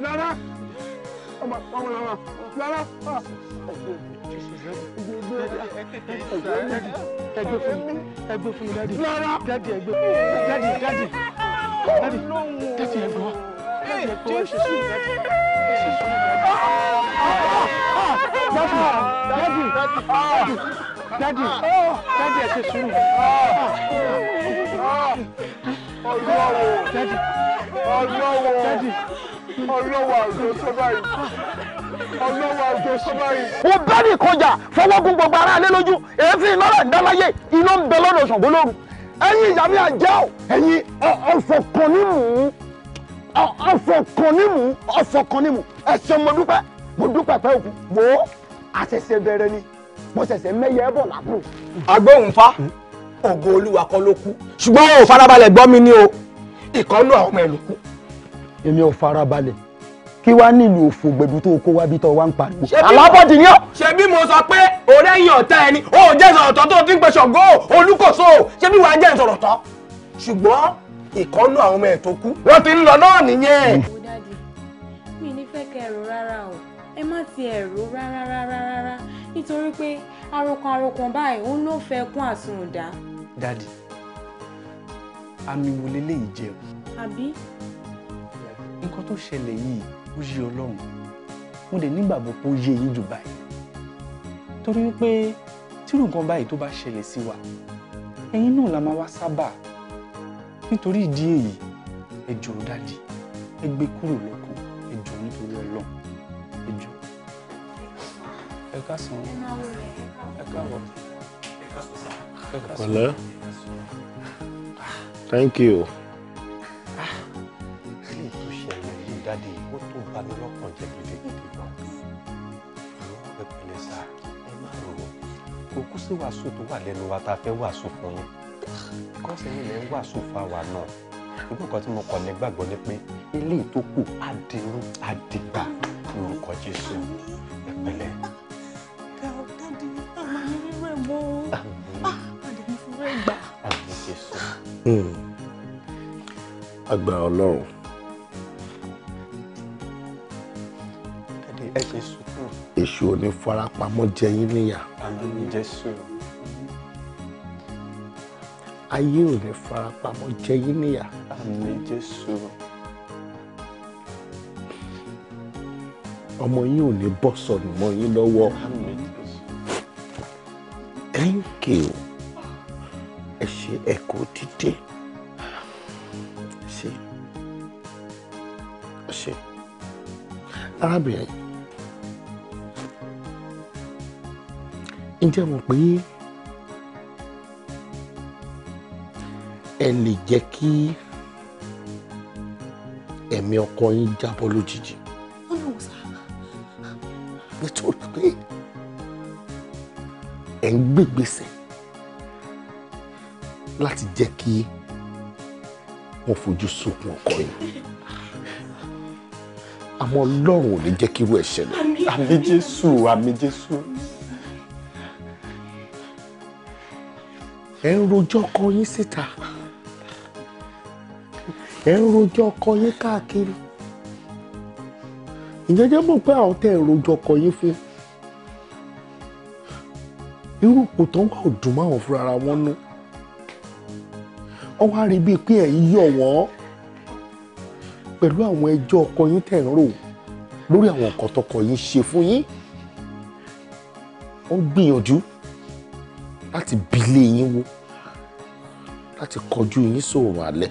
lára ọmọ ọmọ lára lára ah! ẹgbẹ́ fún mi ẹgbẹ́ fún mi dádì dádì ẹgbẹ́ fún mi dádì dádì dádì dádì ẹgbẹ́ wa dádì ẹgbẹ́ wa ṣe sùúrù dádì ṣe dádì dádì ẹ ṣe sùúrù. ọlọ́wọ́ dádì ọlọ́wọ́ dádì ọlọ́wọ́ àjọ sọ́bà yìí ọlọ́wọ́ àjọ sọ́bà yìí. wọ́n bá ní ìkọjà fọwọ́gún gbogbo ara alẹ́ lójú èéfín iná rẹ̀ ń dá láyé iná ń bẹ lọ́dọ̀ ṣàngó lóru ẹ̀yin ìyá mi àjẹ́ ò ẹ̀yin ọ̀fọ̀kànnímù ọ̀fọ̀kànnímù ọ̀fọ̀kànnímù ẹ̀sìn mo dúpẹ́ mo dúpẹ́ pẹ́ òkú wo àṣẹ̀ṣẹ̀ bẹ̀rẹ̀ ni mo ṣẹ̀ṣẹ̀ mẹ́yẹ bọ̀ lápò. agbóhùnfá hmm. ògo olúwa kọ́ ló kú ṣùgbọ́n o farabalẹ̀ gbọ́ mi ní o ìkọ́nú àwọn ọmọ ẹ̀ ló kú. èmi ò farabalẹ̀ kí wàá nílùú òfò gbẹ̀dú tó kó wá bí tọ́ wá ń pariwo. alábọ̀dì ni ọ́. ṣebí mo sọ pé ọ̀rẹ́ yìí ọ̀tá ẹni o jẹ́ sọ̀rọ̀ tó ti ń pẹ̀sọ̀ gó olúkòso ṣebí wàá jẹ́ sọ̀rọ̀ ṣùgbọ́n ìkọ́nú àwọn ọmọ ẹ̀ tó kú wọ́n ti ń lọ náà nìyẹn. ó hmm. dájú mi ní fẹ́ kẹ́ ẹ̀rọ rárá o ẹ má ti ẹ̀rọ rárá rárá rárá nítorí pé arokan arokan báyìí òun ló fẹ́ kún àsunùdá. dadi àmì wo leléyìí jẹ o. àbí. nǹkan tó ṣẹlẹ̀ yìí ó yé ọlọ́run mo dẹ̀ nígbàgbọ́ pé ó yé yín jù báyìí torí pé tírú nǹkan báyìí tó bá ṣẹlẹ̀ sí wa ẹ̀yin náà la máa wá sábà nítorí ìdí èyí ẹ jọ̀ọ́ dadi ẹ gbé kúrò lọ. káàsán ẹ káàbọ̀ thank you. ilé wàásù tó wà lẹ́nu wa tá a wàásù fún yín kọ́sẹ̀ nílẹ̀ ń wàásù fáwa náà ìgbà kan tí mo kàn ní gbàgbọ́ ni pé ilé ìtókù adirun adigba lórúkọ Jésù ẹ lágbára ọlọ́run. èṣù ò ní farapamọ́ jẹ yín níyà. ayé ò ní farapamọ́ jẹ yín níyà. ọmọ yín ò ní bọ́ sọnù mọ́ yín lọ́wọ́. thank you ẹ ṣe ẹ̀kọ́ dídé. arábìnrin ǹjẹ́ mọ̀ pé ẹ lè jẹ́ kí ẹ̀mí ọkọ yín jábọ́ lójijì. Oh, nítorí pé ẹ̀ ń gbègbèsè láti jẹ́ kí wọ́n fojú sunkún ọkọ yín. *laughs* àmọ́ ọlọ́run ò ní jẹ́ kí irú ẹ̀ ṣẹlẹ̀. àmì jésù àmì jésù. ẹ ń rojọ́ yín síta ẹ ń rojọ́ ọkọ yín káàkiri ìyẹn jẹ́ mọ̀ pé àwọn tẹ́ ẹ rojọ́ yín fún irú òpó tó ń wá wọn nú ọwọ́ pé pẹ̀lú àwọn ẹjọ́ ọkọ yín tẹ̀ ń rò lórí àwọn nǹkan tọkọ yín ṣe fún yín ó ń gbìyànjú láti bilé yín wò láti kọjú yín sòrò alẹ́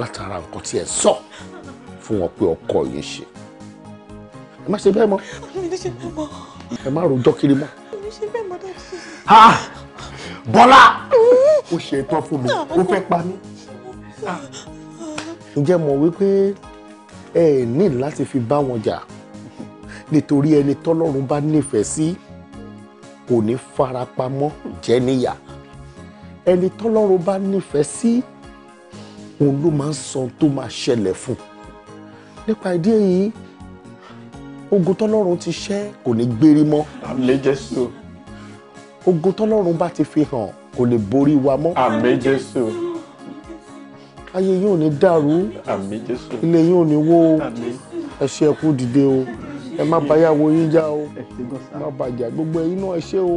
látara nǹkan tí ẹ sọ fún wọn pé ọkọ yín ṣe ẹ má ṣe bẹ́ẹ̀ mọ́ ẹ má rojọ́ kiri mọ́ Bọ́lá ó ṣe tán fún mi ó fẹ́ pa mí ǹjẹ́ mọ̀ wípé ẹ ní láti fi bá wọn jà nítorí ẹni tọ́lọ́run bá nífẹ̀ẹ́ sí kò ní farapamọ́ jẹ́ níyà ẹni tọ́lọ́run bá nífẹ̀ẹ́ sí òun ló máa ń sọ tó máa ṣẹlẹ̀ fún nípa ìdí èyí ogun tọ́lọ́run ti ṣẹ́ kò ní gbérí mọ́. àmín jésù. ogun tọ́lọ́run bá ti fi hàn kò lè borí wa mọ́ ayé yín ní dàrú ilé yín ní wó ẹ ṣe ẹ dìde o ẹ má báyàwó yín já o má bàjá gbogbo ẹ̀yin náà ẹ ṣe o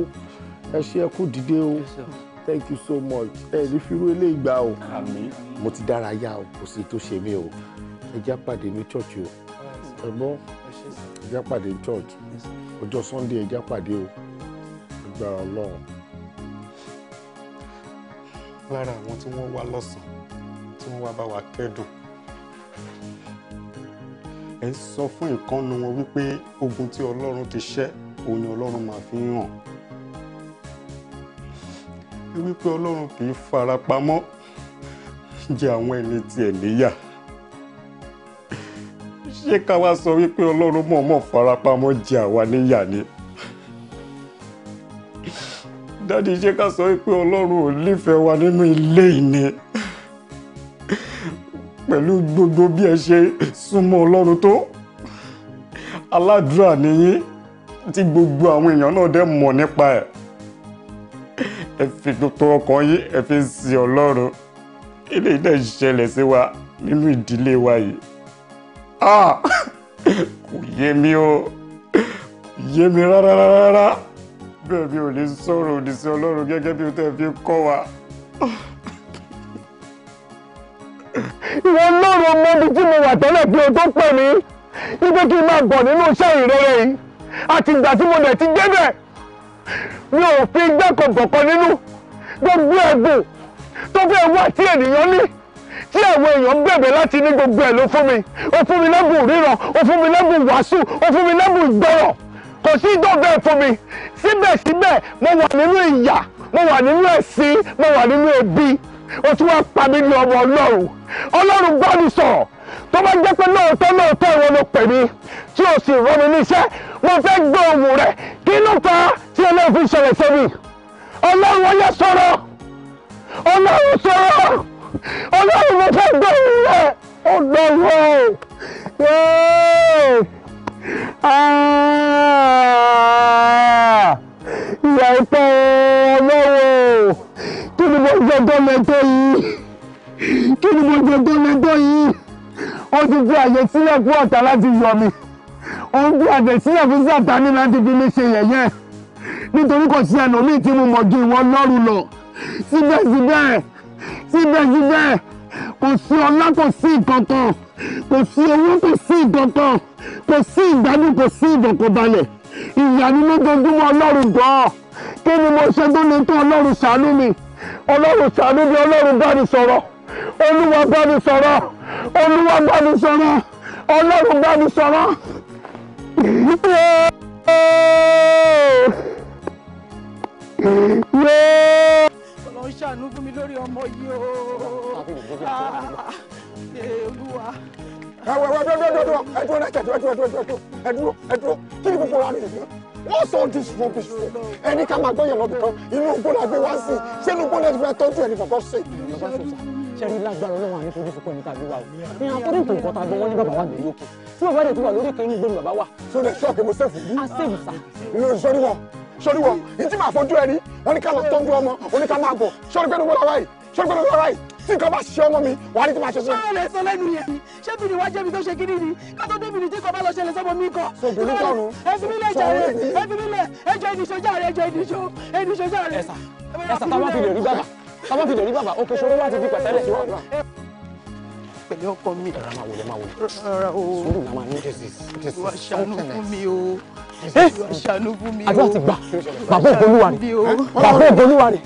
ẹ ṣe ẹ dìde o thank you so much ẹ ní firu eléyìí gbà o mo ti dára yá o kò sí tó ṣe mí o ẹ já pàdé ní church o ẹ gbọ́ ẹ já pàdé ní church ọjọ́ sunday ẹ já pàdé o agbára ọlọ́run lára àwọn tí wọ́n wá lọ́sàn-án tí wọ́n wá bá wa kẹ́dùn ẹ sọ fún ìkànnì wọn wípé ogun tí ọlọ́run ti ṣẹ́ òun ni ọlọ́run máa fi hàn wípé ọlọ́run kì í fara pamọ́ jẹ àwọn ẹni tiẹ̀ níyà ṣé ká wá sọ wípé ọlọ́run mọ̀ọ́mọ̀ fara pamọ́ jẹ àwa níyà ni dáàdi ṣé ká sọ wípé ọlọ́run ò nífẹ̀ẹ́ wa nínú ilé yìí pẹ̀lú gbogbo bí ẹ ṣe súnmọ́ ọlọ́run tó aládùúrà nìyí tí gbogbo àwọn èèyàn náà dẹ̀ mọ̀ nípa ẹ̀ ẹ fi gbogbo ọkàn yín ẹ fi ń sin ọlọ́run eléyìí dẹ̀ ṣẹlẹ̀ sí wa nínú ìdílé wa yìí ah! kò yé mi o yé mi rárá rárá bẹ́ẹ̀ mi ò ní sọ̀rọ̀ òdì sí ọlọ́run gẹ́gẹ́ bí o tẹ̀ fi kọ́ wa ìwọ lọ́rọ̀ mọ́bi tí mo wà tẹ́lẹ̀ kí o tó pè mí nígbà kí n máa bọ̀ nínú iṣẹ́ ìrere yìí àti ìgbà tí mo dẹ̀ ti débẹ̀ mi ò fi igbá kọ̀ọ̀kan nínú gbogbo ẹ̀bùn tó fẹ́ wà tí ènìyàn ní tí àwọn èèyàn bẹ̀bẹ̀ láti ní gbogbo ẹ̀ ló fún mi ó fún mi lẹ́bùn ríran ó fún mi lẹ́bùn wàásù ó fún mi lẹ́bùn ìgbọ́rọ̀ kò sí dọ́gbẹ́ fún mi síbẹ̀síbẹ̀ mo wà nínú ìyà mo wà nínú ẹ̀sín mo wà nínú ebi o tún wá pa mí ní ọmọ ọlọ́run ọlọ́run bá mi sọ̀rọ̀ tó bá jẹ́ pé lóòótọ́ lóòótọ́ ìwọ ló pè mí tí o sì rán mi níṣẹ́ mo fẹ́ gbé ohùn rẹ kí ló fà á tí ọlọ́run fi ṣẹlẹ̀ sí mi ọlọ́run ọyẹ sọ̀rọ̀ ọlọ́run sọ̀rọ̀ ọlọ́run mo fẹ́ gbé ohùn rẹ ọlọ́run yéé. Ah! ìyá ìpẹ́ ọlọ́wọ́ kí ni mo jẹ gọ́mẹ̀tọ́ yìí kí ni mo jẹ gọ́mẹ̀tọ́ yìí ó ti fi àyè sílẹ̀ fún ọ̀tá láti yọ mi ó ń fi àyè sílẹ̀ fún sàtánì láti fi mi ṣe yẹ̀yẹ́ nítorí kò sí ẹlòmíì tí mo mọ̀ ju ìwọ̀n lọ́rùn lọ síbẹ̀síbẹ̀ síbẹ̀síbẹ̀ kò sí ọlá kò sí ìkankan kò sí owó kò sí ìkankan kò sí ìgbádùn kò sí ìdọ̀kọ̀balẹ̀ ìyanu lójoojúmọ́ ọlọ́run gan-an kí ni mo ṣe tó lè tó ọlọ́run ṣàánú mi ọlọ́run ṣàánú mi ọlọ́run bá mi sọ̀rọ̀ olúwa bá mi sọ̀rọ̀ olúwa bá mi sọ̀rọ̀ ọlọ́run bá mi sọ̀rọ̀. ọlọ́run ṣàánú fún mi lórí ọmọ yìí o ah, ah, ah, eh, olúwa ẹwọ ẹwọ ẹdúró ẹdúró ẹdúró ẹdúró ẹdúró ẹdúró ẹdúró ẹdúró ẹdúró kí ni gbogbo wa ni yìí wọ́n sọ ọ́n ti sùn bí sùn ẹni ká máa gbọ́yàn lọ́bì kan inú igbó la gbé wá sí ṣé inú igbó la gbé tọ́jú ẹni bàbá ṣe. sẹ́ni lágbára ọlọ́run àní fojú fún ẹni tàbí wa o ìyá tó ní nǹkan tá a gbọ́ wọ́n ní bàbá wa lórí òkè tí bàbá rẹ̀ tó wà lórí kẹ́yìn gbóni bàbá wa. so the shock mo sẹ́fù yìí. a sẹ́fù sá. lórí sọ́rí wọ sọ́rí wọ ìdí màá fojú ẹni wọ́n ní ká máa tọ́jú ọmọ oníkà máa bọ̀ sọ́rí pé ṣé gbọ́dọ̀ lọ́ra yìí tí nǹkan bá ṣe ọmọ mi wàá ní tí màá ṣe sọ. báwo lè sọ lẹ́nu yẹn ṣé bìnrin wá jẹ́bi tó ṣe kí nìyí ká tó débìnrin tí kò bá lọ ṣẹlẹ̀ sọ́mọ mi kọ. sọ̀gbọ̀n ló tọ̀run. ẹ fi mí lẹ̀ ẹjọ́ ìdìṣọ́ ẹjọ́ ìdìṣọ́ ìdìṣọ́ jàre. táwọn fi rí bàbà táwọn fi rí bàbà òkè ṣòro wá ti di pẹ̀tẹ́lẹ̀ pẹ̀lú ọkọ mi. rárá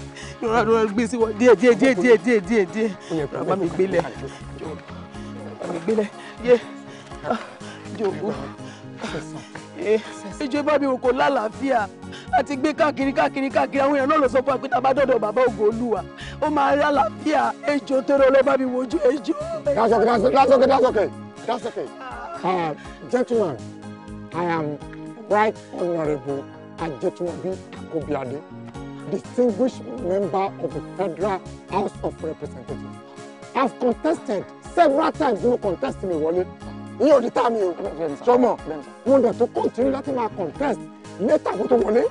rọra rọra gbé sí wọn díẹ̀ díẹ̀ díẹ̀ díẹ̀ díẹ̀ díẹ̀ díẹ̀ rọra mi gbélẹ̀ bá mi gbélẹ̀ yé jòwó ìjọ bá mi ah, kò lálàáfíà a ti gbé káàkiri káàkiri káàkiri àwọn èèyàn náà lọ sọ fún wa pé tàbá dọ̀dọ̀ bàbá Ògòolúwa ó máa lálàáfíà ẹjọ́ tẹ́rọ ló bá mi wojú ẹjọ́. that's okay that's okay that's okay that's okay ah. uh, gentleman i am right honourable ajetumobi akobiade distinguished member of the Federal House of Representatives. I've contested several times mo contesting mi wọlé ní òdi tá mi ò sọmọ mo dẹ̀ tó continue láti máa contest later kó tó wọlé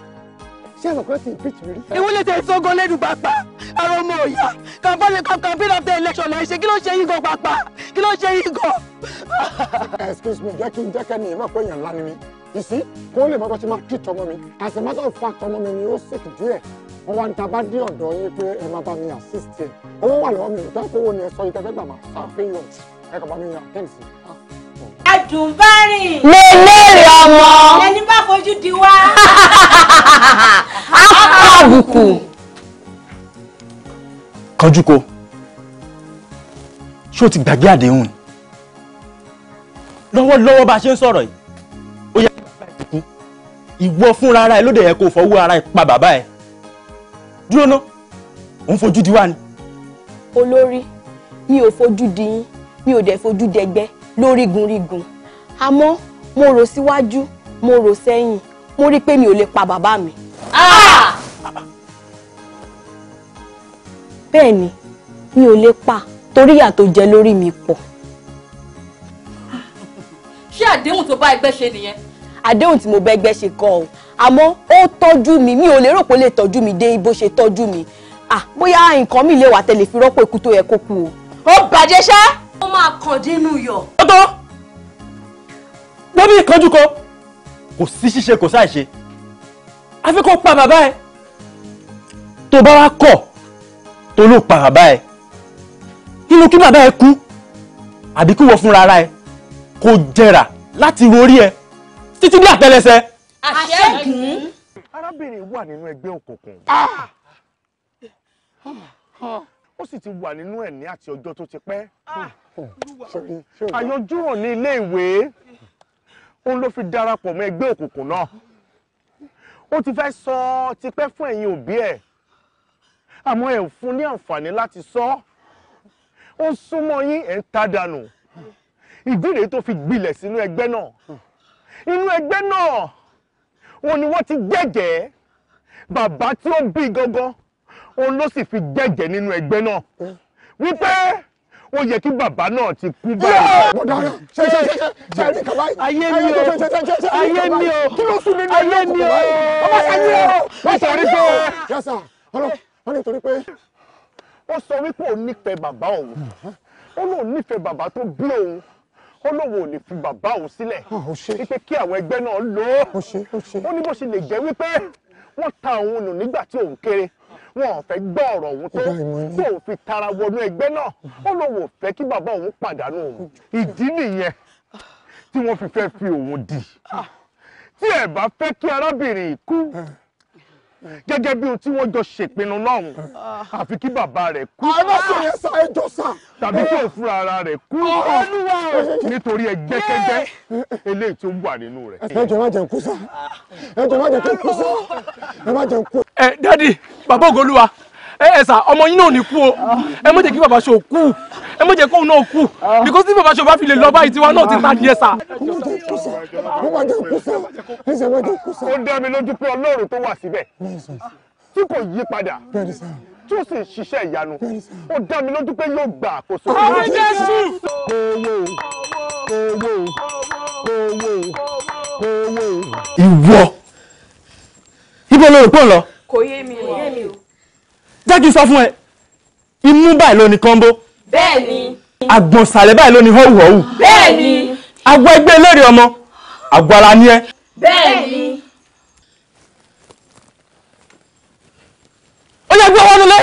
ṣé ẹ̀sọ̀ pé ti impeach mi rí. ìwúlẹ̀ tẹ̀ sọ́gun lẹ́nu pápá ara ọmọ ọ̀yà campaign campaign after election ẹ̀ ṣe kí ló ṣe yín gan pápá kí ló ṣe yín gan. excuse me jẹ́ kí n jẹ́ kẹ́ni ìmọ̀ pé èèyàn ńlá ni mi you see kó lè mọ́tò ṣe máa treat ọmọ mi as a matter of fact ọmọ mi ni ó sick díẹ̀ wọ́n wá ń ta bá dé ọ̀dọ̀ yín pé ẹ máa bá mi assist ẹ owó wà lọ́wọ́ mi ìtọ́ ẹ̀kọ́ wo ni ẹ sọ yìí tẹ́fẹ́ gbàmà àfihàn ẹ kàn bá mi yàn tẹ́ǹsì. Àdùnbárìn. Mo léèrè ọmọ. Ẹni bá fojú di wá. Á *laughs* kọ́ àbùkù. Kanjúko, ṣé o ti gbàgbé àdéhùn ni? Lọ́wọ́lọ́wọ́ bá a ṣe ń sọ̀rọ̀ yìí, ó yẹ kí bàbá ìdìkú. Ìwọ fúnra ara ẹ ló yẹ kó fọwọ́ ara ẹ pa bàbá ẹ dúró ná òun fojú di wá ni. olórí mi ò fojú di yín mi ò dẹ̀ fojú dẹgbẹ́ lórígunrígun àmọ́ mo rò síwájú mo rò sẹ́yìn mo rí i pé mi ò lè pa bàbá mi. Ah! bẹ́ẹ̀ ni mi ò lè pa torí ìyà tó jẹ lórí mi pọ̀. ṣé àdéhùn tó bá ẹgbẹ́ ṣe nìyẹn. àdéhùn tí mo bá ẹgbẹ́ ṣe kọ́ o àmọ́ ó tọ́jú mi mi ò lérò pé ó lè tọ́jú mi dé bó ṣe tọ́jú mi ah bóyá nǹkan mi lè wà tẹ́lẹ̀ fi rọ́pò ikú tó yẹ kó kú o. ó bàjẹ́ ṣá. ó máa kàn dénú yọ. ọ̀tọ̀ wọ́n bí ìkanjú kan kò sí ṣíṣe kò sáì ṣe àfi kó pa bàbá ẹ̀ tó bá wá kọ̀ tó ló pa bàbá ẹ̀ nínú kí bàbá ẹ̀ kú àbí kí wọ́n fúnra ara ẹ̀ kó jẹrà láti rorí ẹ̀ títí dé àtẹ́lẹsẹ̀ àṣẹ́gun. arábìnrin wà nínú ẹgbẹ́ òkùnkùn ah. ó sì ti wà nínú ẹ̀ ní àti ọjọ́ tó ti pẹ́ ah. àyọjú hàn ní ilé ìwé òun ló fi darapọ̀ mọ́ ẹgbẹ́ òkùnkùn náà ó ti fẹ́ sọ tipẹ́ fún ẹ̀yin òbí ẹ̀ àmọ́ ẹ̀ fún ní àǹfààní láti sọ ó súnmọ́ yín ẹ̀ ń ta dànù ìdí rèé tó fi gbilẹ̀ sínú ẹgbẹ́ náà inú ẹgbẹ́ náà òun ni wọ́n ti jẹ́jẹ́ bàbá tí ó bí gangan òun ló sì fi jẹ́jẹ́ nínú ẹgbẹ́ náà wípé ó yẹ kí bàbá náà ti kú báyìí. mo dára ṣe ṣe ṣe ṣe rí kaba yìí. ayé mi o ayé mi o kí ló sún mi ní ayé mi o ọmọ sani o nítorí pé yasa ọlọ wọn nítorí pé. ó sọ wípé òun nífẹ̀ẹ́ bàbá òun ó lóun nífẹ̀ẹ́ bàbá tó bí òun ó lóun ò lè fi bàbá òun sílẹ̀ ah, wípé kí àwọn ẹgbẹ́ náà lò ó ó ní bó ṣe lè jẹ́ wípé wọ́n ta òun nù nígbà tí òun kéré wọn ò fẹ́ gbọ́ ọ̀rọ̀ òun tó tó òun fi tara wọnú ẹgbẹ́ náà ó lóun ò fẹ́ kí bàbá òun pàdánù òun ìdí nìyẹn tí wọ́n fi fẹ́ fi òun dì ah. tí ẹ bá fẹ́ kí arábìnrin kú. Ah gẹ́gẹ́ bí ohun tí wọ́n jọ ṣèpinnu lọ́hùn ah. àfi kí bàbá rẹ̀ kú. arákùnrin ah. ẹ̀sà ẹjọ́ sà. tàbí kí òun eh. fúnra ara rẹ̀ kú nítorí ẹgbẹ́kẹ́gbẹ́ eh. eléyìí tó wà nínú rẹ̀. ẹjọ má jẹun kú sá ẹjọ má jẹun kú sá ẹ má jẹun kú. ẹ eh, dádì bàbá ògolúwa ẹ ẹ sà ọmọ yín náà ní kú o ẹ mọ̀ jẹ́ kí bàbá ṣò kú ẹ mọ̀ jẹ́ kóun náà kú because tí bàbá ṣò bá fi lè lọ báyìí tiwa náà ti ta díẹ̀ sà. ó dá mi lójú pé ọlọ́run tó wà síbẹ̀ tí kò yí padà tí ó sì ṣiṣẹ́ ìyanu ó dá mi lójú pé yóò gba àkóso. ọmọ jésù. owó owó owó owó. ìwọ ibo ló rò pọ̀ lọ. kò yé mi o jẹ́ kí n sọ fún ẹ imú báyìí ló ní kọ́ńbó. bẹ́ẹ̀ni. àgbọ̀nsàlẹ̀ báyìí ló ní họ́wùhọ́wù. bẹ́ẹ̀ni. àgọ́ ẹgbẹ́ eléré ọmọ àgọ́ ara ni ẹ. bẹ́ẹ̀ni. ó yẹ gbé ọwọ́ nulẹ̀.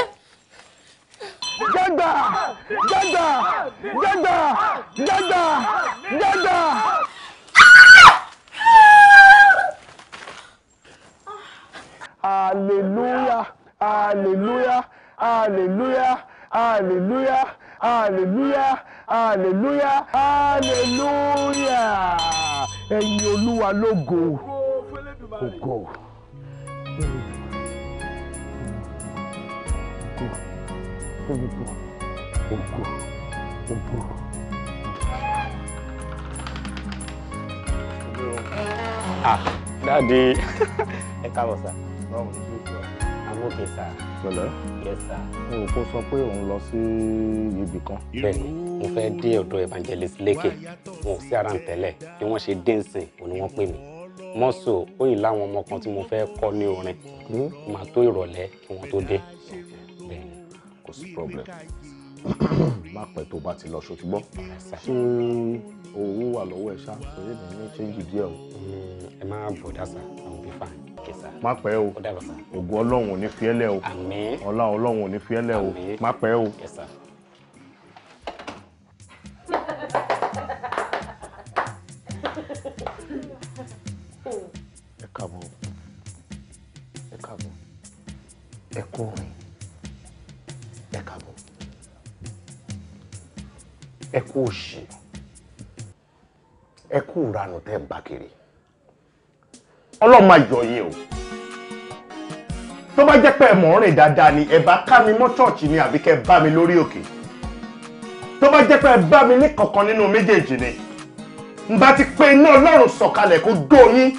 jẹ́gbà jẹ́gbà jẹ́gbà jẹ́gbà jẹ́gbà. hallelujah hallelujah hallelujah hallelujah hallelujah hallelujah hallelujah ẹ̀yin olúwa lógo ògo. Ògo, ògo, ògo. Ah, dáàdi, *laughs* ẹ káàbọ̀ sá. Báwo ni? okay sir. pẹ̀lẹ́. yes sir. mi ò kó sọ pé òun lọ sí ibì kan. bẹ́ẹ̀ni mo fẹ́ dé ọ̀dọ̀ evangelist leke wọn ò sí ara ń tẹ́lẹ̀ bí wọ́n ṣe dé nsìn ò ní wọ́n pè mí mọ́sọ̀ ó yìí láwọn ọmọ kan tí mo fẹ́ kọ́ ní orin màá hmm? tó ìrọ̀lẹ́ kí wọ́n tó dé. bẹ́ẹ̀ni kò sí problem. *coughs* má pẹ́ tó bá ti lọ ṣo ṣùgbọ́n ṣé owó wà lọ́wọ́ ẹ ṣá torí mi ní ṣéǹjì díẹ̀ o. ẹ máa bọ̀ dásà àwọn òbí fà kẹsà. má pẹ́ o ògùn ọlọ́run ò ní fi ẹ́ lẹ̀ o ọlá ọlọ́run ò ní fi ẹ́ lẹ̀ o má pẹ́ o. ẹ káàbọ̀ ẹ káàbọ̀ ẹ kú orin. Eku kú òṣì ẹ kú ìranù tẹ́ ń bá kiri o tó bá jẹ́ ni eba ká mi mọ́ ṣọ́ọ̀ṣì ni àbí kẹ́ mi lórí òkè tó bá jẹ́ pé ẹ mi ní kankan nínú méjèèjì ni n bá ti pe iná ọlọ́run sọ̀kalẹ̀ kó dó yín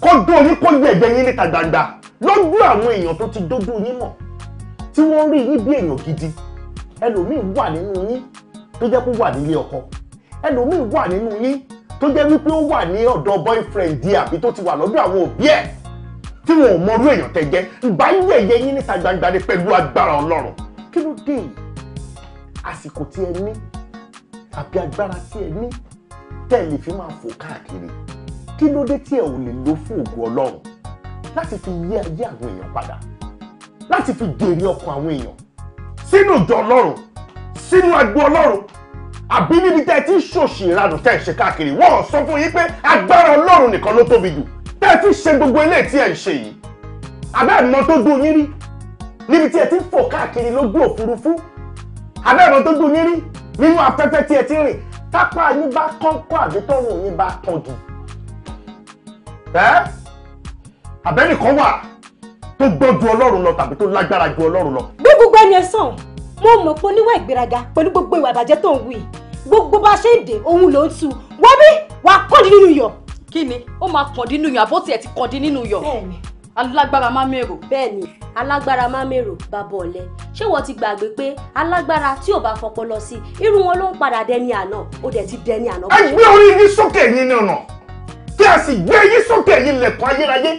kó dó yín kó yẹ̀gbẹ́ yín níta gbangba lójú àwọn èèyàn ti dójú yín mọ̀ tí wọ́n rí tó jẹ́ kó wà nílé ọkọ ẹlòmíì wà nínú yín tó jẹ́ wípé ó wà ní ọ̀dọ̀ boyfriend yìí àbí tó ti wà lọ́dọ̀ àwọn òbí ẹ̀ tí wọn ò mọrú èèyàn tẹ́ jẹ́ ìgbà ilé ẹ̀yẹ yín níta gbangba ni pẹ̀lú agbára ọlọ́run kí ló dé àsìkò tí ẹ ní àbí agbára tí ẹ ní tẹ́ ẹ lè fi máa fò káàkiri kí ló dé tí ẹ ò lè lò fún ògo ọlọ́run láti fi yí ayé àwọn èèyàn padà láti fi jèrè ọkàn àwọn èèyàn sínú ìjọ ọlọ́run sínú àgbo ọlọ́run àbí níbi tẹ́ ẹ ti ṣòṣì ìranù tẹ́ ẹ ṣe káàkiri wọ́n sọ fún yín pé agbára ọlọ́run nìkan ló tóbi jù tẹ́ ẹ ti ṣe gbogbo eléyìí tí ẹ ń ṣe yìí abẹ́ ẹ̀mọ́ tó dún yín rí níbi tí ẹ ti fò káàkiri lójú òfurufú abẹ́ ẹ̀mọ́ tó dún yín rí nínú afẹ́fẹ́ tí ẹ ti rìn tápá yín bá kọ́ńkọ́ àbí tọ́rùn yín bá tọ́jú ẹ́ abẹ́nìkan wà tó gbọ́ ju ọlọ́run lọ tàbí tó lágbára ju ọlọ́run lọ. gbé gbogbo ẹni ẹ sàn mo mọ̀ pé oníwà ìgbéraga pẹ̀lú gbogbo ìwà ìbàjẹ́ tó ń wù yìí gbogbo bá a ṣe ń dè òun ló ń tu wọ́n bí wàá kọ́ọ̀dì nínú yọ̀. kí ni ó máa kọ̀ọ̀dì nínú yọ̀ àbó tiẹ̀ ti kọ̀ọ̀dì nínú yọ̀. bẹ́ẹ̀ni alágbára máa mèrò. bẹ́ẹ̀ni alágbára máa mèrò bàbá ọ̀lẹ ṣé wọ́n ti gbàgbé pé alágbára tí ò bá fọpọlọ sí irú wọn ló ń padà dẹni àná ó dẹ̀ ti dẹni àná. ẹ gbé orí yín sókè yín nìyànà kí a sì gbé yín sókè yín lẹ̀kọ́ ayérayé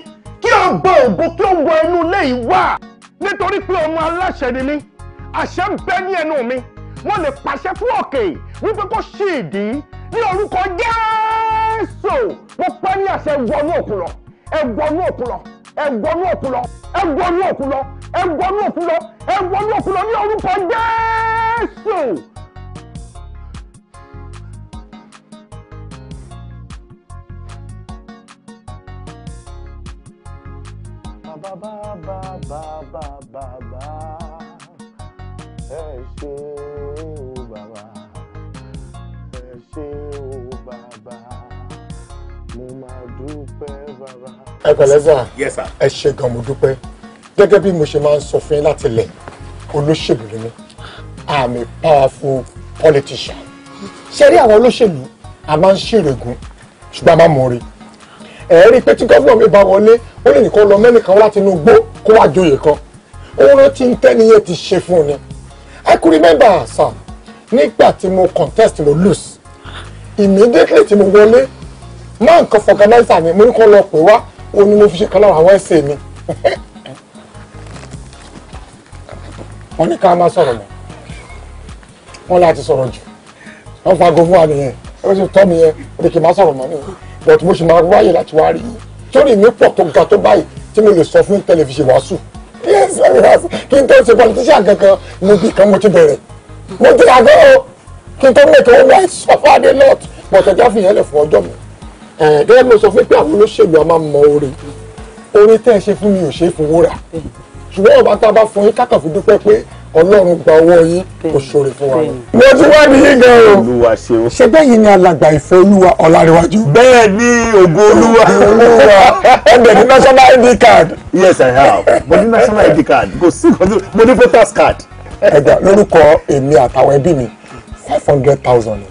kí ọgbọ́n ògbó kí ó wọ inú ilé yìí wà nítorí pé ọmọ aláṣẹ ni mí àṣẹ ń bẹ ní ẹnu mi mo lè pàṣẹ fún òkè wípé kó ṣí ìdí ní orúkọ Jésù mo pẹ́ ní àṣẹ wọnú òkun lọ ẹ wọnú òkun lọ ẹ wọnú òkun lọ ẹ wọnú òkun lọ ẹ wọnú òkun lọ ẹ wọnú lọ ní orúkọ Jésù. ba ba ba ba ba ba ba ẹ ṣé ẹ ṣé yes sà ẹ ṣé gan mo dúpẹ́ gẹ́gẹ́ bí mo ṣe máa ń sọ fún yín láti lẹ̀ olóṣèlú ni mí i'm powerful politician ṣe rí àwọn olóṣèlú a máa ń ṣèrègùn ṣùgbọ́n a máa mọ̀ rí ẹ rí i pé tí gọ́fúnà mi bá wọlé ó lè nìkan lọ mẹ́nìkan láti inú gbó kó wá joyè kan òun ló ń tẹ́niyẹ ti ṣe fún ni I could remember sir nígbà tí mo contest mo lose immediately tí mo wọlé máa nǹkan fọganáísà mi mo ní kó lọ pè wá òun ni mo fi ṣe kan lára àwọn ẹsẹ̀ mi *laughs* wọ́n ní ká máa sọ̀rọ̀ mọ́ wọ́n láti sọ̀rọ̀ jù wọ́n fago fún wa nìyẹn ó sì tọ́ mi yẹn ó lè kí n máa sọ̀rọ̀ mọ́ nìyẹn but mo sì máa wáyè láti wá rí i torí mi pọ̀ tó ga tó báyìí tí mo lè sọ fún tẹlifíṣàn wàásù yes serious kí n tó ṣe politician kankan mo bí kan mo ti bẹ̀rẹ̀ mo ti àgọ́ o kí n tó mẹ́kẹ́ owó ẹ̀ sọ́fà dé lot pọ̀tẹ́jà fìyẹn lè fún ọjọ́ mi gẹ́gẹ́ bí mo sọ fún pé àwọn olóṣèlú a máa mọ oore oore tẹ́ ẹ ṣe fún mi ò ṣe é fowó rà a bá fún yín kákàn fi dúpẹ́ ọlọ́run gba ọwọ́ yín kò ṣòro fún wa. mo ti wá ní yín gan o. olúwa ṣeun. ṣé bẹ́ẹ̀ yìí ni alàgbà ìfẹ́ olúwa ọ̀làríwájú. bẹ́ẹ̀ ni ògo olúwa. olúwa ọ̀dẹ̀ ní national id card. yes i have mo ní national id card Go see. ìkọ́jú mo ní voters card. ẹ̀dá lórúkọ èmi àtàwọn ẹbí mi five hundred thousand.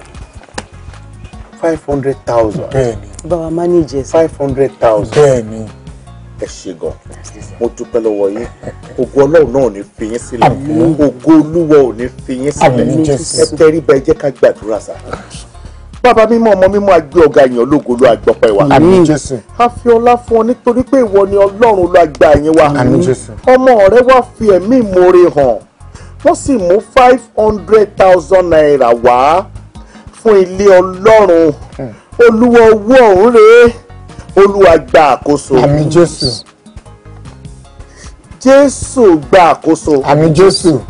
five hundred thousand. bẹ́ẹ̀ni. bàbá mánéjì ẹ̀ five hundred thousand. bẹ́ẹ̀ni ẹ ṣe gan mo dúpẹ́ lọ́wọ́ yín ògo ọlọ́run náà ò ní fi yín sílẹ̀ ògo olúwa ò ní fi yín sílẹ̀ ẹ tẹ́rí bẹ́ẹ̀ jẹ́ ká gbàdúrà sá. bàbá mímọ́ ọmọ mímọ́ agbé ọ̀gá èèyàn lógo ló àgbọ̀pẹ̀ wa a fi ọlá fún ọ nítorí pé ìwọ ni ọlọ́run ló àgbà yín wa ọmọ rẹ wá fi ẹ̀mí ìmoore hàn wọ́n sì mú five hundred thousand naira wá fún ilé ọlọ́run hmm. olúwa owó ọ̀hún rèé olúwa gba àkóso. àmín jésù. jésù gba àkóso. àmín jésù.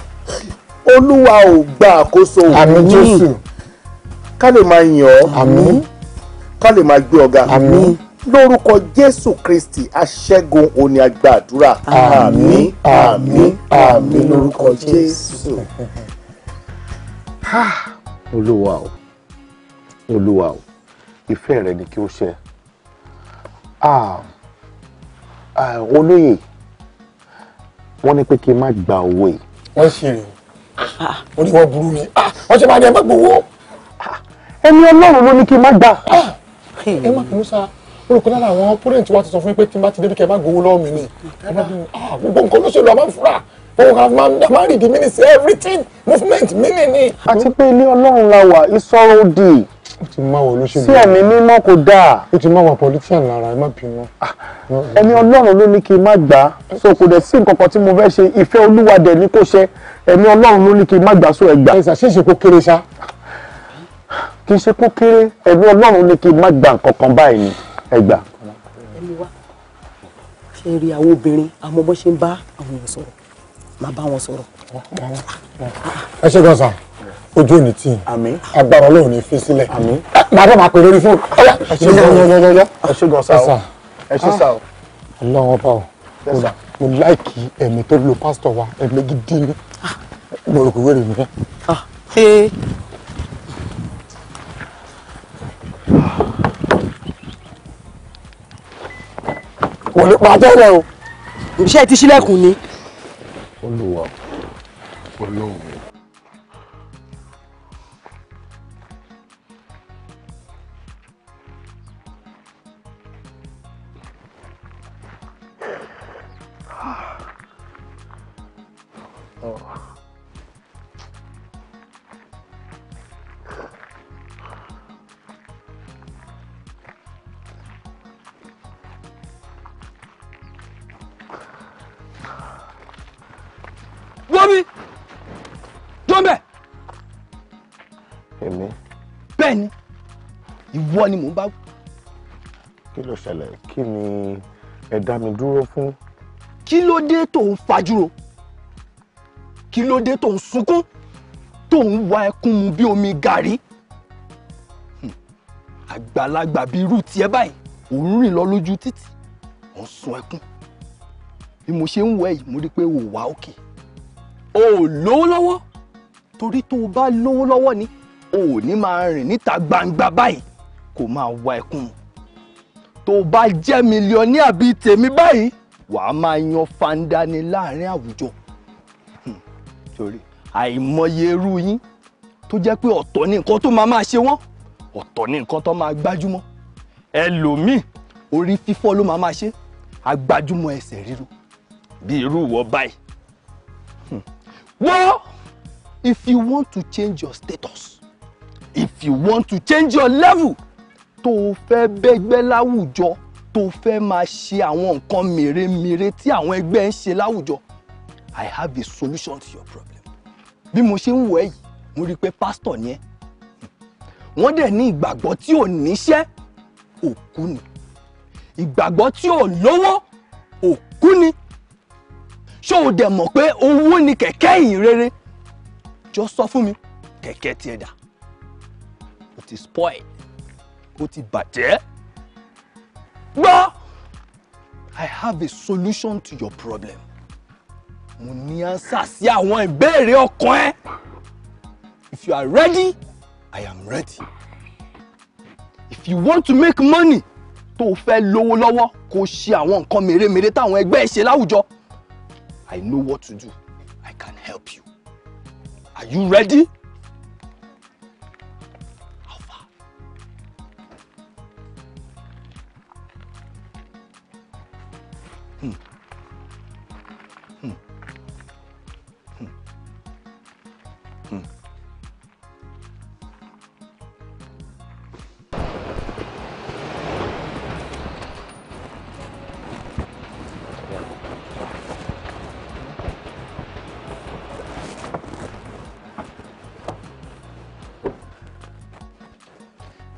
olúwa ò gba àkóso. àmín jésù. ká lè máa yìn ọ́. àmín. ká lè máa gbé ọ̀gá. àmín. lórúkọ jésù kristi aṣẹ́gun òní àgbàdúrà. àmín àmín àmín lórúkọ jésù. olúwa o olúwa o ìfẹ́ rẹ ni kí ó ṣẹ Ah, ah, olóyè wọ́n ní pé kí n má gba owó yìí. wọ́n ṣe rè o orí wọn burú ni ah, wọ́n ṣe máa ní ẹ má gbowó. ẹni ọlọ́run ló ní kí n má gbà. ẹ má bínú sá olùkọ́ lára àwọn púrẹ́ǹtì wa ti sọ fún mi pé tí n bá ti débi kẹ́ ẹ má gbowó lọ́wọ́ mi ni gbogbo nǹkan ló ṣe lọ a máa ń fura òun kan máa ń dá máa ń rìdí mí ní sí everything movement mí ni. àti pé ilé ọlọ́run la wà ìsọ̀rọ̀ òdì ó ti máa wọ olóṣèlú. sí ẹ̀mí mímọ́ kò dáa. ó ti máa wọ politician lára ẹ má bínú. Ah, ẹni ọlọ́run ló ní kí n má gbà á so kò dẹ̀ sí nǹkan kan tí mo fẹ́ ṣe ìfẹ́ olúwa dẹ̀ ní kò ṣe ẹni ọlọ́run ló ní kí n má gbà á so ẹ ẹ̀sà ṣèṣe kó kéré ṣá. kì í ṣe kó kéré ẹni ọlọ́run ní kí n má gbà nǹkan kan báyìí ni ẹ ẹni wá ṣe rí àwọn obìnrin àmọ́ bó ṣe ń bá àwọn èèyàn sọ̀rọ̀ ojú òní tì í agbára ọlọ́run ní fi sílẹ̀ bàbá máa pè lórí fún ọyá ẹṣin sá ẹṣin sá o. Ah, ọlọ́run ọba o kódà mo láìkí ẹ̀mí tó lo pásítọ̀ wa ẹ̀mí gidi ni ah. mo rò pé wèrè nìyẹn. Ah, kò lè pàtẹ́ rẹ o. iṣẹ́ ti ṣílẹ̀kùn ni. olùwà olóhùn. gbọ́ mi tó ń bẹ̀. èmi. bẹ́ẹ̀ ni ìwọ ni mò ń bá. kí ló ṣẹlẹ̀ kí ni ẹ dá mi dúró fún. kí ló dé tó ń fajúro kí ló dé tó ń sunkún tó ń wa ẹkún mu bí omi gàrí àgbàlagbà bíi irú tiẹ̀ báyìí òun rìn lọ lójú títì ò ń sun ẹkún bí mo ṣe ń wẹ̀ yìí mo rí i pé ò wá òkè. Okay o ò lówó lọ́wọ́ torí tó o bá lówó lọ́wọ́ ni o ò ní máa rìn níta gbangba báyìí kó máa wá ẹkún tó o bá jẹ́ mílíọ̀nìà bíi tèmi báyìí wàá máa yan fanda ni láàrin àwùjọ hmm. torí àìmọye irú yín tó jẹ́ pé ọ̀tọ̀ ni nǹkan tó máa máa ṣe wọ́n ọ̀tọ̀ ni nǹkan tó máa gbájúmọ́ ẹlòmíì orí fífọ́ ló máa máa ṣe agbájúmọ́ ẹsẹ̀ ríru bí irú wọ báyìí Well, if you want to change your status, if you want to change your level, tó o fẹ́ bẹ́gbẹ́ láwùjọ, tó o fẹ́ máa ṣe àwọn nǹkan mèremère tí àwọn ẹgbẹ́ ń ṣe láwùjọ, I have a solution to your problem. Bí mo ṣe ń wọ̀ ẹ́ yìí, mo rí i pé pásítọ̀ ni ẹ́. Wọ́n dẹ̀ ní ìgbàgbọ́ tí ò níṣẹ́, òkú ni. Ìgbàgbọ́ tí ò lówó, òkú ni ṣó o dẹ̀ mọ̀ pé owó ni kẹ̀kẹ́ ìhìnrere jọ sọ fún mi kẹ̀kẹ́ tiẹ̀ dà o ti spoil o ti bàjẹ́ gbọ́ I have a solution to your problem mo ní answer sí àwọn ìbéèrè ọkàn ẹ if you are ready I am ready if you want to make money tó o fẹ́ lówó lọ́wọ́ kó o ṣe àwọn nǹkan mèremère táwọn ẹgbẹ́ ẹ ṣe láwùjọ I know what to do. I can help you. Are you ready?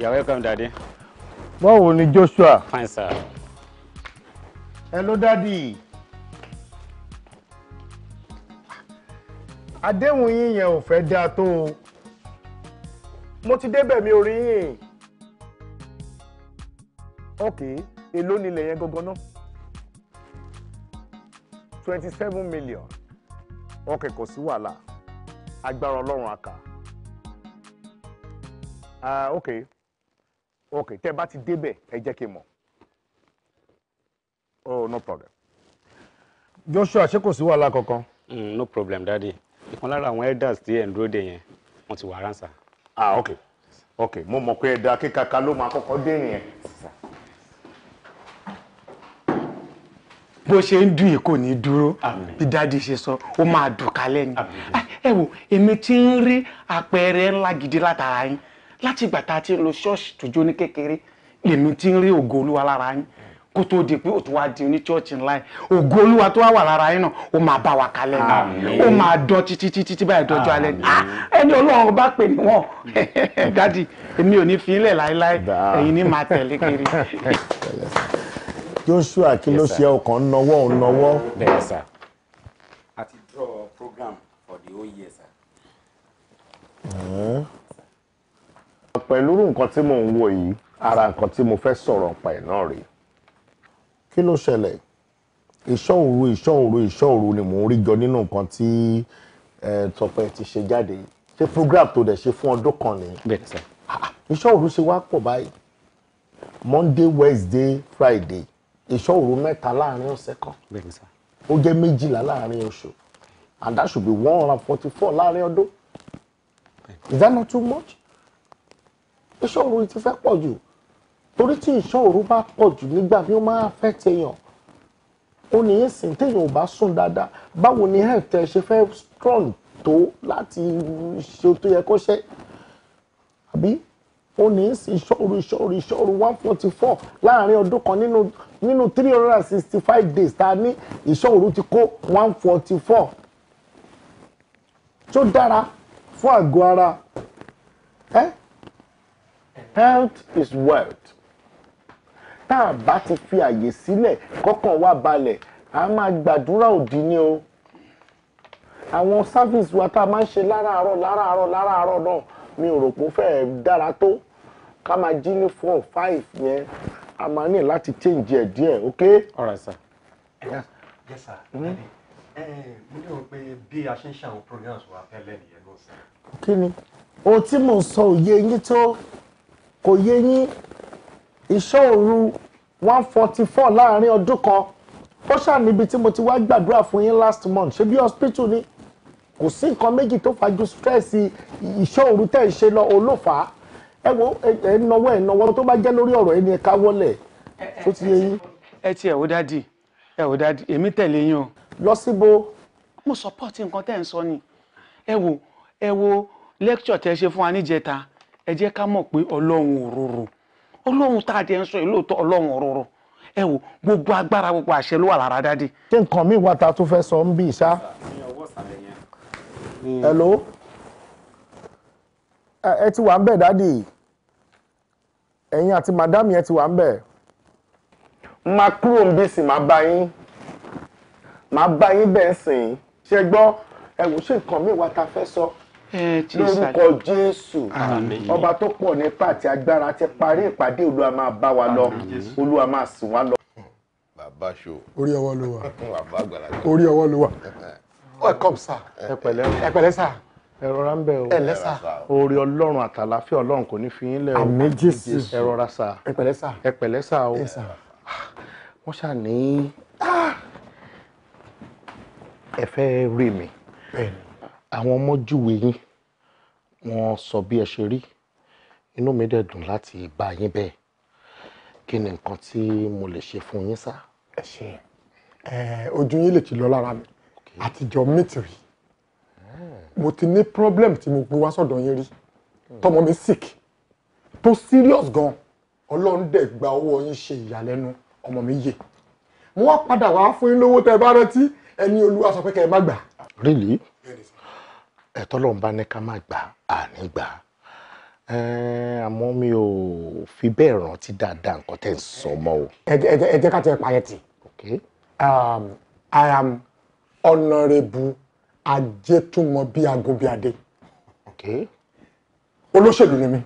You're welcome, Daddy. Báwo you, Joshua? Fine, sir. Hello, Daddy. Àdéhùn yín yẹn ò fẹ́ dáa tó o. Mo Okay. débẹ̀ mi is yín. Ok, èló nílẹ̀ yẹn gangan náà? twenty seven million. Ok, kò sí wàhálà. Agbára Ọlọ́run àkà. Uh, ah, okay ok tẹ́ bá ti débẹ̀ ẹ jẹ́ kí n mọ̀ oh no problem. Joshua ṣé kò sí wàhálà kankan. Mm, no problem daddy ìkan lára àwọn elders tí ẹ̀ ń dúró dè yẹn wọ́n ti wà ránṣà. ah ok ok mo mọ̀ pé ẹ̀dá kíkaka ló máa kọ́kọ́ dé nìyẹn. bó ṣe ń dùn yìí kò ní dúró bí dáàdi ṣe sọ ó máa dùn kálẹ̀ ni ah, ẹ wo èmi ti ń rí àpẹẹrẹ ńlá gidi látara yín láti ìgbà tá a ti lọ ṣọ́ọ̀ṣì tójó ní kékeré lèmi ti ń rí ògo olúwa lára yín kó tó di pé òtún wá di oní church ńlá yìí ògo olúwa tó wá wà lára yín náà ó máa bá wa kalẹ̀ ní ó máa dán títí títí tí báyìí dọ́jọ́ alẹ́ ní ah, ẹni ọlọ́run bá pè ní wọn *laughs* dádì èmi ò ní fi ilẹ̀ láéláé ẹ̀yin ní máa tẹ̀lé kiri. *laughs* Joshua kí ló ṣe ọkàn nọwọ́ nọwọ́. bẹ́ẹ̀ draw program for the whole year sà pẹ̀lú nǹkan tí mò ń wò yìí ara nǹkan tí mo fẹ́ sọ̀rọ̀ pa ẹ̀ náà rèé. kí ló ṣẹlẹ̀ ìṣọ́ òru ìṣọ́ òru ìṣọ́ òru ni mò ń rí jọ nínú nǹkan tí Tọ́pẹ́ ti ṣe jáde ṣe program tó dẹ̀ ṣe fún ọdún kan ni ìṣọ́ òru ṣe wá pọ̀ báyìí Monday Wednesday Friday ìṣọ́ òru mẹ́ta láàrin ọ̀sẹ̀ kan ó jẹ́ méjìlá láàrin oṣù and that should be one hundred and forty-four láàrin ọdún is that not too much? iṣẹ́ òru ti fẹ́ pọ̀ jù torí tí iṣẹ́ òru bá pọ̀ jù nígbà bí ó máa fẹ́ tẹ̀yàn ó ní í sìn téèyàn ò bá sùn dáadáa báwo ni health ẹ ṣe fẹ́ strong tó láti ṣe tó yẹ kó ṣe àbí ó ní í sìn iṣẹ́ òru iṣẹ́ òru iṣẹ́ òru one forty four láàárín ọdún kan nínú nínú three hundred and sixty five days tá a ní iṣẹ́ òru ti kó one forty four tó dára fún àgọ́ ara Eh? health is wealth tá a bá ti fi àyè sílẹ̀ kọ́kàn wa balẹ̀ a máa gbàdúrà òdì ni o àwọn service wa tá a máa ń ṣe láràárọ̀ láràárọ̀ láràárọ̀ náà mi ò rò pé ó fẹ́ẹ̀ dára tó ká máa jí ní four five yẹn a máa ní láti change ẹ̀ díẹ̀ ok. all right sir. ẹ̀yà yes sir. mo ní o pé bí a ṣe ń ṣe àwọn programs wa tẹ́lẹ̀ nìyẹn ló ń kí ni ohun tí mò sọ òye yín tó kò yé yín ìṣọ́ òru one forty four láàrin ọdún kan ó ṣáà níbi tí mo ti wá gbàdúrà fún yín last month ṣé bí hospital ni kò sí nǹkan méjì tó fa ju stress ìṣọ́ òru tẹ̀ ń ṣe lọ olófàá ẹ wo ẹ nọwọ́ ẹ nọwọ́ tó bá jẹ́ lórí ọ̀rọ̀ ẹni ẹ káwọ́lẹ̀ tó ti yé yín. ẹ ti ẹ̀ wò dádì ẹ̀ wò dádì èmi tẹ̀lé yín o. lọ síbo. mo support nǹkan tẹ́ ń sọ ni ẹ wo ẹ wo lecture tẹ́ ṣe fún wa níjẹta ẹ jẹ́ ká mọ̀ pé ọlọ́run òróró ọlọ́run tá a jẹ́ ń sọ yìí lóòótọ́ ọlọ́run òróró ẹ wò gbogbo agbára gbogbo àṣẹ ló wà lára dáadé. ṣé nǹkan míì wá ta tó fẹ́ sọ ń bì ṣá. hello ẹ ti wà ń bẹ̀ dádì ẹ̀yin àti màdámì ẹ ti wà ń bẹ̀. máa kúrò ń bí sì máa bá yín máa bá yín bẹ́ẹ̀ sìn ṣe gbọ́ ẹ ṣé nǹkan míì wá ta fẹ́ sọ. So lórúkọ jésù ọba tó pọ̀ nípa àti agbára ti parí ìpàdé olúwa máa bá wa lọ olúwa máa sùn wá lọ. bàbá ṣo orí ọwọ́ ló wà *laughs* orí ọwọ́ ló wà. ọ̀ ẹ̀ kọ́m sá ẹ pẹ̀lẹ́ ẹ pẹ̀lẹ́ ń bẹ o ẹ lẹsà oore ọlọ́run àtàlàfíà ọlọ́run kò ní fi yín lẹ o àmín jésù ẹ sa sà ẹ pẹ̀lẹ́ sà o wọ́n ṣà ní ah! Ah! ẹ rí mi. bẹ́ẹ̀ni àwọn ọmọ júwe yín wọ́n sọ bí ẹ ṣe rí inú mi dẹ̀ dùn láti bá yín bẹ́ẹ̀ kí ni nǹkan tí mo lè ṣe fún yín sá. ẹ ṣe ẹ ojú yín lè ti lọ lára mi àtijọ́ mítìrì mo ti ní problem tí mo gbé wá sọ́dọ̀ yín rí hmm. tọmọ mi sick tó serious gan ọlọ́run dẹ̀ gba owó yín ṣe ìyàlẹ́nu ọmọ mi yè mo wá padà wá fún yín lówó tẹ́ ẹ bá rántí ẹni olúwa sọ pé kẹ́ ẹ má gbà. really ẹ̀tọ́ lọ́n bá ní ká má gbà á ní gbà á àmọ́ mi ò fi bẹ́ẹ̀ rántí dáadáa nǹkan tẹ̀ ń sọ mọ́ o. ẹ jẹ́ ká tẹ payẹ́ tì. Um, I am honourable ajétúmọ̀bí agobiade. olóṣèlú ni mí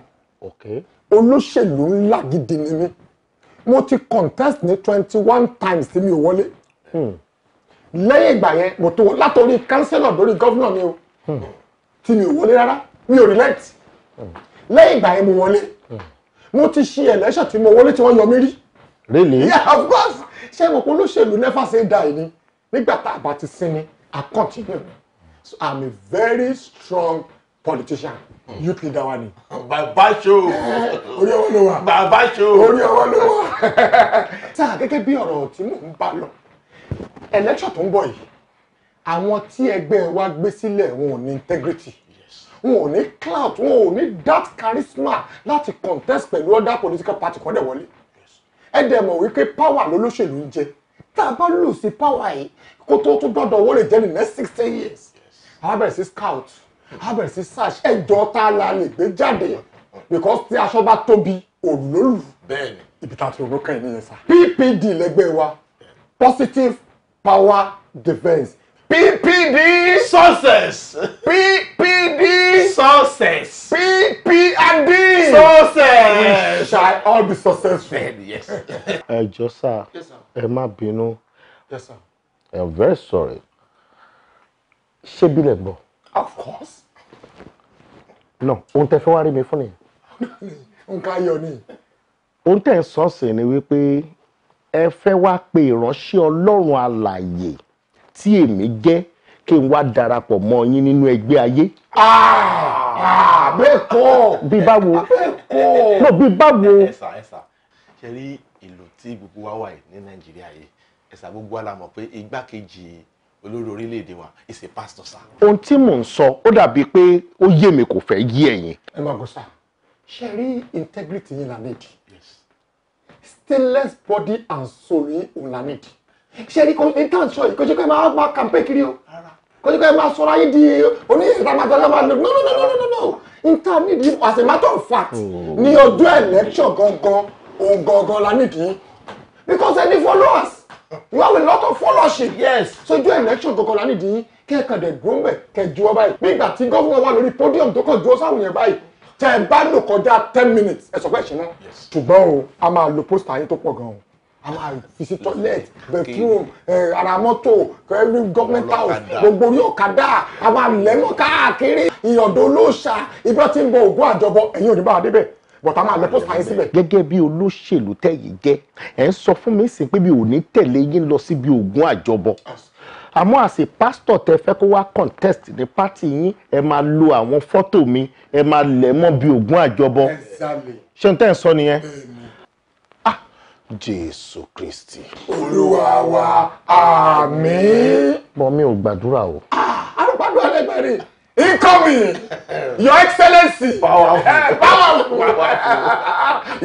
olóṣèlú ńlá gidi ni mí mo ti contest ní twenty one times tí mi ò wọlé hmm. lẹ́yìn ìgbà yẹn mo tó látọ̀rí kánsẹ́lọ̀ lórí gọ́fúnà mi o. Hmm tí mi ò wọlé rárá mi ò relent hmm. lẹ́yìn ìgbà yẹn mo wọlé hmm. mo ti ṣe election tí mo wọlé tí wọ́n yọ mí rí. really yeah of course ṣé mo kún olóṣèlú never say die ni nígbà tá a bá ti sinmi i continue so i'm a very strong politician youth leader wa ni. bàbá ṣó. orí ọwọ́ ló wà. bàbá ṣó. orí ọwọ́ ló wà. *laughs* tá a gẹ́gẹ́ bí ọ̀rọ̀ tí mò ń bá lọ election tó ń bọ̀ yìí àwọn tí ẹgbẹ́ wa gbé sílẹ̀ wọn ò ní integrity wọn ò ní clout wọn ò ní that charisma láti contest pẹ̀lú other political party kan dẹ̀ wọlé ẹ dẹ̀ mọ̀ wípé power lolóṣèlú ń jẹ tá a bá lù sí power yìí kó tó tún dọ́dọ̀ owó lè jẹ́ ní next sixteen years abẹ̀rẹ̀ sí scout abẹ̀rẹ̀ sí search ẹjọ́ tá a la lè gbé jáde because tí aṣọ bá tóbi òlólù bẹ́ẹ̀ni ibi tá a ti ronú kàn yín nìyẹn sá. PPD lẹ́gbẹ́ wa positive power defence PPD sources. PPD sources. PPD sources. We shall all be successful. Yes. Ẹ jọ̀ọ́ Yes sir. Emma Bino. Yes sir. I'm very sorry. Ṣé bílẹ̀ gbọ́? Of course. No, On tẹ fẹ́ me phone. On fún On Nǹkan ayọ̀ ni. Ohun tẹ̀ ń sọ́ọ̀sì ni wípé ẹ fẹ́ wá pe tí èmi gẹ́ kí n wá darapọ̀ mọ́ yín nínú ẹgbẹ́ ayé. Ah, ah, bí báwo no bí báwo. ẹ̀sà ẹ̀sà ṣe rí ìlú tí gbogbo wa wà yìí ní nàìjíríà yìí ẹ̀sà gbogbo wa la mọ̀ pé igbákejì olórí orílẹ̀-èdè wa is a pastor sir. ohun tí mò ń sọ ó dàbíi pé ó yé mi kò fẹ́ yí ẹ̀yin. ẹ máa gbọ́ sá ṣe rí integrity yín la need stainless body and soul yín la need ṣe rí kọ́ńtàn sọ yìí kò ṣe pé máa máa kàmpé kiri o kò ṣe pé máa sọ̀rọ̀ ayé di oníṣẹ̀dá máa tọ́lá máa lò no no no no no nta nídi as a matter of fact ní oh. ọjọ́ election gangan òun gangan la nídìí because any followers you have a lot of followership yes so ọjọ́ election gangan la nídìí kẹ́ẹ̀kan dẹ̀ dúró mẹ́ kẹ́ẹ̀jú ọ báyìí nígbà tí gómìnà wà lórí podium tó kàn dúró sáwọn yẹn báyìí tẹ́ ẹ bá lò kọjá ten minutes ẹ sọ pé ẹ ṣe náà ṣùgbọ́n o a máa lo poster yín tó pọ̀ gan-an àwọn àfìsí toilet bathroom eh, ara mọ́tò ẹ̀rí government house gbogbo orí ọ̀kadà àwọn àlẹ́mọ̀ káàkiri ìyọ̀dọ̀ olóòṣà ibi tí ń bọ ògùn àjọbọ ẹ̀yin ò ní bá wa débẹ̀ but a máa lọ post ayé síbẹ̀. gẹ́gẹ́ bí olóṣèlú tẹ̀yìn jẹ́ ẹ̀ ń sọ fún mi sí pé mi ò ní tẹ̀lé yín lọ síbi ògùn àjọbọ àmọ́ àṣẹ pásítọ̀ tẹ fẹ́ kó wá contest ní pátì yín ẹ máa lo àwọn fọ́tò mi ẹ máa lẹ̀ mọ́ bí ògùn àjọbọ ṣé n tẹ́ ń sọ nìyẹn jésù kristi. olúwa wa àmín. bọ́ mi ò gbàdúrà o. àrùbádùn alẹ́gbẹ̀rẹ̀ incoming your excellency powerful eh, powerful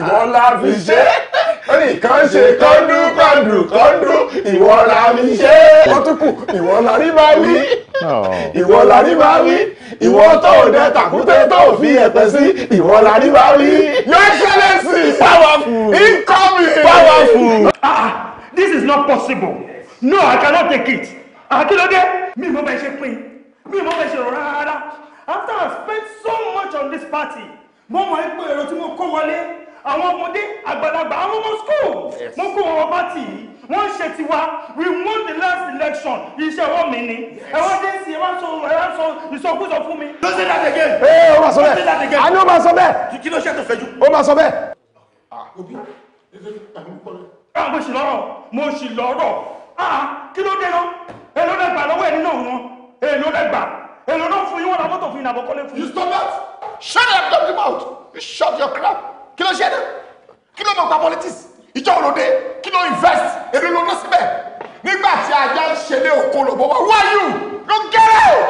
ìwọ ńlá fi ṣe nìkan ṣe kọ́ndú kọ́ndú kọ́ndú ìwọ mi ṣe é ó tún kù ìwọ rí máa wí oh. ìwọ rí máa wí ìwọ tó ò dẹ tàkútẹ tó ò fi ẹ̀pẹ̀ sí ìwọ rí máa wí. your powerful incoming powerful. Ah, ah this is not possible no i cannot take it akílódé ah, mi mọ bẹ ṣe pín mi mọ bẹ ṣe rọ rárá after i spent so much on this party mo mọ ipò èrò tí mo kó wọlé àwọn ọmọdé àgbàlagbà àwọn ọmọ school mo kó wọn bá tì í wọ́n ṣe tiwa we won the last election iṣẹ́ wọn mi ni ẹ wá dé sí ẹ wá sọ ẹ wá sọ ìsọkúsọ fún mi. ló ṣe láti gẹ. ee o ma sọ bẹ́ẹ̀ àní o ma sọ bẹ́ẹ̀. kí ló ṣe tó fẹ́ jù. o ma sọ bẹ́ẹ̀. Ah, obi ah, mo sì lọ́rọ̀ mo sì lọ́rọ̀ ah, kí ló dé náà èló lè gbà lọ́wọ́ ẹ̀ nínú òun èló lè gbà èló ló fún yín wọn làbọ̀tò fún yín àbọ̀kọ́lé fún yín. you stop that shut up your mouth you shut your crap kí ló ṣe dé kí ló mọ̀ pa politics ìjọ òròde kí ló invest èrè ló ná síbẹ̀ nígbà tí ajá ń ṣe lé òkú bọ́wọ́ who are you no get out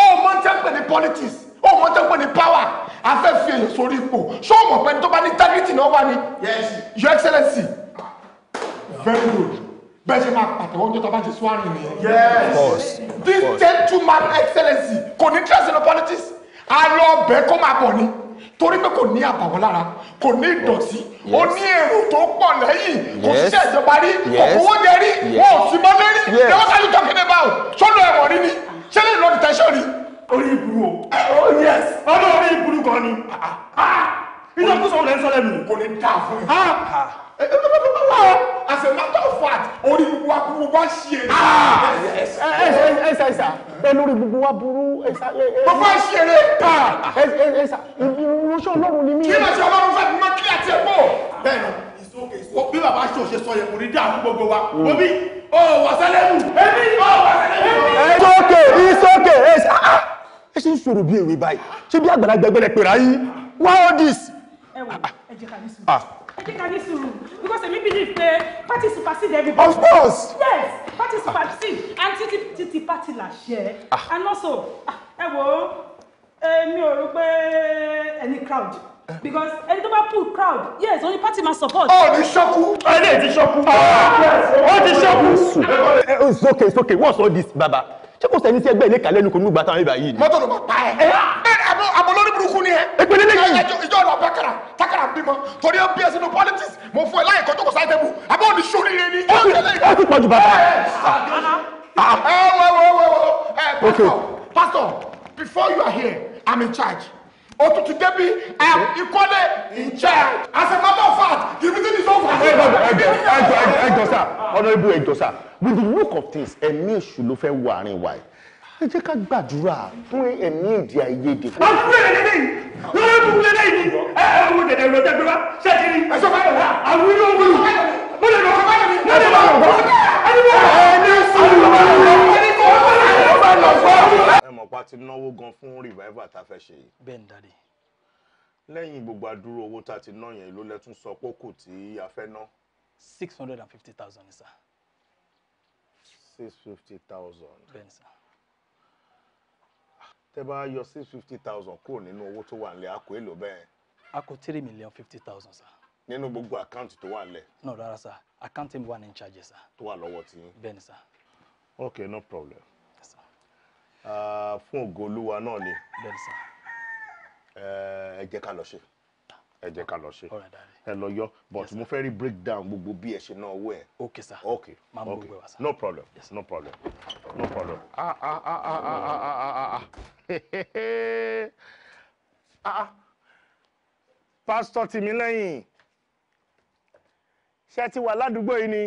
ó mọ tẹ́ pè ní politics ó mọ tẹ́ pè ní power afẹ́ fi èyàn sórí ipò ṣó mọ̀ pé tó bá ní integrity náà wá ní your excellency very good bẹ́ẹ̀ ṣe máa pàtàkì oúnjẹ tó bá ti swearing nìyẹn. yes this ten two man excellency kò ní interest in politics a lọ bẹ́ẹ̀ kó máa bọ̀ ni torí pé kò ní àbàwọ́n lára kò ní ìdọ̀tí ó ní èrò tó pọ̀ lẹ́yìn kò ṣiṣẹ́ ìjọba rí kò fowó jẹ rí wọn ò sì mọ́ lérí ni wọ́n sáré jọ kéde báwò sọ́dọ̀ ẹ̀wọ̀n rí ni ṣé lè lọ detention rí. orí ibùdó o oh yes ọdún orí ibùdó gan ni ah, ah, ah. ìjọba kò sọ lẹ́sọ̀ kò ní dáa fún mi as a matter of fact orí gbogbo aburú bá ṣe é. ẹ ṣe ṣe olórí gbogbo aburú. mo bá ṣe eré. ẹ ṣe ìrúnṣẹ́ ọlọ́run ni mí. kí ló ṣe ọlọ́run fẹ́ mi máa kí àti ẹ̀kọ́. bẹ́ẹ̀ ni bí bàbá ṣe òṣè sọ yẹn kò ní dá àwọn gbogbo wa. Mm. omi ò wà sẹ́lẹ̀mù. èmi ò wà sẹ́lẹ̀mù. it's okay it's okay ẹ eh, ṣe ah, ah. ẹ ṣe ń sọ̀rọ̀ bí èwe báyìí ṣé bí àgbàlagbà ẹgbẹ́ rẹ̀ pèrè ayé why all this. ẹ wò ẹ jẹ ká ní sùn ẹ jẹ́ ká ní sùúrù because èmi believe pé party supersede everybody. of course. yes party supersede and titi titi party la ah. ṣe. and also ah, ẹ wo eh, mi ò rò pé any crowd eh. because ẹni tó bá pull crowd yes only party ma support. ọ oh, ní ṣọ́kú ẹni èyí ah, ti ṣọ́kú. ọ ti ṣọ́kú. it's okay it's okay what's all this baba ṣé kò sẹ́ni sí ẹgbẹ́ ilé kàlẹ́ nu kò ní gbà táwọn ibà yìí ni. mọ́tò ló máa pa ẹ̀. àbọ̀ lórí burúkú ni ẹ. ìpínlẹ̀ lẹ́yìn. ìjọ ọ̀nà ọ̀bẹ kàrà takara bí mọ torí ọ́n bí ẹ sínú politics mo fún ẹ láyè kọ́tọ́ kò sáyẹ́ tẹ́mu àbọ̀ òní sórí rẹ ni. ó ti pọ̀jù bàbá. ẹ wọ ẹ wọ ẹ wọ ẹ pásítọ̀ before you are here I'm in charge. Otutu Debi, I am equally As a matter of fact, the meeting is over. Ẹjọ sá, honourable ẹjọ sá, with the look of things, ẹ̀mí èṣù ló fẹ́ wọ àárín wa yìí. Ẹ jẹ́ ká gbàdúrà fún ẹ̀mí èdè àìyedè. Àdúrà ẹ̀rẹ̀ lẹ́yìn, lọ́wọ́ ẹ̀kú lẹ́yìn ni, ẹ ẹ wo dẹ̀dẹ̀ ìrọ̀ tẹ́ gbéra, ṣé ti rí? Ẹ̀sọ́ báyọ̀ wá, àwọn ilé òwe yìí, mo lè lọ, mo lè lọ, mo lè lọ, ẹni bá wà wá, ẹni bá wà wá, ẹni bá wà wá, ẹni bá wà wá ẹ mọ̀ pa ti náwó gan fún revival tá fẹ́ ṣe yìí. bẹ́ẹ̀ ni dáadé. lẹ́yìn gbogbo àdúró owó tá a ti ná yẹn ló lẹ́tún sọ pé kù tí a fẹ́ ná. six hundred and fifty thousand sir. six fifty thousand. bẹ́ẹ̀ ni sá. tẹ́ bá yọ six fifty thousand kúrò nínú owó tó wà nílẹ̀ àkó èlò bẹ́ẹ̀. a kò three million fifty thousand sir. nínú gbogbo àkáǹtì tó wà nílẹ̀. náà rárá sá àkáǹtì mi wà ní charge sá. tó wà lọ́wọ́ tí. bẹ́ẹ̀ ni sir. okay no problem fún ògo olúwa náà ni ẹ jẹ́ ká lọ ṣe ẹ jẹ́ ká lọ ṣe ẹ lọ yọ but mo fẹ́ rí breakdown gbogbo bí ẹ ṣe náà owó ok sir ok ok no problem yes. no problem no problem ah ah ah ah ah ah ah ah ah ah, ah. *laughs* ah, ah. pastor Tìmílẹ́yìn ṣé ti wà ládùúgbò yìí ni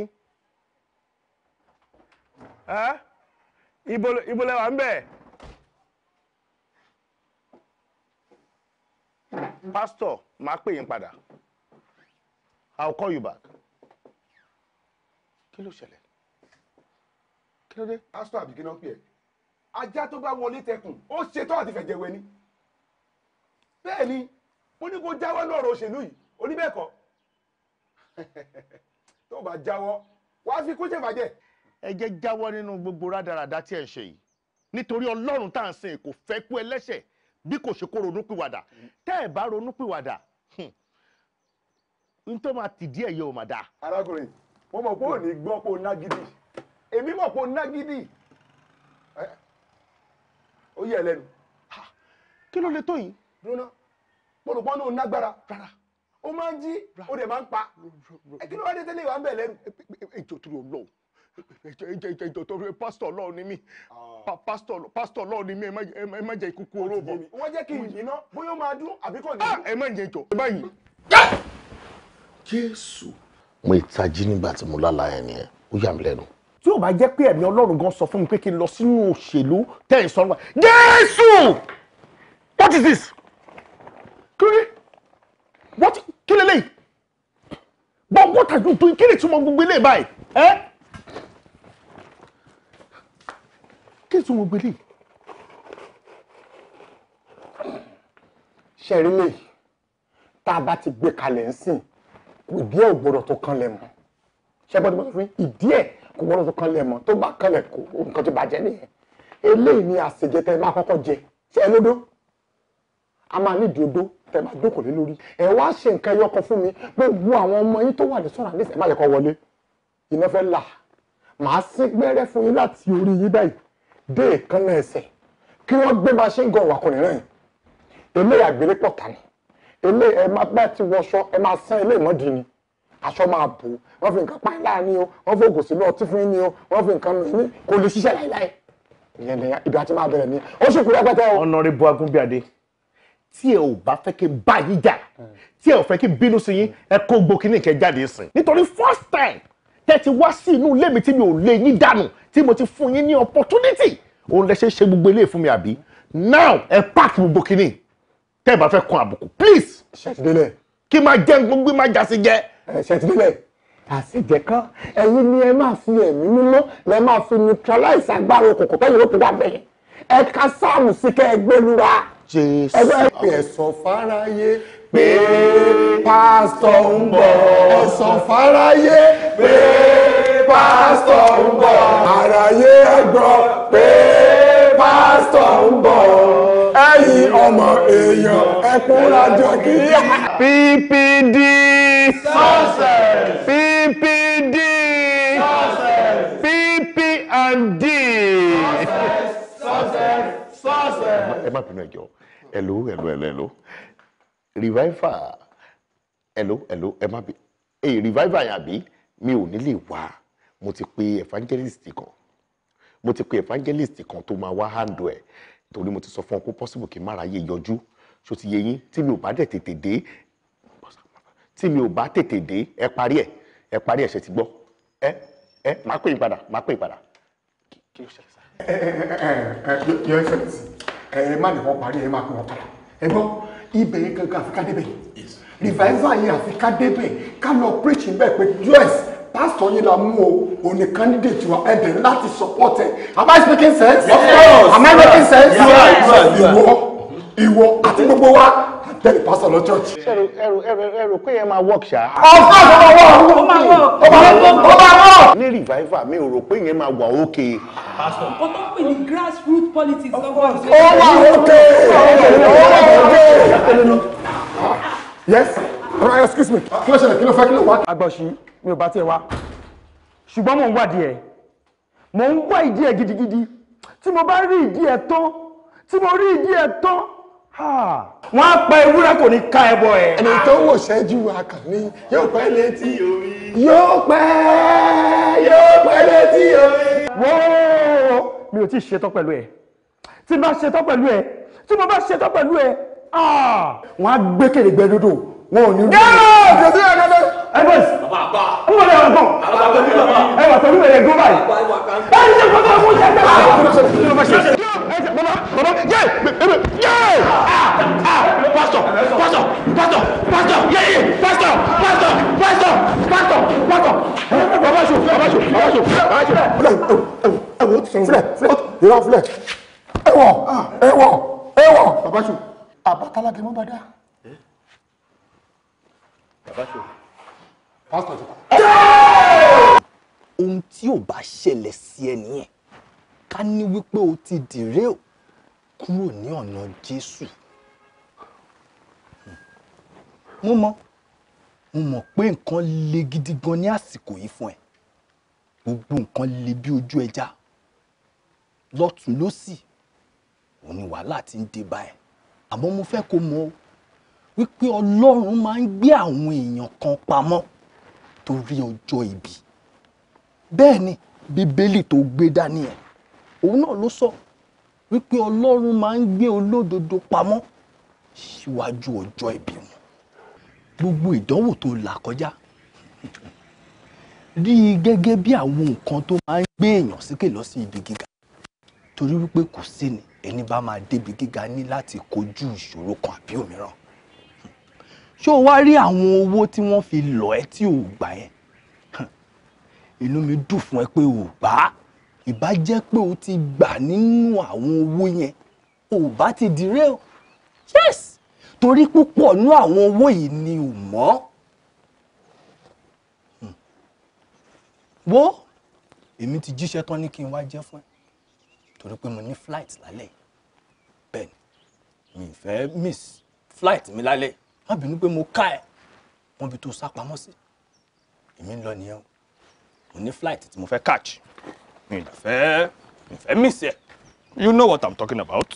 ibo lẹ wà ń pastor máa pè yín padà I'll call you back Kilo ló Kilo de. Pastor, dé. pastor àbí kí náà pè é ajá tó bá wọlé tẹkùn ó ṣetán àti fẹ̀jẹ̀wé ni bẹ́ẹ̀ ni mo ní kó jáwọ́ lọ́rọ̀ òṣèlú yìí oníbẹ̀ẹ̀kọ́ *laughs* tó bá jáwọ́ wàá fi kó ṣèfàjẹ́ ẹ jẹ́ jáwọ́ nínú gbogbo rádaràda tí ẹ̀ ń ṣe yìí nítorí ọlọ́run tá à ń sìn kò fẹ́ kú ẹlẹ́ṣẹ̀ bí kò ṣe kó ronúpìwàdà tẹ́ ẹ̀ bá ronúpìwàdà n tó máa tì díẹ̀ yẹ ò mà dáa. arákùnrin mo mọ̀ pé ò ní gbọ́ pé o nágídì èmi mọ̀ pé o nágídì ó yẹ lẹ́nu. kí ló lè tó yìí. dúró pọ̀lùpọ̀ náà nágbára rárá ó máa ń jí ó dẹ̀ máa ń pa kí ló wá dé tẹ́lẹ̀ wá ń bẹ̀ lẹ́nu. ètò tó lò lọ́wọ́ ìjọ torí pásítọ̀ ọlọ́run ni mí ah. pásítọ̀ ọlọ́run ni mí ẹ má jẹ́ ikú kú oró bọ̀. wọ́n jẹ́ kí n yìí ná bóyá ó máa dún àbí kò ní. Ah! ẹ má jẹ jọ báyìí. jésù mo ìtají nígbà tí mo lálàá ẹ nìyẹn ó yà mí lẹ́nu. tí ò bá jẹ́ pé ẹ̀mí ọlọ́run gan sọ fún mi pé kí n lọ sínú òṣèlú tẹ̀ ń sọ́nù jésù what is this kí what kí lélẹ́yìí but what are you doing kí ni tí mo gbogbo ilé báyìí. Eh? tún wo gbélé ṣẹ̀rílẹ̀ tá a bá ti gbé kalẹ̀ ń sìn ìdí ẹ̀ ò gbọ́dọ̀ tó kan lẹ̀ mọ́ ṣẹ́gbọ́n tó fún ìdí ẹ̀ kò gbọ́dọ̀ tó kan lẹ̀ mọ́ tó bá kanlẹ̀ kò nǹkan tó bàjẹ́ nìyẹn eléyìí ni àṣejẹ tẹ́ ẹ máa kọ́kọ́ jẹ ṣe ẹ lódó a máa ní ìdíodó tẹ́ ẹ máa dókòó lé lórí ẹ wá ṣe nǹkan ẹyọkọ fún mi gbogbo àwọn ọmọ yín tó wà ní sọ́ra ní ìsẹ̀ má yẹ kọ́ wọlé iná fẹ́ là màá sí gbẹ́rẹ́ fún yín láti orí yín báyìí dé ìkànnà ẹsẹ̀ kí wọ́n gbé machine gun wà kùnrin náà ilé àgbélépọ̀ ta ni ilé ẹ máa bá ti wọṣọ ẹ máa sán ilé ìmọ̀dì ni aṣọ máa bò ó wọ́n fi nǹkan pa ńlá ni o wọ́n fi ògùn sílẹ̀ ọtí fún ni o wọ́n fi nǹkan ní kò lè ṣiṣẹ́ láíláí ìyẹn ni ibi àti máa bẹ̀rẹ̀ ni ó sì kú rẹpẹtẹ o. Honorable Agunbíadé tí ẹ ò bá fẹ́ kí n bá yín jà tí ẹ ò fẹ́ kí n bínú sí yín ẹ kó gbókínì kẹ jáde sìn nítorí first time tẹ́tí wá sí inú ilé mi tí mi ò lè yín dànù tí mo ti fún yín ní opportunity òun lẹ ṣe ṣe gbogbo eléyìí fún mi àbí now ẹ park gbogbo kínní tẹ́ ẹ bá fẹ́ kan àbùkù please. ṣètìlélẹ̀. kí máa jẹ́ gbogbo máa jà sí jẹ́. ṣètìlélẹ̀ àṣejẹ kan ẹ̀yin ni ẹ máa fi ẹ̀mí mímọ́ lẹ máa fi neutralize agbára òkùnkùn kẹyìn ló ti wà bẹyẹn ẹ ka sáàmù sí kẹ ẹ gbẹlúwa. jésù ẹ sọ fáráyé pé pásítọ̀ ń bọ̀. ẹ sọ fáráyé pé pásítọ̀ ń bọ̀. àráyé ẹ gbọ́ pé pásítọ̀ ń bọ̀. ẹ̀yin ọmọ èèyàn ẹ kúra jọ kí. PPD success PPD success PP and D success success success. ẹ má bínú ẹ jọ ẹ lo. ẹ lò ẹ lò revival hello hello ẹ má bi èyí revival yẹn àbí mi ò ní lè wá mo ti pe evangelist kan mo ti pe evangelist kan tó máa wá handle ẹ̀ torí mo ti sọ fún ọ pé possible kí n má ráyè yọjú ṣó ti yé yín tí mi ò bá dẹ̀ tètè dé tí mi ò bá tètè dé ẹ parí ẹ ẹ parí ẹ ṣe ti gbọ́ ẹ ẹ máa pè é, padà máa pè é, padà. kí ló ṣẹlẹ̀ sá. ẹ ẹ ẹ yọ ẹ fẹ̀yìntì ẹ má lè wọ́n parí ẹ má pè wọ́n padà ẹ gbọ́ ibẹ̀ yẹn gangan àfi ká débẹ̀ revival yẹn àfi ká débẹ̀ ká lọ preach ń bẹ̀ pé us pastor yín la mú o òní candidate wa ẹ bẹ̀rẹ̀ láti support ẹ am I speaking sense? of course am I making sense? ìwọ ìwọ àti gbogbo wa tẹ́lẹ̀ pastor lọ church. ẹrù ẹrù ẹrù ẹrù pé ẹ máa work ṣá. ọ̀sán ọ̀sán ọ̀wọ́ ọ̀wọ́ ọ̀wọ́ ọ̀wọ́ ọ̀wọ́ ọ̀wọ́ ní revival mi ò rò pé yẹn máa wà ókè pastor. o tó ń pè ní grassroot politics lọ́wọ́. ó wà ókè ó wà ókè. yes right excuse me kí ló ṣẹlẹ̀ kí ló fẹ́ kí ló wá. agbọ̀nsì mi ò bá tiẹ̀ wá ṣùgbọ́n mò ń wádìí ẹ̀ mò ń wá ìdí ẹ̀ gidigidi tí mo bá rí ìdí ẹ̀ tán tí mo rí ìdí ẹ̀ tán wọ́n á pa ewúrẹ́ kò ní ká ẹbọ ẹ̀. ẹni tó wò ṣẹ́jú akànní yóò pẹ́ létí omi. yóò pẹ́ yóò pẹ́ omi wọ́ọ́ mi ò tí ì ṣetán pẹ̀lú ẹ̀ tí mo bá ṣetán pẹ̀lú ẹ̀ tí mo bá ṣetán pẹ̀lú ẹ̀ ah! wọ́n á gbé kèrègbè dodo wọn ò ní rí. ẹ jòdì ẹ lọlẹ. ẹ bọ sí. n bọ̀ lẹ́yìn ọ̀gbọ́n. ẹ wà pẹ̀lú ẹ̀ gbọ́ báyìí. ẹ ní sẹ́kọ̀ọ́ bá wọ́n ẹsẹ̀ bàbá bàbá yé bèbè ah ah pastor, pastor, pastor, pastor, yé yé pastor, pastor, pastor, pásítọ̀ pásítọ̀ bàbá ṣù bàbá ṣù bàbá ṣù bàbá ṣù. filẹ filẹ yìí filẹ ẹwọ ẹwọ ẹwọ. bàbá ṣù àbátalágé mọ́ bá dá. bàbá ṣù pásítọ̀ ti kú. ohun tí ò bá ṣẹlẹ̀ sí ẹ nìyẹn ká ní wípé o ti dìré o kúrò ní ọ̀nà Jésù hmm. mo mọ mo mọ̀ pé nǹkan le gidi gan ní àsìkò yìí fún ẹ gbogbo nǹkan le bí ojú ẹja lọ́tún lọ́sì òun ni wàhálà ti ń dé bá ẹ àmọ́ mo fẹ́ kó mọ̀ wípé Ọlọ́run máa ń gbé àwọn èèyàn kan pamọ́ torí ọjọ́ ibi bẹ́ẹ̀ ni bíbélì tó gbé dání ẹ̀ òun náà ló sọ wípé ọlọ́run máa ń gbé olódodo pamọ́ síwájú ọjọ́ ìbí wọn gbogbo ìdánwò tó là kọjá rí i gẹ́gẹ́ bí àwọn nǹkan tó máa ń gbé èèyàn síkè lọ sí ibi gíga torí wípé kò sí ni ẹni bá máa débi gíga ní láti kojú ìṣòro kan àbí òmíràn ṣé o wá rí àwọn owó tí wọ́n fi lọ̀ ẹ́ tí o gbà yẹn inú mi dùn fún ẹ pé o gbà á ìbá jẹ́ pé o ti gbà nínú àwọn owó yẹn o bá ti di o yes torí púpọ̀ nú àwọn owó yìí ni ò mọ́ hmm. wo èmi ti jíṣẹ́ tán ní kí n wá jẹ́ fún ẹ torí pé mo ní flight lálẹ́ bẹ́ẹ̀ mi fẹ́ miss flight mi lálẹ́ má bínú pé mo ká ẹ wọ́n bi tó sá pamọ́ sí èmi ń lọ nìyẹn o mo ní flight tí mo fẹ́ catch mi ìdàfẹ́ ìfẹ́ mi sí you know what I'm talking about.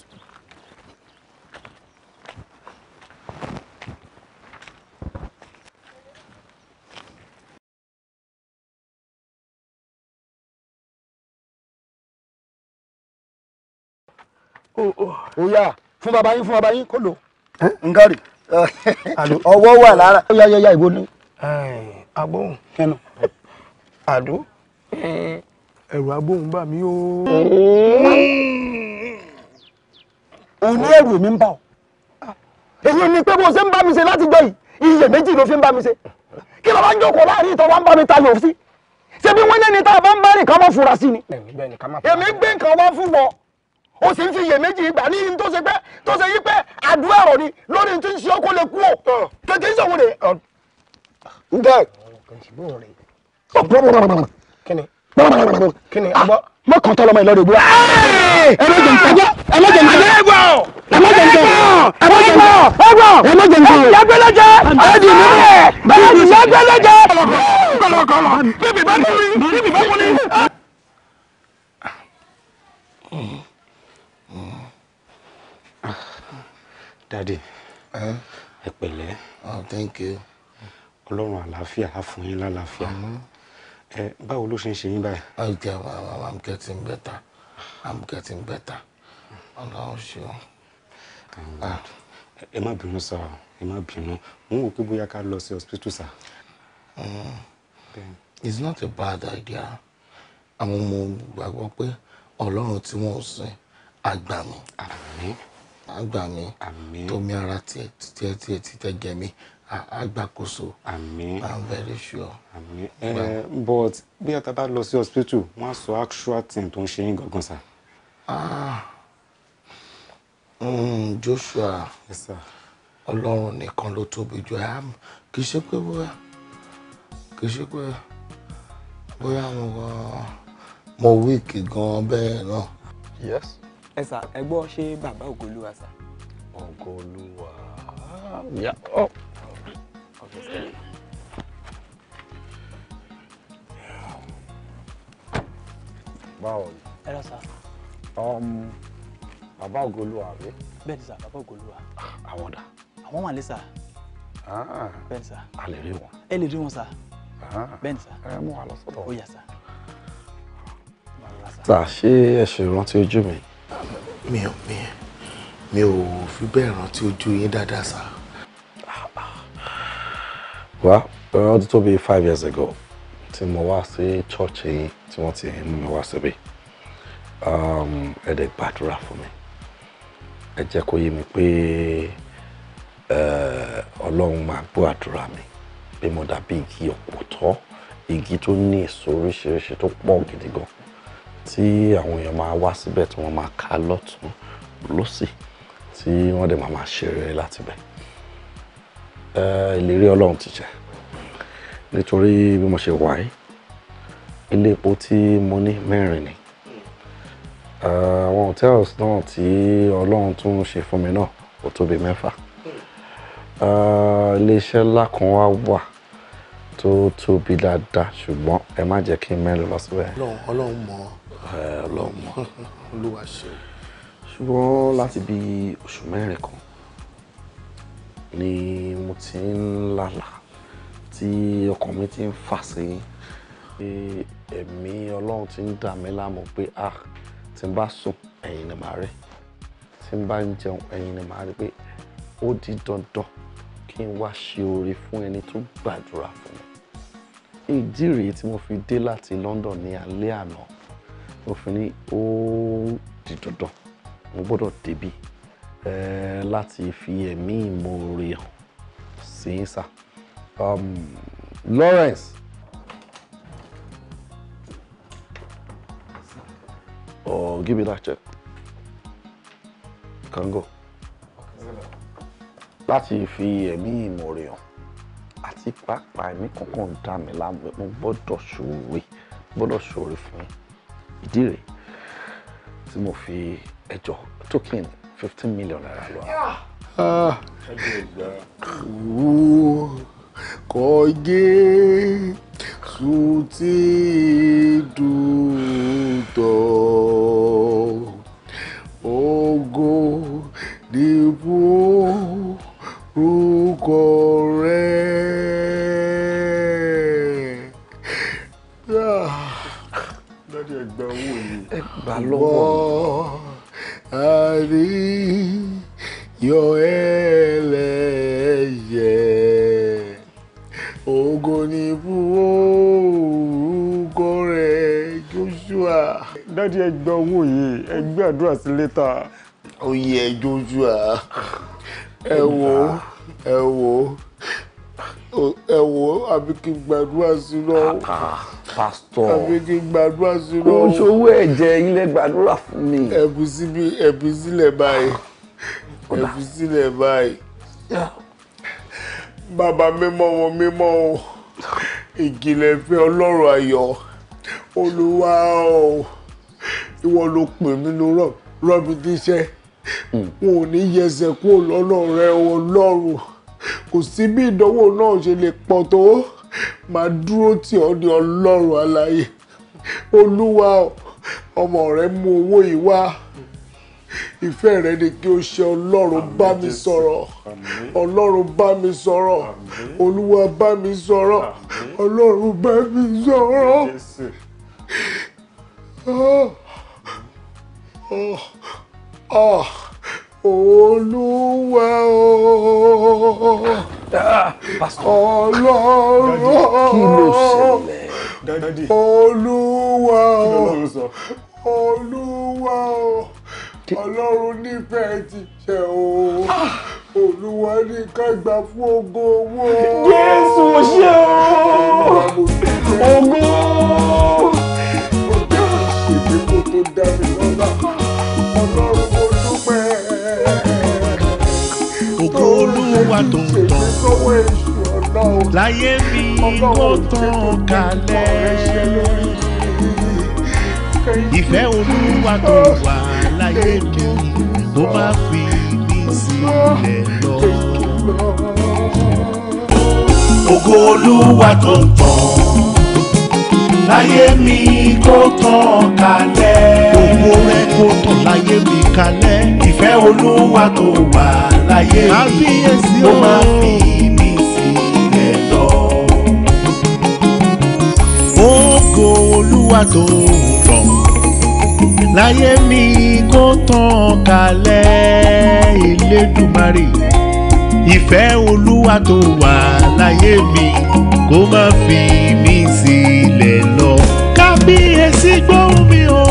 Oh, oh, oh, oya fún baba yín fún baba yín kó lò. ngari *laughs* ọwọ́ wà lára. ó yá yá yá ìwọ ni. àbò àdó ẹ̀rù agbóhùn bà mí o. òun ní mi ń bà ọ́ èyí ni pé bó ṣe ń bá mi ṣe láti jọ yìí iye méjì ló fi ń bá mi ṣe kí ló bá ń jókòó láàrin ìtọ́ wa ń bá mi tayọ̀ sí ṣé bí wọ́n lẹ́ni tá a bá ń bá rìn mọ́ fura sí ni èmi gbé nǹkan wá fún wọn o sì ń fi iye méjì gbà ní tó ṣe pé tó ṣe yí pé àdúrà ọ̀rọ̀ ni lórí tí ń ṣe ọkọ lè kú o kékeré sọ̀rọ̀ rẹ̀ ǹdẹ́ mọ kàn tọ́ lọ́mọ ìlọrin òbúra. ẹlẹ́jẹ̀ ntẹ́jẹ́ ẹlẹ́jẹ̀ ntẹ́jẹ́ ẹgbọ́ ẹlẹ́jẹ̀ ntẹ́jẹ́ ẹgbọ́ ẹgbọ́ ẹlẹ́jẹ̀ ntẹ́jẹ́ ẹgbẹ́lẹ́jẹ́ ẹdì nílẹ̀ bẹ́ẹ̀ni ẹgbẹ́lẹ́jẹ́. kọlọkọlọ bíbí bá ní bíbí bá wọlé. dadi ẹ pẹ̀lẹ́ ọlọ́run àlàáfíà á fún yín lálàáfíà ẹ báwo ló ṣe ń ṣe yín báyìí. okay i'm getting better i'm getting better ọlọ́run ṣeun. Ah, ẹ má bínú sá ẹ má bínú mo ń wò pé bóyá ká lọ sí hospital sá. Mm. it's not a bad idea àwọn ọmọ gbàgbọ́ pé ọlọ́run tí wọ́n sìn àgbà mi àgbà mi tómi ara tiẹ̀ tiẹ̀ tiẹ̀ tiẹ̀ jẹ mi agbàkóso. àmín i'm very sure. àmín ẹ eh, but bí ọ̀tá bá lọ sí hospital wọ́n á sọ actual thing tó ń ṣe yín gangan sá. Ah. Hmm, joshua ọlọ́run nìkan ló tóbi jù ah, kì í ṣe pé bóyá kì í ṣe pé bóyá mo mo wíìkì gan bẹ́ẹ̀ náà. yes. ẹ sà ẹ gbọ́ ṣé bàbá ògo olúwa sà. ògo ah, yeah. oh báwo ni. ẹ lọ sá. Um, bàbá ògolúwa rẹ. bẹ́ẹ̀ ni sá bàbá ògolúwa. Ah, àwọn dà. àwọn wà ní sá. Ah. bẹ́ẹ̀ ni sá. a lè rí wọn. ẹ lè rí wọn sá. Ah. bẹ́ẹ̀ ni sá. ẹ mú wa lọ sọ́dọ̀ wọn. ó yá sá. sá ṣé ẹ ṣe ìrántí ojú mi. mi ò mi ò fi bẹ́ẹ̀ rántí ojú yín dáadáa sá wá ọ̀rọ̀ ọdún tó bíi five years ago tí mo wá sí church yìí tí wọ́n ti mú mi wá síbi um, ẹ dẹ̀ gbàdúrà fún mi ẹ jẹ́ kó yé mi pé ọlọ́run máa gbọ́ àdúrà mi bí mo dàbí igi ọ̀pọ̀tọ́ igi tó ní èso oríṣiríṣi tó pọ̀ gidi gan tí àwọn èèyàn máa wá síbẹ̀ tí wọ́n máa ká lọ́tún lọ́sì tí wọ́n dẹ̀ máa máa ṣeré láti bẹ̀ ìlérí ọlọ́run ti jẹ nítorí bí mo ṣe wà ilé epo tí mo ní mẹ́rin ni àwọn hotels náà tí ọlọ́run tún ṣe fún mi náà ó tó mẹ́fà iléeṣẹ́ ńlá kan wá wà tó tóbi dáadáa ṣùgbọ́n ẹ má jẹ́ kí n mẹ́rin lọ síbẹ̀. ọlọ́run mọ̀ ọlọ́run mọ̀ *laughs* olúwa ṣe. ṣùgbọ́n láti bí oṣù mẹ́rin kan ni mo ti ń lálà tí ọkàn mi ti ń fà sẹ́yìn pé ẹ̀mí ọlọ́run ti ń dà mí láàmú pé ah tí n bá sùn ẹ̀yin ni màá rẹ̀ tí n bá ń jẹun ẹ̀yin ni màá rí pé ó di dandan kí n wá ṣe oore fún ẹni tó gbàdúrà fún mi ìdí rèé tí mo fi dé láti London ní alẹ́ àná mo fi ní ó di dandan mo gbọ́dọ̀ débi láti fi ẹ̀mí ìmoore hàn sí sà. Um, Lawrence oh, give me that check can go láti fi ẹ̀mí ìmoore hàn àti pàápàá ẹ̀mí kankan dá mi láàmú mo gbọ́dọ̀ ṣòwe gbọ́dọ̀ ṣòwe fún ìdí rẹ̀ tí mo fi ẹjọ́ tókìn fifteen million naira lọ. wo ah. kọjé sùtì dùtọ̀ ogo dìbò rúkọ rẹ̀. Dádì ẹ gbà owó yìí. lọ́wọ́ Ari Yọ̀ẹ́lẹ́yẹ. Ògo ni fún orúkọ rẹ̀ Joshua. Dádì ẹ gba owó yìí, ẹ gbé àdúrà sí létà. Ó Joshua. Ẹ wò ó, ẹ wò ó, ẹ wò ó, àbí kí n gbàdúrà sí lọ pastor. àgbègbè gbàdúrà sí lọ. o ṣòwò ẹ̀jẹ̀ ilẹ̀ gbàdúrà fún mi. ẹ̀bùn síbi ẹ̀bùn sílẹ̀ báyìí ẹ̀bùn sílẹ̀ báyìí. bàbá mímọ́ wọn mímọ́ o ìjìnlẹ̀ fẹ́ ọlọ́run ayọ̀ olúwa o ìwọ ló pè mí ló rọ̀ mí díṣẹ́ wọn ò ní yẹsẹ̀ kúrò lọ́nà rẹ ọlọ́run kò sí bí ìdánwò náà ṣe lè pọ̀ tó máa dúró tì ọ́ ní ọlọ́run aláyé olúwa ọmọ rẹ mú owó yìí wá ìfẹ́ rẹ ni kí o ṣe ọlọ́run bá mi sọ̀rọ̀ ọlọ́run bá mi sọ̀rọ̀ olúwa bá mi sọ̀rọ̀ ọlọ́run bá mi sọ̀rọ̀. Oh, oh, ah. oh. Ah olúwa o ọlọ́run olúwa o olúwa o ọlọ́run nífẹ̀ẹ́ ti tẹ̀ o ah. olúwa ní ká gbà fún ògo owó. jésù ṣe o ògo. ọjọ́ ìṣèlú kò tó dá mi lọ́la. wá tó ń láyé mi ló tàn kálẹ̀ ìfẹ́ olúwa tó wà láyé mi ló máa fi mí sílẹ̀ lọ. ògo olúwa tó ń tàn láyé mi kó tàn kálẹ̀. Ògo rẹ kó tàn láyé mi kálẹ̀. Ìfẹ́ olúwa tó wà láyé mi, ó máa fi mi sílẹ̀ lọ. Ògo olúwa tó tàn láyé mi kó tàn kálẹ̀. Elédùmarè ìfẹ́ olúwa tó wà láyé mi kó má fi mí sílẹ̀ lọ kábíyèsí gbóhùn mi o.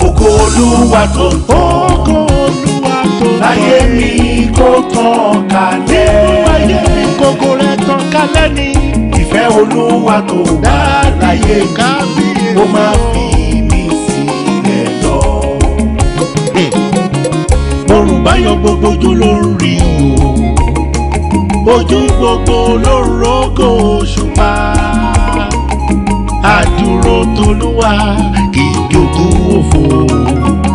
ògo olúwa tó ń olúwa tó láyé mi kó tàn kálẹ̀. láyé mi kókó rẹ̀ tàn kálẹ̀ ni. ìfẹ́ olúwa tó láyé kábíyèsí. ó máa fi mi sílẹ̀ lọ. orùn hmm. báyọ̀ gbogbo ojú ló ń rí o. ojú gbogbo ló ń rògó òṣùpá adúró tolúwa kì í jókòó òfò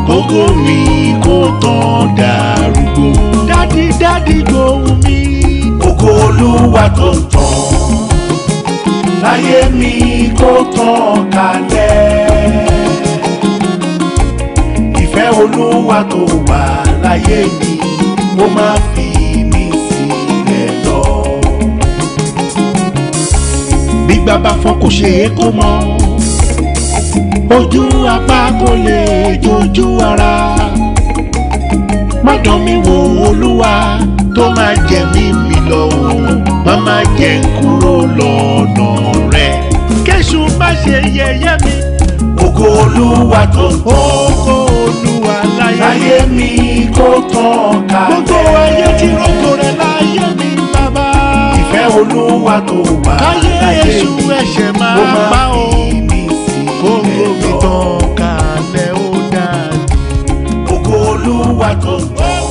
kókó mi kó tán dàrúgbó. dádì dádì gbóhùn mi. kókó olúwa tó ń tàn láyé mi kó tán kalẹ̀. ìfẹ́ olúwa tó wà láyé mi mo máa fi. gbígbá bá fọ́ kò ṣe é kó mọ́ ojú apá kò lè jojú ara má dán mi wò olúwa tó máa jẹ mí mi lọ o má má jẹ n kúrò lọ́nà rẹ kẹ́sù má ṣe yẹ̀yẹ́ mi ògo olúwa tó ń bọ̀ ògo olúwa láyé mi kó tán ká lẹ́yìn gbogbo ayé tí rògbò rẹ̀ láyé mi olúwa tó wà láyé èṣù ẹ̀ṣẹ̀ máa pa ó gbogbo ìtàn kalẹ̀ ó dáa. ògo olúwa tó wà.